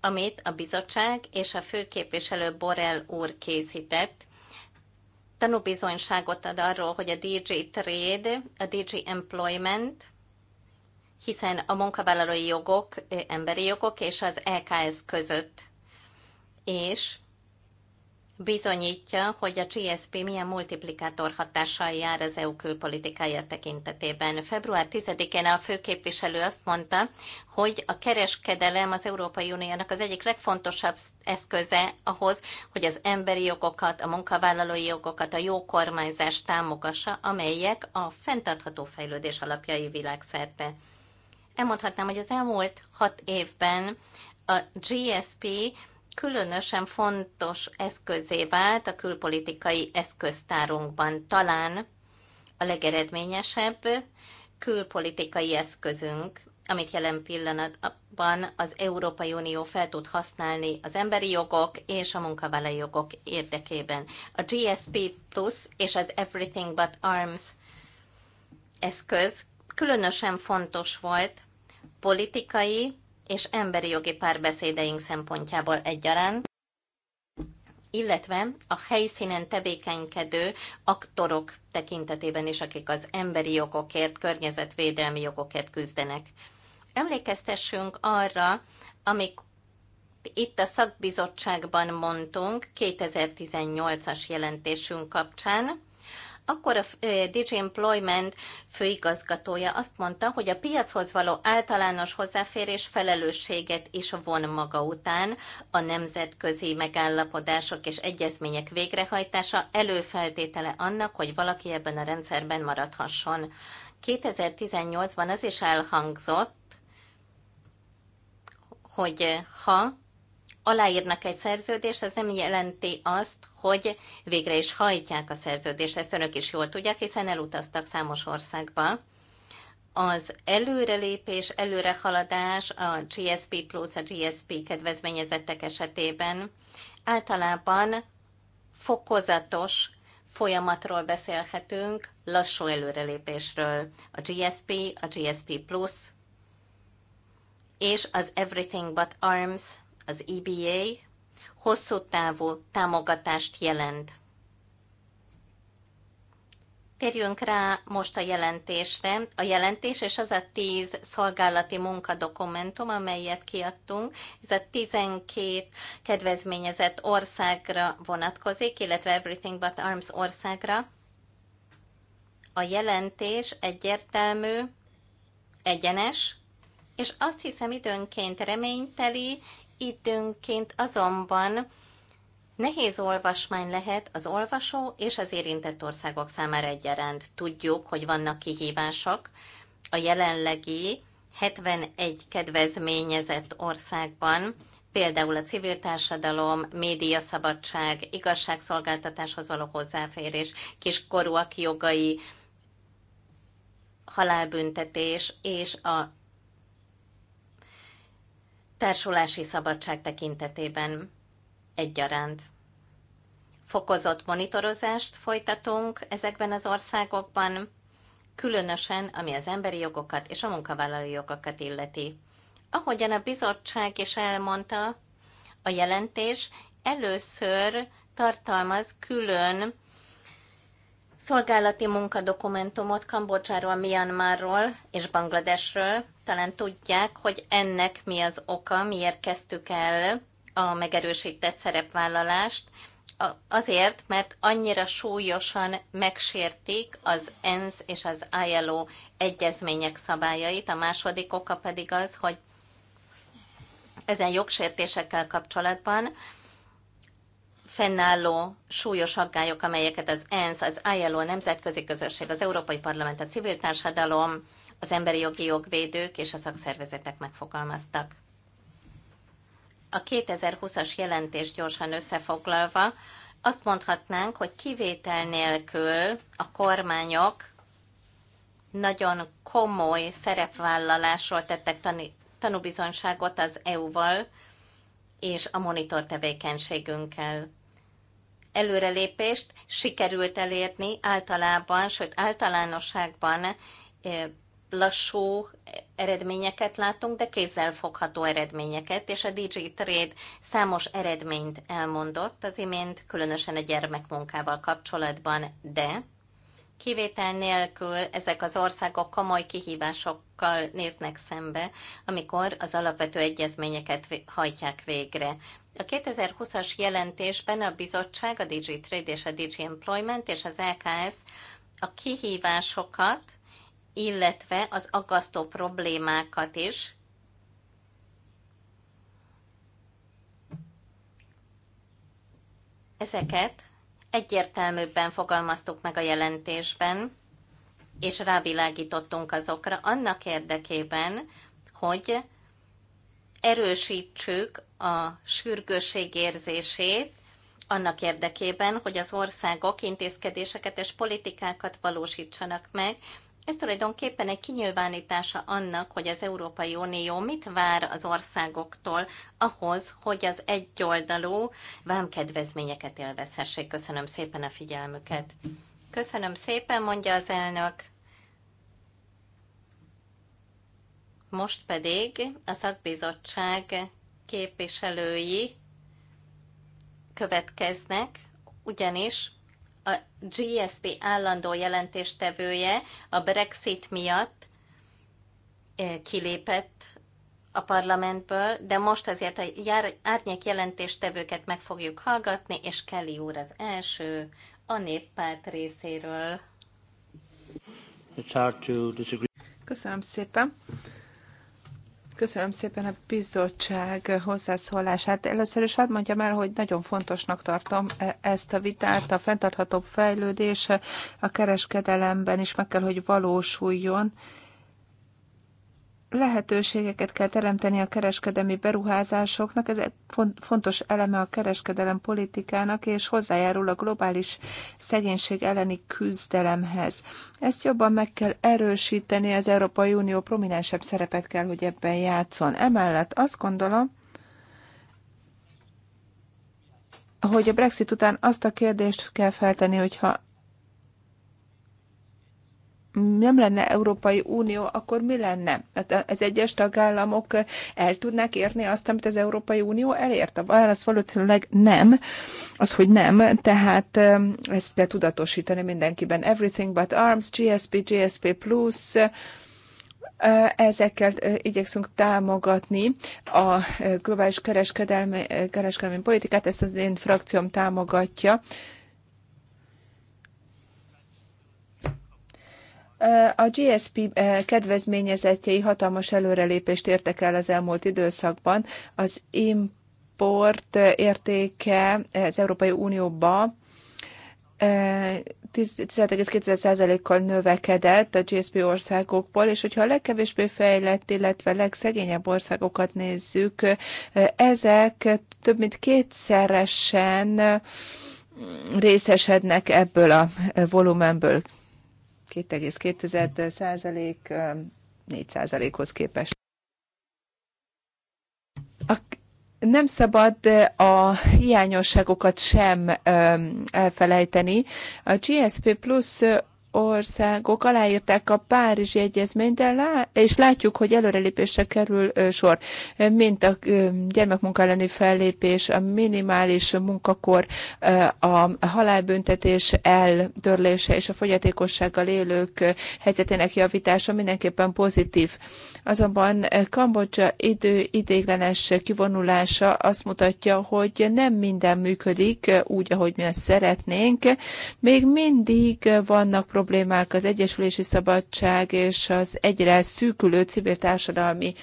Speaker 2: amit a bizottság és a főképviselő Borrell úr készített, tanúbizonyságot ad arról, hogy a DG Trade, a DG Employment, hiszen a munkavállalói jogok, emberi jogok és az EKS között, és bizonyítja, hogy a GSP milyen multiplikátor hatással jár az EU külpolitikája tekintetében. Február 10-én a főképviselő azt mondta, hogy a kereskedelem az Európai Uniónak az egyik legfontosabb eszköze ahhoz, hogy az emberi jogokat, a munkavállalói jogokat, a jó kormányzást támogassa, amelyek a fenntartható fejlődés alapjai világszerte. Elmondhatnám, hogy az elmúlt hat évben a GSP különösen fontos eszközé vált a külpolitikai eszköztárunkban. Talán a legeredményesebb külpolitikai eszközünk, amit jelen pillanatban az Európai Unió fel tud használni az emberi jogok és a munkavállalói jogok érdekében. A GSP Plus és az Everything But Arms eszköz különösen fontos volt politikai és emberi jogi párbeszédeink szempontjából egyaránt, illetve a helyszínen tevékenykedő aktorok tekintetében is, akik az emberi jogokért, környezetvédelmi jogokért küzdenek. Emlékeztessünk arra, amik itt a szakbizottságban mondtunk 2018-as jelentésünk kapcsán, akkor a DJ Employment főigazgatója azt mondta, hogy a piachoz való általános hozzáférés felelősséget is von maga után a nemzetközi megállapodások és egyezmények végrehajtása előfeltétele annak, hogy valaki ebben a rendszerben maradhasson. 2018-ban az is elhangzott, hogy ha aláírnak egy szerződést, az nem jelenti azt, hogy végre is hajtják a szerződést. Ezt önök is jól tudják, hiszen elutaztak számos országba. Az előrelépés, előrehaladás a GSP plusz, a GSP kedvezményezettek esetében általában fokozatos folyamatról beszélhetünk, lassú előrelépésről. A GSP, a GSP Plus és az Everything But Arms az EBA hosszú távú támogatást jelent. Térjünk rá most a jelentésre. A jelentés és az a tíz szolgálati munkadokumentum, amelyet kiadtunk, ez a 12 kedvezményezett országra vonatkozik, illetve Everything But Arms országra. A jelentés egyértelmű, egyenes, és azt hiszem időnként reményteli időnként azonban Nehéz olvasmány lehet az olvasó és az érintett országok számára egyaránt. Tudjuk, hogy vannak kihívások. A jelenlegi 71 kedvezményezett országban, például a civil társadalom, médiaszabadság, igazságszolgáltatáshoz való hozzáférés, kiskorúak jogai, halálbüntetés és a társulási szabadság tekintetében egyaránt. Fokozott monitorozást folytatunk ezekben az országokban, különösen ami az emberi jogokat és a munkavállalói jogokat illeti. Ahogyan a bizottság is elmondta, a jelentés először tartalmaz külön szolgálati munkadokumentumot Kambodzsáról, Myanmarról és Bangladesről. Talán tudják, hogy ennek mi az oka, miért kezdtük el a megerősített szerepvállalást. Azért, mert annyira súlyosan megsértik az ENSZ és az ILO egyezmények szabályait. A második oka pedig az, hogy ezen jogsértésekkel kapcsolatban fennálló súlyos aggályok, amelyeket az ENSZ, az ILO, a nemzetközi közösség, az Európai Parlament, a civil társadalom, az emberi jogi jogvédők és a szakszervezetek megfogalmaztak. A 2020-as jelentés gyorsan összefoglalva, azt mondhatnánk, hogy kivétel nélkül a kormányok nagyon komoly szerepvállalásról tettek tani, az EU-val és a monitor tevékenységünkkel előrelépést sikerült elérni általában, sőt általánosságban lassú eredményeket látunk, de fogható eredményeket, és a DJ Trade számos eredményt elmondott az imént, különösen a gyermekmunkával kapcsolatban, de kivétel nélkül ezek az országok komoly kihívásokkal néznek szembe, amikor az alapvető egyezményeket hajtják végre. A 2020-as jelentésben a bizottság, a DG Trade és a DG Employment és az LKS a kihívásokat, illetve az aggasztó problémákat is Ezeket egyértelműbben fogalmaztuk meg a jelentésben, és rávilágítottunk azokra annak érdekében, hogy erősítsük a érzését annak érdekében, hogy az országok intézkedéseket és politikákat valósítsanak meg, ez tulajdonképpen egy kinyilvánítása annak, hogy az Európai Unió mit vár az országoktól ahhoz, hogy az egyoldalú vámkedvezményeket élvezhessék. Köszönöm szépen a figyelmüket. Köszönöm szépen, mondja az elnök. Most pedig a szakbizottság képviselői következnek, ugyanis a GSP állandó jelentéstevője a Brexit miatt eh, kilépett a parlamentből, de most azért a jár, árnyék jelentéstevőket meg fogjuk hallgatni, és Kelly úr az első a néppárt részéről.
Speaker 3: Köszönöm szépen. Köszönöm szépen a bizottság hozzászólását. Először is hadd mondjam el, hogy nagyon fontosnak tartom e- ezt a vitát. A fenntarthatóbb fejlődés a kereskedelemben is meg kell, hogy valósuljon lehetőségeket kell teremteni a kereskedelmi beruházásoknak, ez egy fontos eleme a kereskedelem politikának, és hozzájárul a globális szegénység elleni küzdelemhez. Ezt jobban meg kell erősíteni, az Európai Unió prominensebb szerepet kell, hogy ebben játszon. Emellett azt gondolom, hogy a Brexit után azt a kérdést kell feltenni, hogyha nem lenne Európai Unió, akkor mi lenne? Hát az egyes tagállamok el tudnák érni azt, amit az Európai Unió elért? A válasz valószínűleg nem. Az, hogy nem, tehát ezt le tudatosítani mindenkiben. Everything but arms, GSP, GSP+, plus, ezekkel igyekszünk támogatni a globális kereskedelmi, kereskedelmi politikát, ezt az én frakcióm támogatja. A GSP kedvezményezetjei hatalmas előrelépést értek el az elmúlt időszakban. Az import értéke az Európai Unióba 17,2%-kal növekedett a GSP országokból, és hogyha a legkevésbé fejlett, illetve legszegényebb országokat nézzük, ezek több mint kétszeresen részesednek ebből a volumenből. 2,2 4%-hoz képest. A, nem szabad a hiányosságokat sem elfelejteni. A GSP Plus országok aláírták a Párizsi Egyezményt, de lá- és látjuk, hogy előrelépésre kerül sor, mint a gyermekmunka elleni fellépés, a minimális munkakor, a halálbüntetés eltörlése és a fogyatékossággal élők helyzetének javítása mindenképpen pozitív. Azonban Kambodzsa idő idéglenes kivonulása azt mutatja, hogy nem minden működik úgy, ahogy mi azt szeretnénk. Még mindig vannak problémák, problémák, az egyesülési szabadság és az egyre szűkülő civil társadalmi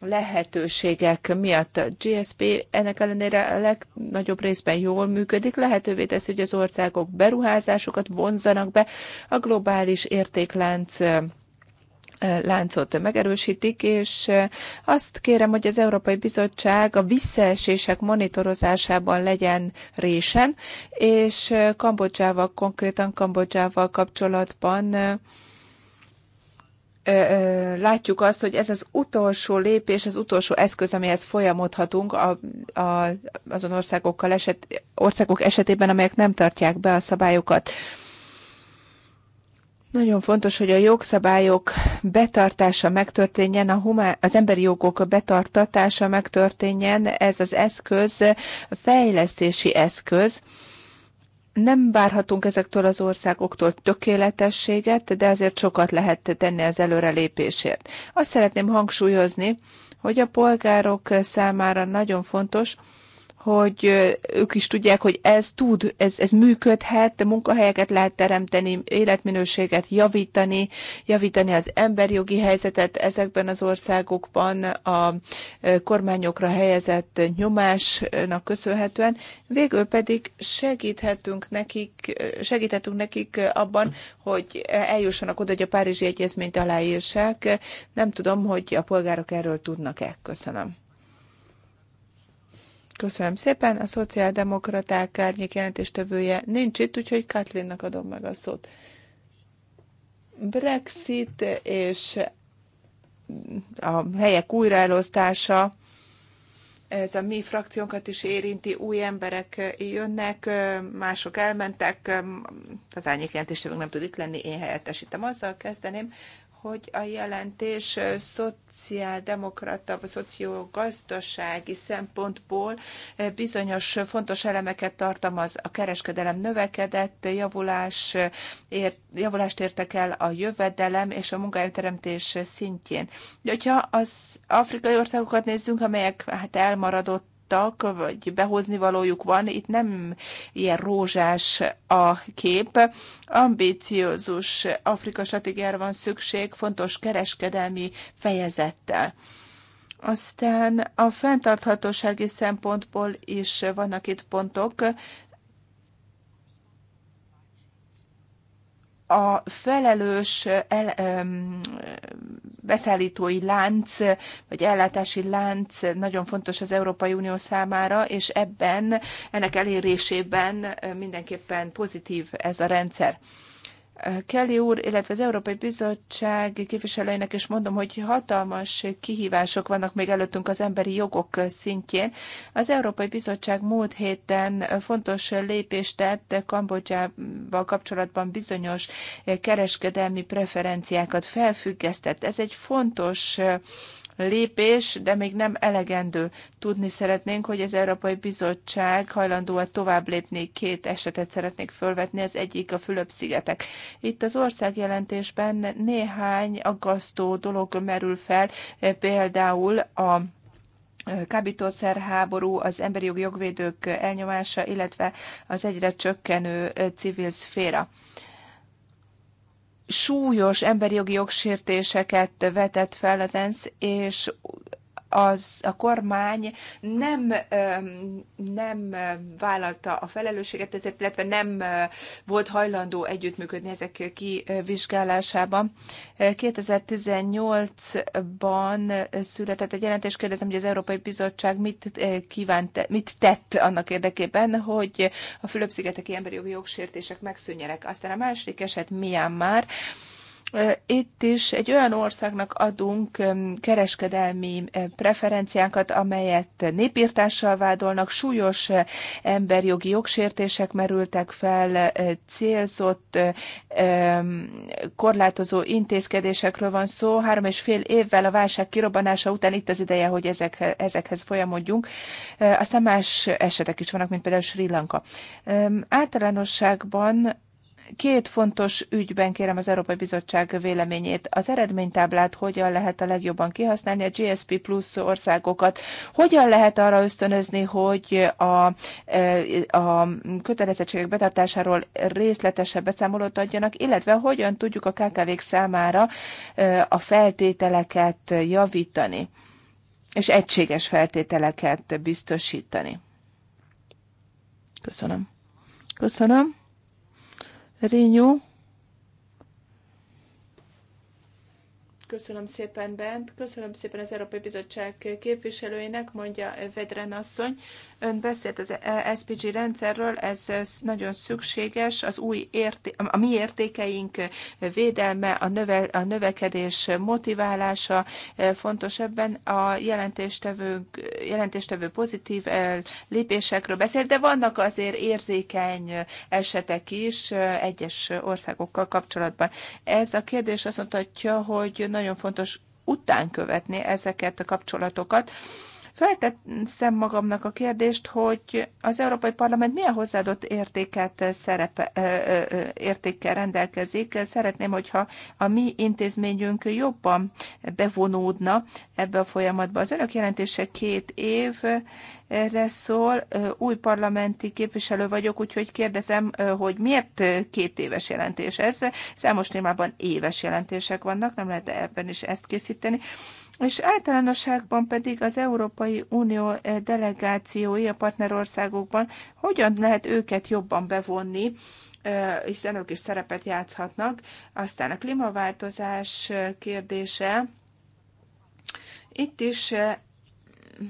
Speaker 3: lehetőségek miatt. A GSP ennek ellenére a legnagyobb részben jól működik, lehetővé teszi, hogy az országok beruházásokat vonzanak be a globális értéklánc láncot megerősítik, és azt kérem, hogy az Európai Bizottság a visszaesések monitorozásában legyen résen, és Kambodzsával, konkrétan Kambodzsával kapcsolatban látjuk azt, hogy ez az utolsó lépés, az utolsó eszköz, amihez folyamodhatunk a, a, azon országokkal eset, országok esetében, amelyek nem tartják be a szabályokat. Nagyon fontos, hogy a jogszabályok betartása megtörténjen, a huma, az emberi jogok betartatása megtörténjen. Ez az eszköz fejlesztési eszköz. Nem várhatunk ezektől az országoktól tökéletességet, de azért sokat lehet tenni az előrelépésért. Azt szeretném hangsúlyozni, hogy a polgárok számára nagyon fontos, hogy ők is tudják, hogy ez tud, ez, ez működhet, de munkahelyeket lehet teremteni, életminőséget javítani, javítani az emberi jogi helyzetet ezekben az országokban a kormányokra helyezett nyomásnak köszönhetően. Végül pedig segíthetünk nekik, segíthetünk nekik abban, hogy eljussanak oda, hogy a Párizsi Egyezményt aláírsák. Nem tudom, hogy a polgárok erről tudnak-e. Köszönöm. Köszönöm szépen. A szociáldemokraták árnyék jelentéstevője nincs itt, úgyhogy Katlinnak adom meg a szót. Brexit és a helyek újraelosztása, ez a mi frakciónkat is érinti, új emberek jönnek, mások elmentek, az árnyék jelentéstevők nem tud itt lenni, én helyettesítem, azzal kezdeném, hogy a jelentés szociáldemokrata, vagy szociogazdasági szempontból bizonyos fontos elemeket tartalmaz. A kereskedelem növekedett, javulás, ért, javulást értek el a jövedelem és a munkahelyteremtés szintjén. De hogyha az afrikai országokat nézzünk, amelyek hát elmaradott tudtak, vagy behozni valójuk van. Itt nem ilyen rózsás a kép. Ambíciózus Afrika stratégiára van szükség, fontos kereskedelmi fejezettel. Aztán a fenntarthatósági szempontból is vannak itt pontok, a felelős el, um, beszállítói lánc, vagy ellátási lánc nagyon fontos az Európai Unió számára, és ebben, ennek elérésében mindenképpen pozitív ez a rendszer. Kelly úr, illetve az Európai Bizottság képviselőinek is mondom, hogy hatalmas kihívások vannak még előttünk az emberi jogok szintjén. Az Európai Bizottság múlt héten fontos lépést tett Kambodzsával kapcsolatban bizonyos kereskedelmi preferenciákat felfüggesztett. Ez egy fontos lépés, de még nem elegendő. Tudni szeretnénk, hogy az Európai Bizottság hajlandó-e tovább lépni. Két esetet szeretnék fölvetni, az egyik a Fülöp-szigetek. Itt az országjelentésben néhány aggasztó dolog merül fel, például a kábítószerháború, az emberi jogi jogvédők elnyomása, illetve az egyre csökkenő civil szféra súlyos emberi jogi jogsértéseket vetett fel az ENSZ, és az a kormány nem, nem vállalta a felelősséget, ezért, illetve nem volt hajlandó együttműködni ezek kivizsgálásában. 2018-ban született egy jelentés, kérdezem, hogy az Európai Bizottság mit, kívánt, mit tett annak érdekében, hogy a Fülöp-szigeteki emberi jogi jogsértések megszűnjenek. Aztán a második eset Myanmar, már itt is egy olyan országnak adunk kereskedelmi preferenciákat, amelyet népírtással vádolnak, súlyos emberjogi jogsértések merültek fel, célzott korlátozó intézkedésekről van szó. Három és fél évvel a válság kirobbanása után itt az ideje, hogy ezek, ezekhez folyamodjunk. Aztán más esetek is vannak, mint például Sri Lanka. Általánosságban Két fontos ügyben kérem az Európai Bizottság véleményét. Az eredménytáblát hogyan lehet a legjobban kihasználni, a GSP plusz országokat, hogyan lehet arra ösztönözni, hogy a, e, a kötelezettségek betartásáról részletesebb beszámolót adjanak, illetve hogyan tudjuk a KKV-k számára e, a feltételeket javítani és egységes feltételeket biztosítani. Köszönöm. Köszönöm. Rinyó. Köszönöm szépen, Bent. Köszönöm szépen az Európai Bizottság képviselőinek, mondja Vedren asszony. Ön beszélt az SPG rendszerről, ez, nagyon szükséges, az új érté, a mi értékeink védelme, a, növe, a növekedés motiválása eh, fontos ebben. A jelentéstevő, jelentéstevő pozitív eh, lépésekről beszélt, de vannak azért érzékeny eh, esetek is egyes országokkal kapcsolatban. Ez a kérdés azt mutatja, hogy nagyon fontos után követni ezeket a kapcsolatokat, Feltettem magamnak a kérdést, hogy az Európai Parlament milyen hozzáadott értéket szerepe, értékkel rendelkezik. Szeretném, hogyha a mi intézményünk jobban bevonódna ebbe a folyamatba. Az önök jelentése két év, erre szól. Új parlamenti képviselő vagyok, úgyhogy kérdezem, hogy miért két éves jelentés ez? Számos témában éves jelentések vannak, nem lehet ebben is ezt készíteni és általánosságban pedig az Európai Unió eh, delegációi a partnerországokban hogyan lehet őket jobban bevonni, hiszen eh, ők is szerepet játszhatnak. Aztán a klímaváltozás eh, kérdése. Itt is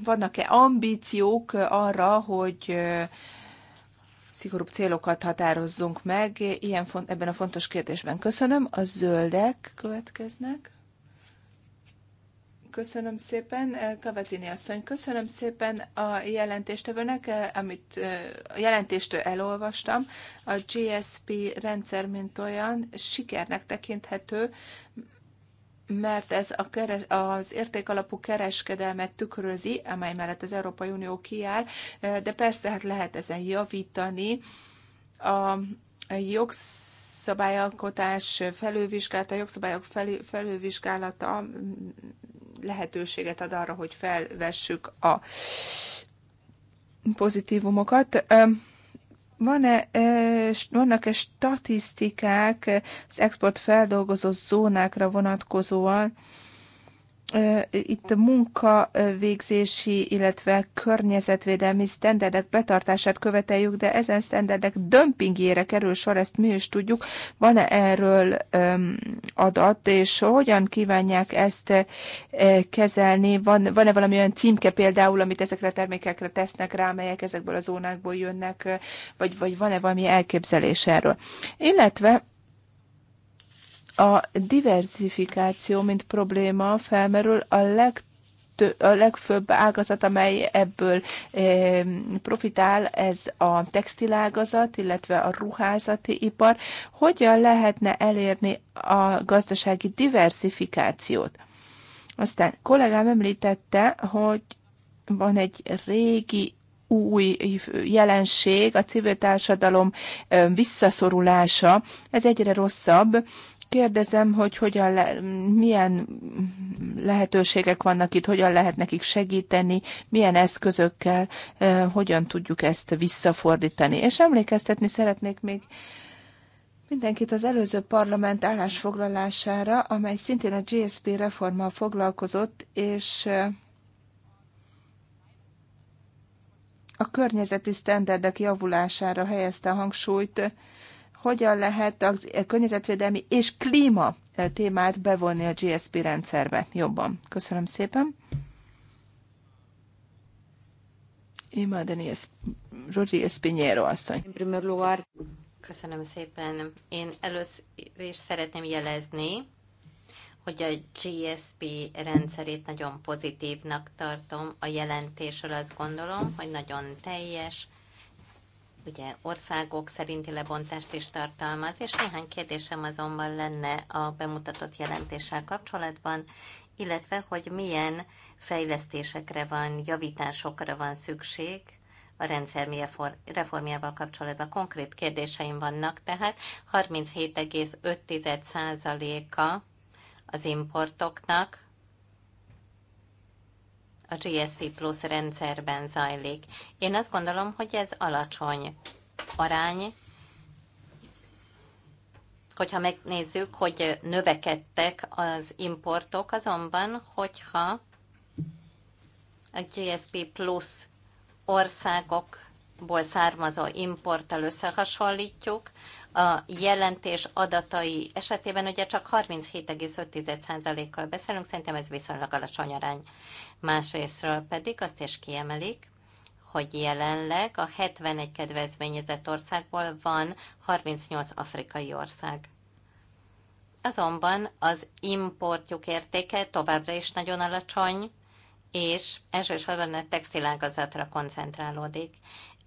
Speaker 3: vannak-e ambíciók arra, hogy szigorúbb célokat határozzunk meg ilyen, ebben a fontos kérdésben. Köszönöm. A zöldek következnek. Köszönöm szépen, eh, Kavacini asszony. Köszönöm szépen a jelentéstevőnek, eh, amit eh, a jelentést elolvastam. A GSP rendszer, mint olyan, sikernek tekinthető, mert ez a keres, az értékalapú kereskedelmet tükrözi, amely mellett az Európai Unió kiáll, de persze hát lehet ezen javítani. A jogszabályalkotás felülvizsgálata, a jogszabályok felülvizsgálata lehetőséget ad arra, hogy felvessük a pozitívumokat. Van-e, vannak-e statisztikák az export feldolgozó zónákra vonatkozóan, itt munkavégzési, illetve környezetvédelmi sztenderdek betartását követeljük, de ezen sztenderdek dömpingére kerül sor, ezt mi is tudjuk. Van-e erről adat, és hogyan kívánják ezt kezelni? Van, van-e valami olyan címke például, amit ezekre a termékekre tesznek rá, melyek ezekből a zónákból jönnek, vagy, vagy van-e valami elképzelés erről? Illetve a diversifikáció, mint probléma felmerül a leg a legfőbb ágazat, amely ebből e, profitál, ez a textilágazat, illetve a ruházati ipar. Hogyan lehetne elérni a gazdasági diversifikációt? Aztán kollégám említette, hogy van egy régi új jelenség, a civil társadalom eh, visszaszorulása. Ez egyre rosszabb, Kérdezem, hogy hogyan le, milyen lehetőségek vannak itt, hogyan lehet nekik segíteni, milyen eszközökkel, hogyan tudjuk ezt visszafordítani. És emlékeztetni szeretnék még mindenkit az előző parlament állásfoglalására, amely szintén a GSP reformmal foglalkozott, és a környezeti sztenderdek javulására helyezte a hangsúlyt, hogyan lehet a eh, környezetvédelmi és klíma eh, témát bevonni a GSP rendszerbe jobban. Köszönöm szépen. Ima Daniels, Rodi Espinero asszony.
Speaker 2: Köszönöm szépen. Én először is szeretném jelezni, hogy a GSP rendszerét nagyon pozitívnak tartom. A jelentésről azt gondolom, hogy nagyon teljes, ugye országok szerinti lebontást is tartalmaz, és néhány kérdésem azonban lenne a bemutatott jelentéssel kapcsolatban, illetve hogy milyen fejlesztésekre van, javításokra van szükség a rendszer reformjával kapcsolatban. Konkrét kérdéseim vannak, tehát 37,5%-a az importoknak a GSP Plus rendszerben zajlik. Én azt gondolom, hogy ez alacsony arány, hogyha megnézzük, hogy növekedtek az importok, azonban, hogyha a GSP Plus országokból származó importtal összehasonlítjuk, a jelentés adatai esetében ugye csak 37,5%-kal beszélünk, szerintem ez viszonylag alacsony arány. Másrésztről pedig azt is kiemelik, hogy jelenleg a 71 kedvezményezett országból van 38 afrikai ország. Azonban az importjuk értéke továbbra is nagyon alacsony, és elsősorban a textilágazatra koncentrálódik.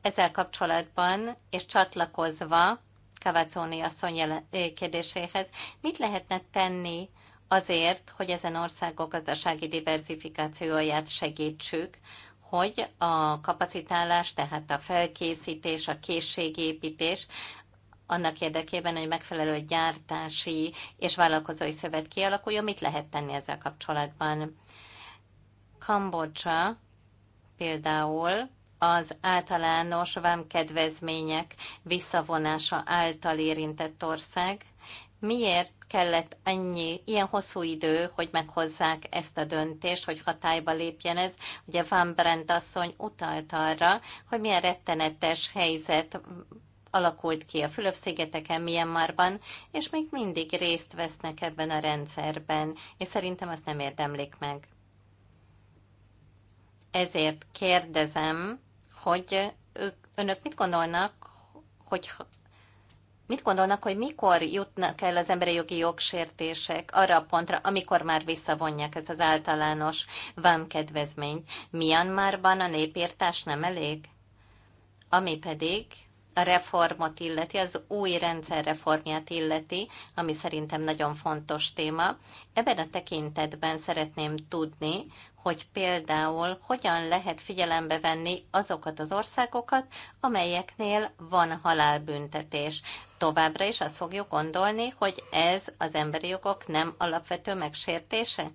Speaker 2: Ezzel kapcsolatban és csatlakozva Kavacóni asszony kérdéséhez, mit lehetne tenni azért, hogy ezen országok gazdasági diversifikációját segítsük, hogy a kapacitálás, tehát a felkészítés, a készségépítés annak érdekében, hogy megfelelő gyártási és vállalkozói szövet kialakuljon, mit lehet tenni ezzel kapcsolatban. Kambodzsa például az általános vámkedvezmények visszavonása által érintett ország, miért kellett ennyi, ilyen hosszú idő, hogy meghozzák ezt a döntést, hogy hatályba lépjen ez. Ugye Van Brent asszony utalt arra, hogy milyen rettenetes helyzet alakult ki a Fülöp-szigeteken, Myanmarban, és még mindig részt vesznek ebben a rendszerben, és szerintem azt nem érdemlik meg. Ezért kérdezem, hogy ők, önök mit gondolnak, hogy mit gondolnak, hogy mikor jutnak el az emberi jogi jogsértések arra a pontra, amikor már visszavonják ez az általános vámkedvezményt? Myanmarban a népírtás nem elég? Ami pedig a reformot illeti, az új rendszer reformját illeti, ami szerintem nagyon fontos téma. Ebben a tekintetben szeretném tudni, hogy például hogyan lehet figyelembe venni azokat az országokat, amelyeknél van halálbüntetés továbbra is azt fogjuk gondolni, hogy ez az emberi jogok nem alapvető megsértése?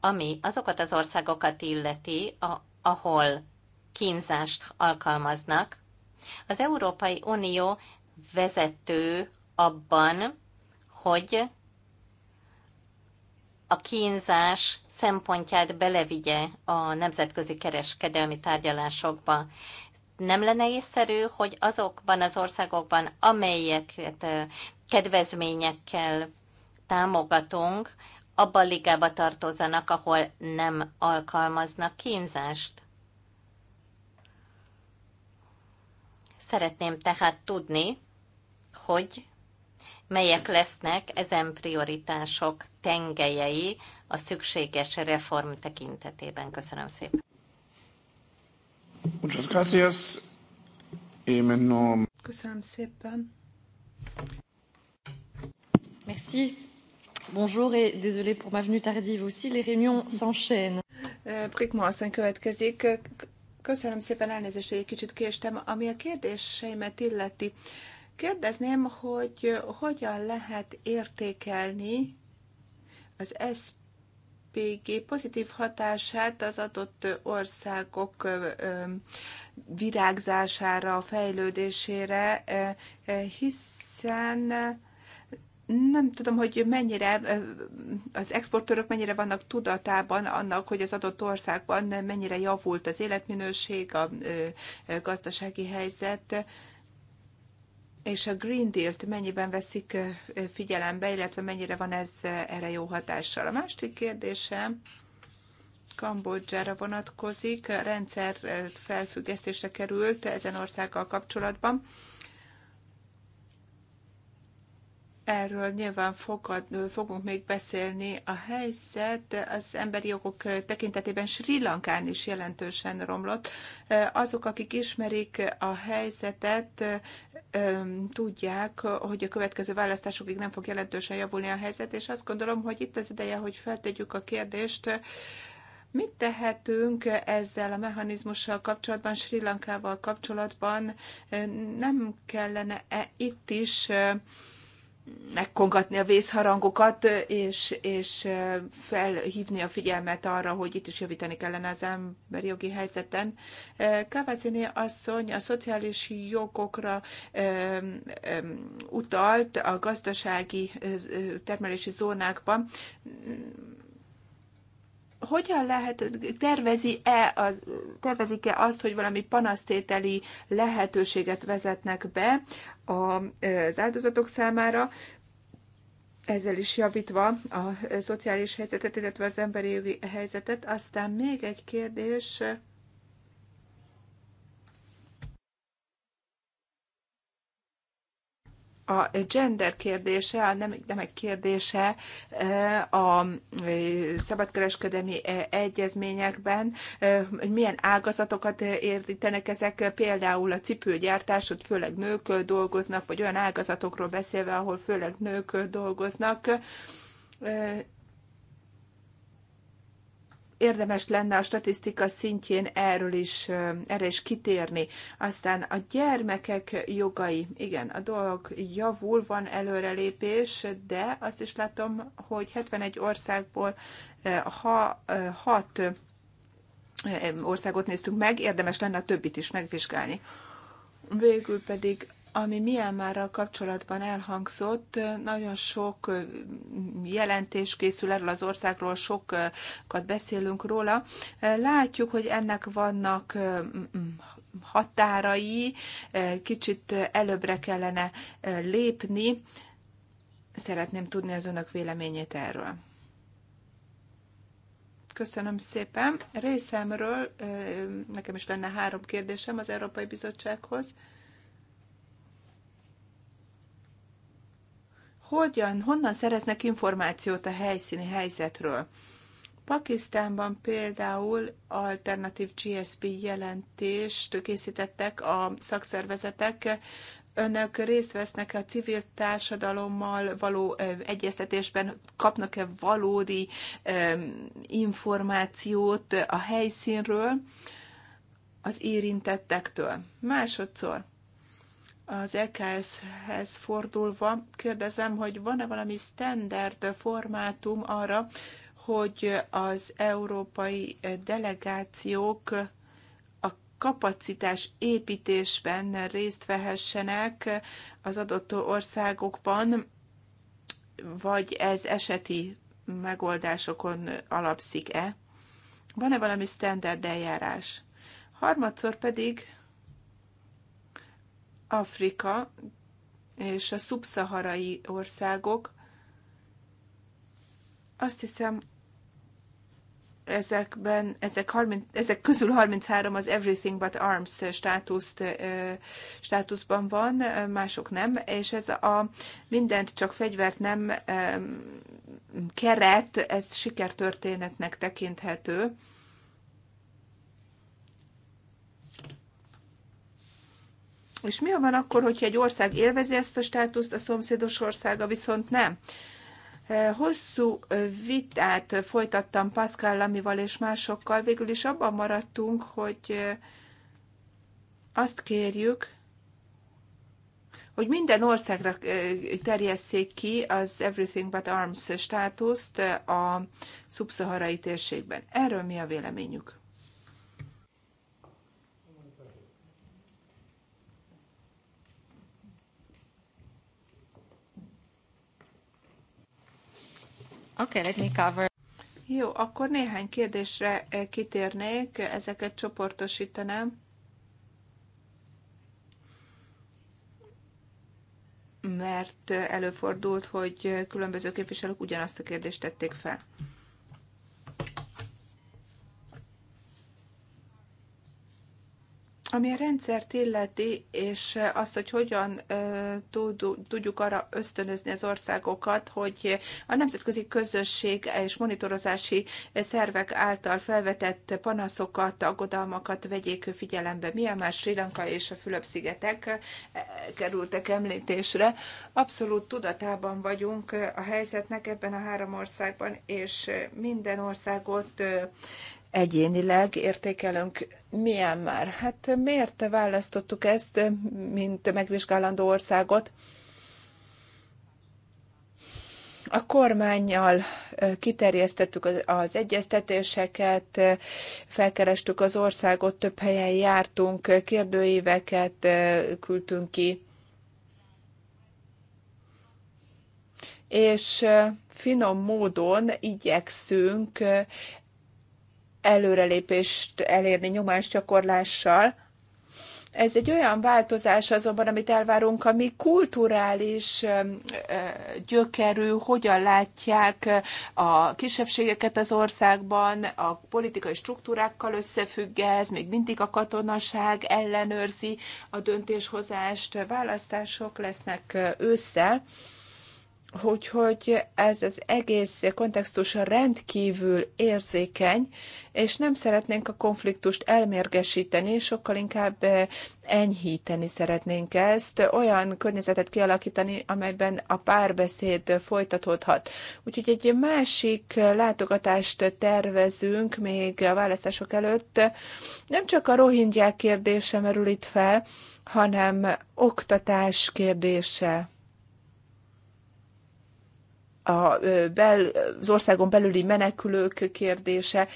Speaker 2: Ami azokat az országokat illeti, a, ahol kínzást alkalmaznak, az Európai Unió vezető abban, hogy a kínzás szempontját belevigye a nemzetközi kereskedelmi tárgyalásokba nem lenne észszerű, hogy azokban az országokban, amelyeket kedvezményekkel támogatunk, abban ligába tartozanak, ahol nem alkalmaznak kínzást? Szeretném tehát tudni, hogy melyek lesznek ezen prioritások tengelyei a szükséges reform tekintetében. Köszönöm szépen.
Speaker 1: Muchas gracias. Köszönöm szépen. Merci. Bonjour et désolé pour ma venue tardive aussi, les réunions
Speaker 3: s'enchaînent. Eh, Prikma asszony következik. Köszönöm szépen elnézést, hogy egy kicsit késtem. Ami a kérdéseimet illeti, kérdezném, hogy hogyan lehet értékelni az SP PG pozitív hatását az adott országok virágzására, fejlődésére, hiszen nem tudom, hogy mennyire az exportőrök mennyire vannak tudatában annak, hogy az adott országban mennyire javult az életminőség, a gazdasági helyzet és a Green Deal-t mennyiben veszik figyelembe, illetve mennyire van ez erre jó hatással. A másik kérdésem Kambodzsára vonatkozik, a rendszer felfüggesztésre került ezen országgal kapcsolatban. Erről nyilván fogad, fogunk még beszélni. A helyzet az emberi jogok tekintetében Sri Lankán is jelentősen romlott. Azok, akik ismerik a helyzetet, tudják, hogy a következő választásokig nem fog jelentősen javulni a helyzet, és azt gondolom, hogy itt az ideje, hogy feltegyük a kérdést, Mit tehetünk ezzel a mechanizmussal kapcsolatban, Sri Lankával kapcsolatban? Nem kellene -e itt is megkongatni a vészharangokat, és, és felhívni a figyelmet arra, hogy itt is javítani kellene az emberi jogi helyzeten. Kávacini asszony a szociális jogokra utalt a gazdasági termelési zónákban hogyan lehet, tervezi-e az, tervezik-e azt, hogy valami panasztételi lehetőséget vezetnek be az áldozatok számára, ezzel is javítva a szociális helyzetet, illetve az emberi jogi helyzetet. Aztán még egy kérdés, a gender kérdése, a nem, nem egy kérdése e, a e, szabadkereskedelmi e, egyezményekben, hogy milyen ágazatokat érintenek ezek, például a cipőgyártás, ott főleg nők dolgoznak, vagy olyan ágazatokról beszélve, ahol főleg nők dolgoznak, érdemes lenne a statisztika szintjén erről is, erre is kitérni. Aztán a gyermekek jogai. Igen, a dolog javul, van előrelépés, de azt is látom, hogy 71 országból ha, hat országot néztünk meg, érdemes lenne a többit is megvizsgálni. Végül pedig ami már a kapcsolatban elhangzott, nagyon sok jelentés készül erről az országról, sokat beszélünk róla. Látjuk, hogy ennek vannak határai, kicsit előbbre kellene lépni. Szeretném tudni az önök véleményét erről. Köszönöm szépen. Részemről nekem is lenne három kérdésem az Európai Bizottsághoz. hogyan, honnan szereznek információt a helyszíni helyzetről. Pakisztánban például alternatív GSP jelentést készítettek a szakszervezetek. Önök részt vesznek a civil társadalommal való egyeztetésben, kapnak-e valódi információt a helyszínről, az érintettektől? Másodszor, az EKS-hez fordulva kérdezem, hogy van-e valami standard formátum arra, hogy az európai delegációk a kapacitás építésben részt vehessenek az adott országokban, vagy ez eseti megoldásokon alapszik-e? Van-e valami standard eljárás? Harmadszor pedig Afrika és a szubszaharai országok, azt hiszem, ezekben, ezek, 30, ezek közül 33 az Everything But Arms státuszt, státuszban van, mások nem, és ez a mindent csak fegyvert nem keret, ez sikertörténetnek tekinthető. És mi van akkor, hogyha egy ország élvezi ezt a státuszt, a szomszédos országa viszont nem? Eh, hosszú eh, vitát folytattam Pascal Lamival és másokkal, végül is abban maradtunk, hogy eh, azt kérjük, hogy minden országra terjesszék ki az Everything But Arms státuszt a szubszaharai térségben. Erről mi a véleményük? Okay, let me cover. Jó, akkor néhány kérdésre eh, kitérnék, ezeket csoportosítanám. mert eh, előfordult, hogy eh, különböző képviselők ugyanazt a kérdést tették fel. Ami a rendszert illeti, és azt, hogy hogyan tudjuk arra ösztönözni az országokat, hogy a nemzetközi közösség és monitorozási szervek által felvetett panaszokat, aggodalmakat vegyék figyelembe. más Sri Lanka és a Fülöp-szigetek kerültek említésre. Abszolút tudatában vagyunk a helyzetnek ebben a három országban, és minden országot egyénileg értékelünk milyen már. Hát miért választottuk ezt, mint megvizsgálandó országot? A kormányjal kiterjesztettük az egyeztetéseket, felkerestük az országot, több helyen jártunk, kérdőíveket küldtünk ki. És finom módon igyekszünk előrelépést elérni nyomásgyakorlással. Ez egy olyan változás azonban, amit elvárunk, ami kulturális gyökerű, hogyan látják a kisebbségeket az országban, a politikai struktúrákkal összefügg ez, még mindig a katonaság ellenőrzi a döntéshozást, választások lesznek ősszel. Úgyhogy ez az egész kontextus rendkívül érzékeny, és nem szeretnénk a konfliktust elmérgesíteni, sokkal inkább eh, enyhíteni szeretnénk ezt, olyan környezetet kialakítani, amelyben a párbeszéd folytatódhat. Úgyhogy egy másik látogatást tervezünk még a választások előtt. Nem csak a rohingyák kérdése merül itt fel, hanem oktatás kérdése a bel, az országon belüli menekülők kérdése.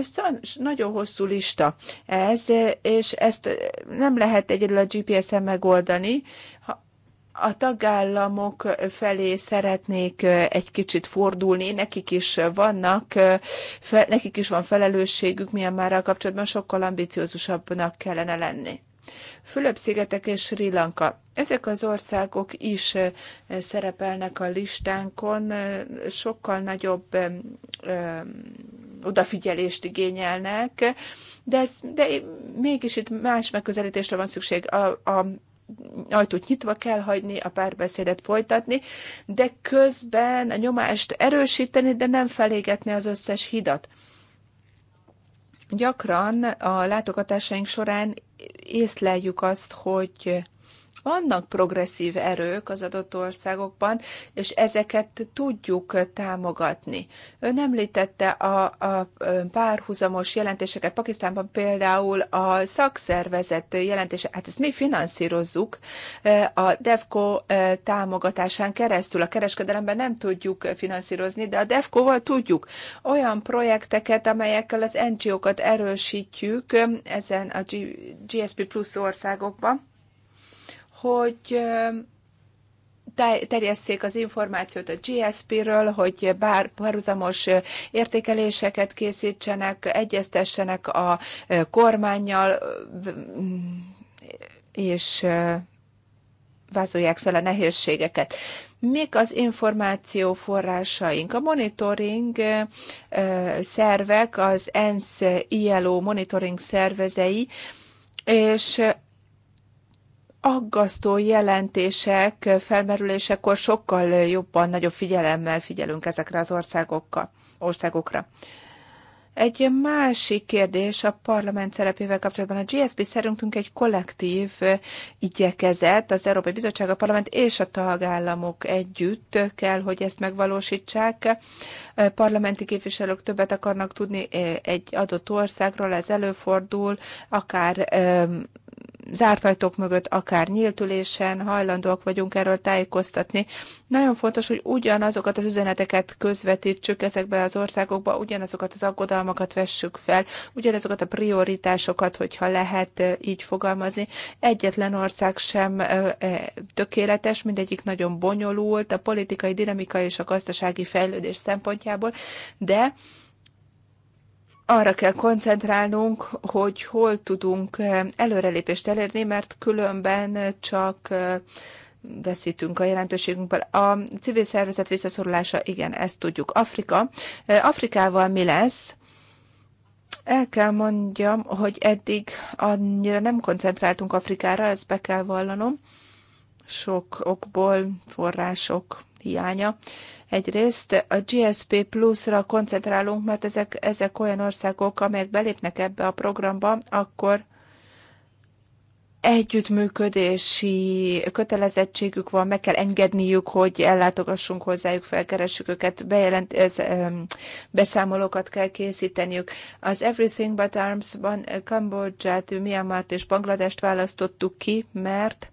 Speaker 3: Szóval nagyon hosszú lista ez, és ezt nem lehet egyedül a GPS-en megoldani. ha A tagállamok felé szeretnék egy kicsit fordulni, nekik is vannak, nekik is van felelősségük, milyen már a kapcsolatban sokkal ambiciózusabbnak kellene lenni. Fülöp-szigetek és Sri Lanka. Ezek az országok is eh, szerepelnek a listánkon, eh, sokkal nagyobb eh, odafigyelést igényelnek, de, ez, de mégis itt más megközelítésre van szükség. A, a ajtót nyitva kell hagyni, a párbeszédet folytatni, de közben a nyomást erősíteni, de nem felégetni az összes hidat. Gyakran a látogatásaink során észleljük azt, hogy vannak progresszív erők az adott országokban, és ezeket tudjuk támogatni. Ön említette a, a párhuzamos jelentéseket Pakisztánban például a szakszervezet jelentése, hát ezt mi finanszírozzuk e, a DEFCO e, támogatásán keresztül. A kereskedelemben nem tudjuk finanszírozni, de a DEFCO-val tudjuk olyan projekteket, amelyekkel az NGO-kat erősítjük e, ezen a GSP plusz országokban hogy terjesszék az információt a GSP-ről, hogy bár párhuzamos értékeléseket készítsenek, egyeztessenek a kormányjal, mm, és vázolják fel a nehézségeket. Mik az információ forrásaink? A monitoring szervek, az ENSZ ILO monitoring szervezei, és aggasztó jelentések felmerülésekor sokkal jobban, nagyobb figyelemmel figyelünk ezekre az országokkal, országokra. Egy másik kérdés a parlament szerepével kapcsolatban. A GSP szerintünk egy kollektív igyekezet, az Európai Bizottság, a parlament és a tagállamok együtt kell, hogy ezt megvalósítsák. Parlamenti képviselők többet akarnak tudni egy adott országról, ez előfordul, akár zárt ajtók mögött, akár nyíltülésen hajlandóak vagyunk erről tájékoztatni. Nagyon fontos, hogy ugyanazokat az üzeneteket közvetítsük ezekbe az országokba, ugyanazokat az aggodalmakat vessük fel, ugyanazokat a prioritásokat, hogyha lehet így fogalmazni. Egyetlen ország sem tökéletes, mindegyik nagyon bonyolult, a politikai dinamika és a gazdasági fejlődés szempontjából, de arra kell koncentrálnunk, hogy hol tudunk eh, előrelépést elérni, mert különben csak eh, veszítünk a jelentőségünkből. A civil szervezet visszaszorulása, igen, ezt tudjuk. Afrika. Eh, Afrikával mi lesz? El kell mondjam, hogy eddig annyira nem koncentráltunk Afrikára, ezt be kell vallanom. Sok okból, források hiánya. Egyrészt a GSP Plus-ra koncentrálunk, mert ezek, ezek olyan országok, amelyek belépnek ebbe a programba, akkor együttműködési kötelezettségük van, meg kell engedniük, hogy ellátogassunk hozzájuk, felkeressük őket, bejelent, ez, beszámolókat kell készíteniük. Az Everything But Arms-ban Kambodzsát, Myanmart és Bangladest választottuk ki, mert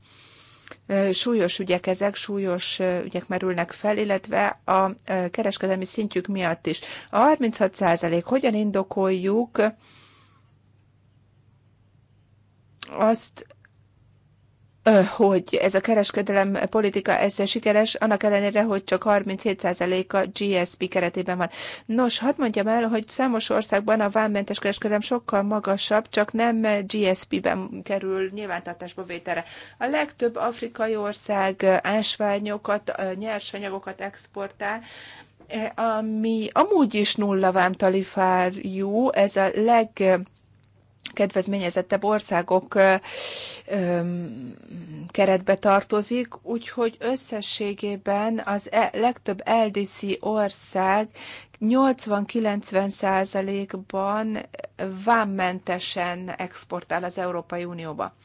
Speaker 3: súlyos ügyek ezek, súlyos ügyek merülnek fel, illetve a kereskedelmi szintjük miatt is. A 36% hogyan indokoljuk azt, hogy ez a kereskedelem politika ez sikeres, annak ellenére, hogy csak 37%-a GSP keretében van. Nos, hadd mondjam el, hogy számos országban a vámmentes kereskedelem sokkal magasabb, csak nem GSP-ben kerül nyilvántartásba vételre. A legtöbb afrikai ország ásványokat, nyersanyagokat exportál, ami amúgy is nulla jó. ez a leg kedvezményezettebb országok keretbe tartozik, úgyhogy összességében az e, legtöbb LDC ország 80-90 százalékban vámmentesen exportál az Európai Unióba.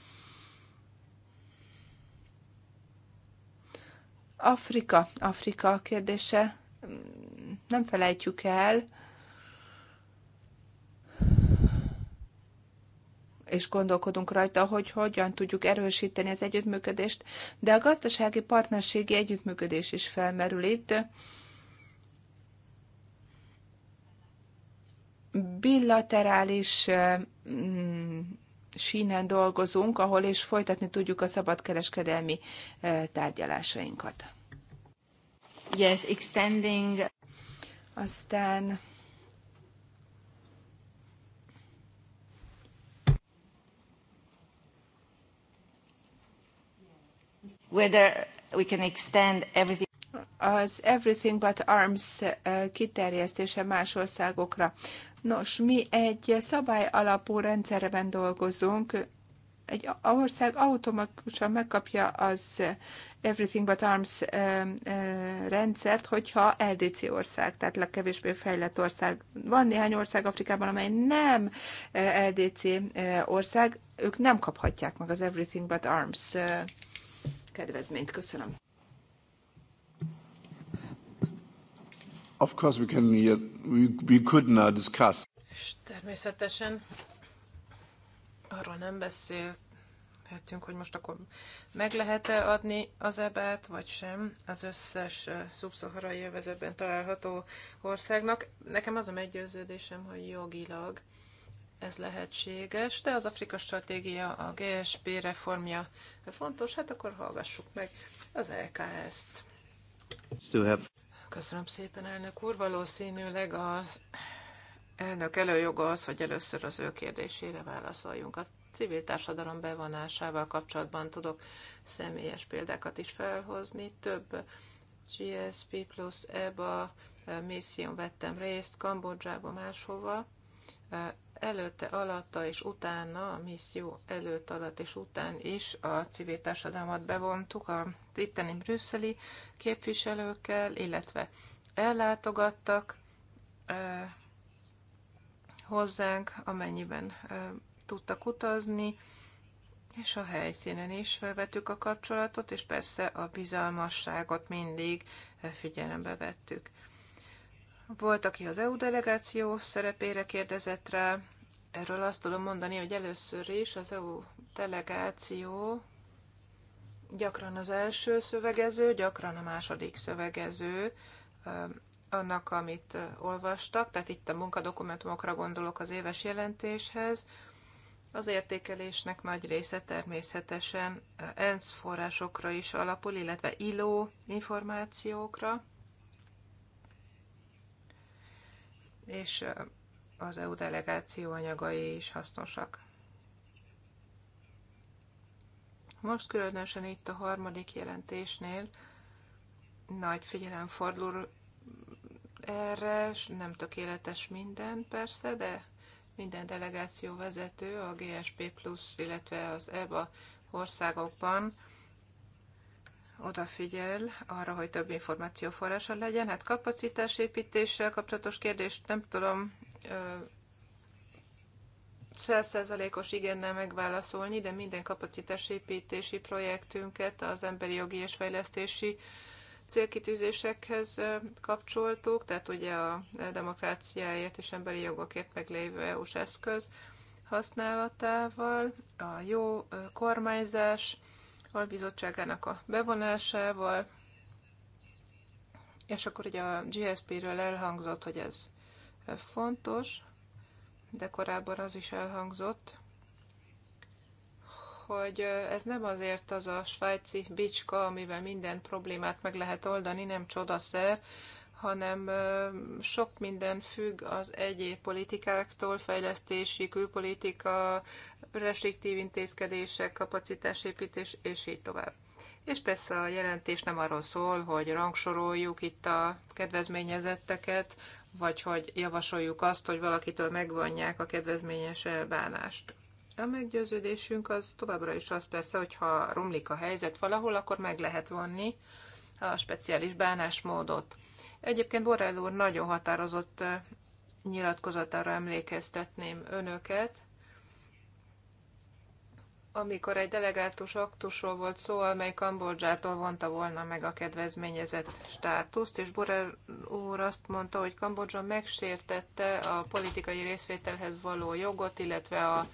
Speaker 3: Afrika, Afrika kérdése. Nem felejtjük el, és gondolkodunk rajta, hogy hogyan tudjuk erősíteni az együttműködést, de a gazdasági partnerségi együttműködés is felmerül itt. Bilaterális mm, sínen dolgozunk, ahol és folytatni tudjuk a szabadkereskedelmi tárgyalásainkat. Yes, extending. Aztán whether we can extend everything az Everything But Arms eh, kiterjesztése más országokra. Nos, mi egy szabály alapú rendszerben dolgozunk, egy ország automatikusan megkapja az Everything But Arms eh, eh, rendszert, hogyha LDC ország, tehát legkevésbé fejlett ország. Van néhány ország Afrikában, amely nem LDC ország, ők nem kaphatják meg az Everything But Arms kedvezményt. Köszönöm. Of course we can we, we could not discuss. És
Speaker 4: természetesen arról nem beszélhetünk, hogy most akkor meg lehet-e adni az ebát, vagy sem az összes szubszaharai övezetben található országnak. Nekem az a meggyőződésem, hogy jogilag ez lehetséges, de az Afrika stratégia, a GSP reformja fontos, hát akkor hallgassuk meg az LKS-t. Köszönöm szépen, elnök úr. Valószínűleg az elnök előjoga az, hogy először az ő kérdésére válaszoljunk. A civil társadalom bevonásával kapcsolatban tudok személyes példákat is felhozni. Több GSP plus EBA eh, misszión vettem részt, Kambodzsába, máshova eh, előtte, alatta és utána, a misszió előtt, alatt és után is a civil társadalmat bevontuk a itteni brüsszeli képviselőkkel, illetve ellátogattak eh, hozzánk, amennyiben eh, tudtak utazni, és a helyszínen is vettük a kapcsolatot, és persze a bizalmasságot mindig figyelembe vettük. Volt, aki az EU delegáció szerepére kérdezett rá. Erről azt tudom mondani, hogy először is az EU delegáció gyakran az első szövegező, gyakran a második szövegező annak, amit olvastak, tehát itt a munkadokumentumokra gondolok az éves jelentéshez. Az értékelésnek nagy része természetesen ENSZ forrásokra is alapul, illetve ILO információkra. és az EU delegáció anyagai is hasznosak. Most különösen itt a harmadik jelentésnél nagy figyelem fordul erre, nem tökéletes minden persze, de minden delegáció vezető a GSP Plus, illetve az EBA országokban odafigyel arra, hogy több információforrása legyen. Hát kapacitásépítéssel kapcsolatos kérdést nem tudom százszerzalékos igennel megválaszolni, de minden kapacitásépítési projektünket az emberi jogi és fejlesztési célkitűzésekhez kapcsoltuk, tehát ugye a demokráciáért és emberi jogokért meglévő EU-s eszköz használatával, a jó kormányzás, albizottságának a bevonásával, és akkor ugye a GSP-ről elhangzott, hogy ez fontos, de korábban az is elhangzott, hogy ez nem azért az a svájci bicska, amivel minden problémát meg lehet oldani, nem csodaszer, hanem sok minden függ az egyéb politikáktól, fejlesztési, külpolitika, restriktív intézkedések, kapacitásépítés, és így tovább. És persze a jelentés nem arról szól, hogy rangsoroljuk itt a kedvezményezetteket, vagy hogy javasoljuk azt, hogy valakitől megvonják a kedvezményes elbánást. A meggyőződésünk az továbbra is az persze, hogy ha romlik a helyzet valahol, akkor meg lehet vonni a speciális bánásmódot. Egyébként Borrell úr nagyon határozott nyilatkozatára emlékeztetném önöket, amikor egy delegátus aktusról volt szó, amely Kambodzsától vonta volna meg a kedvezményezett státuszt, és Borrell úr azt mondta, hogy Kambodzsa megsértette a politikai részvételhez való jogot, illetve a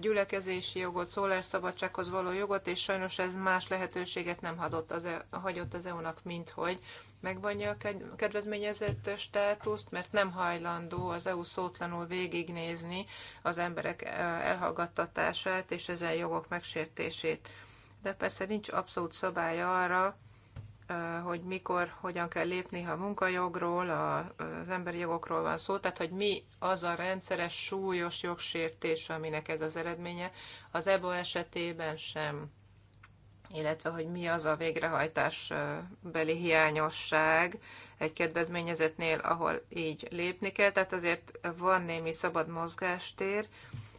Speaker 4: gyülekezési jogot, szólásszabadsághoz való jogot, és sajnos ez más lehetőséget nem e- hagyott az, EU-nak, mint hogy megvonja a kedvezményezett státuszt, mert nem hajlandó az EU szótlanul végignézni az emberek e, elhallgattatását és ezen jogok megsértését. De persze nincs abszolút szabály arra, e, hogy mikor, hogyan kell lépni, ha a munkajogról, az emberi jogokról van szó, tehát hogy mi az a rendszeres, súlyos jogsértés, aminek ez az eredménye, az EBO esetében sem illetve hogy mi az a végrehajtás beli hiányosság egy kedvezményezetnél, ahol így lépni kell. Tehát azért van némi szabad mozgástér,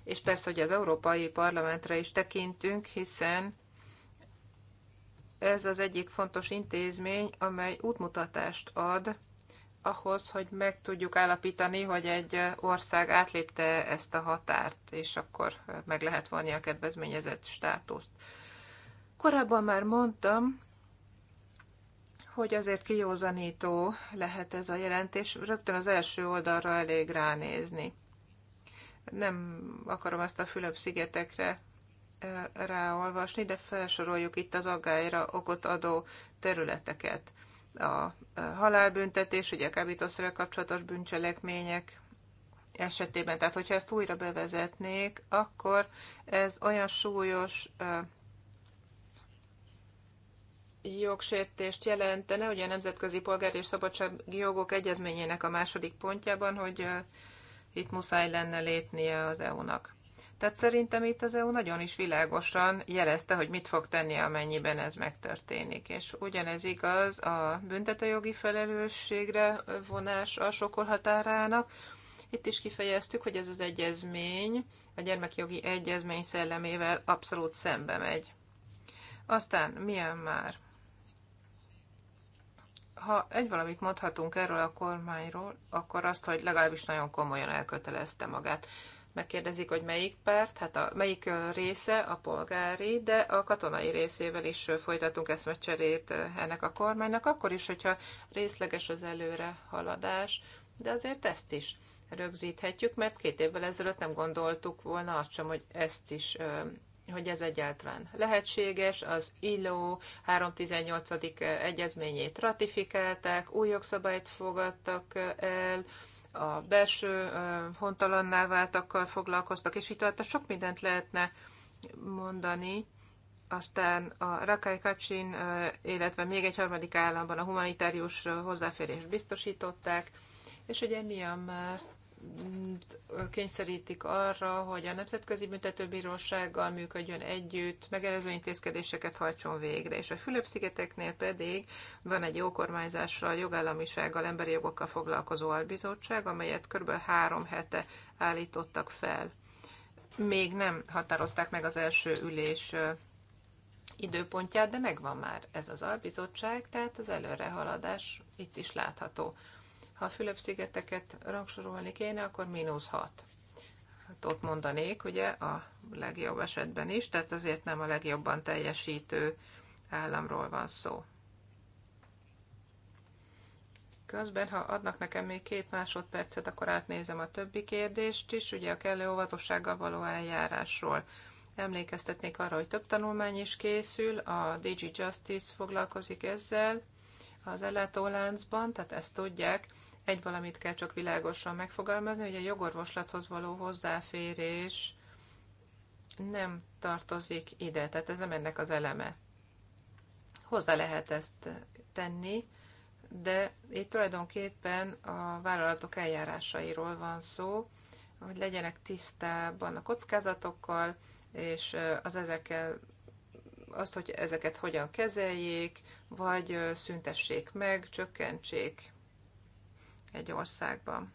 Speaker 4: és persze, hogy az Európai Parlamentre is tekintünk, hiszen ez az egyik fontos intézmény, amely útmutatást ad ahhoz, hogy meg tudjuk állapítani, hogy egy ország átlépte ezt a határt, és akkor meg lehet vonni a kedvezményezett státuszt. Korábban már mondtam, hogy azért kiózanító lehet ez a jelentés, rögtön az első oldalra elég ránézni. Nem akarom ezt a Fülöp-szigetekre ráolvasni, de felsoroljuk itt az aggályra okot adó területeket. A halálbüntetés, ugye a kábítószerrel kapcsolatos bűncselekmények esetében. Tehát, hogyha ezt újra bevezetnék, akkor ez olyan súlyos jogsértést jelentene, ugye a Nemzetközi Polgár és Szabadsági Jogok Egyezményének a második pontjában, hogy itt muszáj lenne lépnie az EU-nak. Tehát szerintem itt az EU nagyon is világosan jelezte, hogy mit fog tenni, amennyiben ez megtörténik. És ugyanez igaz a büntetőjogi felelősségre vonás a sokor határának. Itt is kifejeztük, hogy ez az egyezmény, a gyermekjogi egyezmény szellemével abszolút szembe megy. Aztán milyen már? ha egy valamit mondhatunk erről a kormányról, akkor azt, hogy legalábbis nagyon komolyan elkötelezte magát. Megkérdezik, hogy melyik párt, hát a, melyik része a polgári, de a katonai részével is folytatunk eszmecserét ennek a kormánynak, akkor is, hogyha részleges az előre haladás, de azért ezt is rögzíthetjük, mert két évvel ezelőtt nem gondoltuk volna azt sem, hogy ezt is hogy ez egyáltalán lehetséges. Az ILO 318. egyezményét ratifikálták, új jogszabályt fogadtak el, a belső hontalanná váltakkal foglalkoztak, és itt tehát sok mindent lehetne mondani. Aztán a Rakai Kacsin, illetve még egy harmadik államban a humanitárius hozzáférést biztosították, és ugye Myanmar kényszerítik arra, hogy a Nemzetközi Büntetőbírósággal működjön együtt, megelező intézkedéseket hajtson végre. És a Fülöp-szigeteknél pedig van egy jókormányzással, jogállamisággal, emberi jogokkal foglalkozó albizottság, amelyet kb. három hete állítottak fel. Még nem határozták meg az első ülés időpontját, de megvan már ez az albizottság, tehát az előrehaladás itt is látható. Ha a Fülöp-szigeteket rangsorolni kéne, akkor mínusz 6. Hát ott mondanék, ugye, a legjobb esetben is, tehát azért nem a legjobban teljesítő államról van szó. Közben, ha adnak nekem még két másodpercet, akkor átnézem a többi kérdést is, ugye a kellő óvatossággal való eljárásról. Emlékeztetnék arra, hogy több tanulmány is készül, a DigiJustice Justice foglalkozik ezzel az ellátóláncban, tehát ezt tudják, egy valamit kell csak világosan megfogalmazni, hogy a jogorvoslathoz való hozzáférés nem tartozik ide, tehát ez nem ennek az eleme. Hozzá lehet ezt tenni, de itt tulajdonképpen a vállalatok eljárásairól van szó, hogy legyenek tisztában a kockázatokkal, és az ezekkel azt, hogy ezeket hogyan kezeljék, vagy szüntessék meg, csökkentsék egy országban.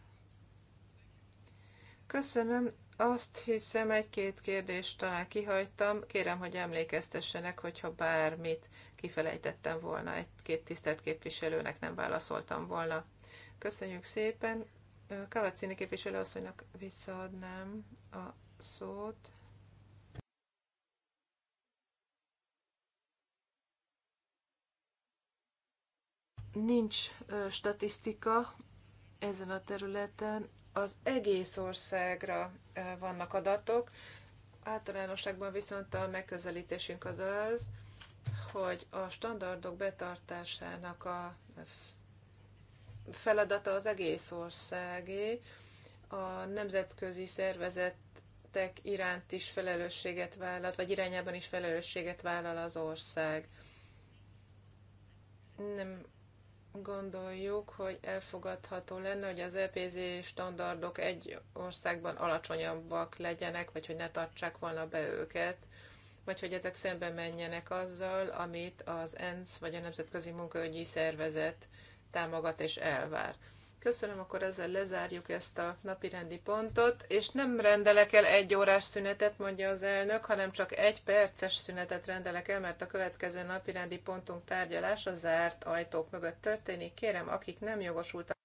Speaker 4: Köszönöm. Azt hiszem, egy-két kérdést talán kihagytam. Kérem, hogy emlékeztessenek, hogyha bármit kifelejtettem volna, egy-két tisztelt képviselőnek nem válaszoltam volna. Köszönjük szépen. Kavacini képviselőasszonynak visszaadnám a szót. Nincs statisztika ezen a területen az egész országra vannak adatok, általánosságban viszont a megközelítésünk az az, hogy a standardok betartásának a feladata az egész országé, a nemzetközi szervezetek iránt is felelősséget vállal, vagy irányában is felelősséget vállal az ország. Nem gondoljuk, hogy elfogadható lenne, hogy az EPZ standardok egy országban alacsonyabbak legyenek, vagy hogy ne tartsák volna be őket, vagy hogy ezek szembe menjenek azzal, amit az ENSZ vagy a Nemzetközi Munkaügyi Szervezet támogat és elvár. Köszönöm, akkor ezzel lezárjuk ezt a napirendi pontot, és nem rendelek el egy órás szünetet, mondja az elnök, hanem csak egy perces szünetet rendelek el, mert a következő napirendi pontunk tárgyalása zárt ajtók mögött történik. Kérem, akik nem jogosultak,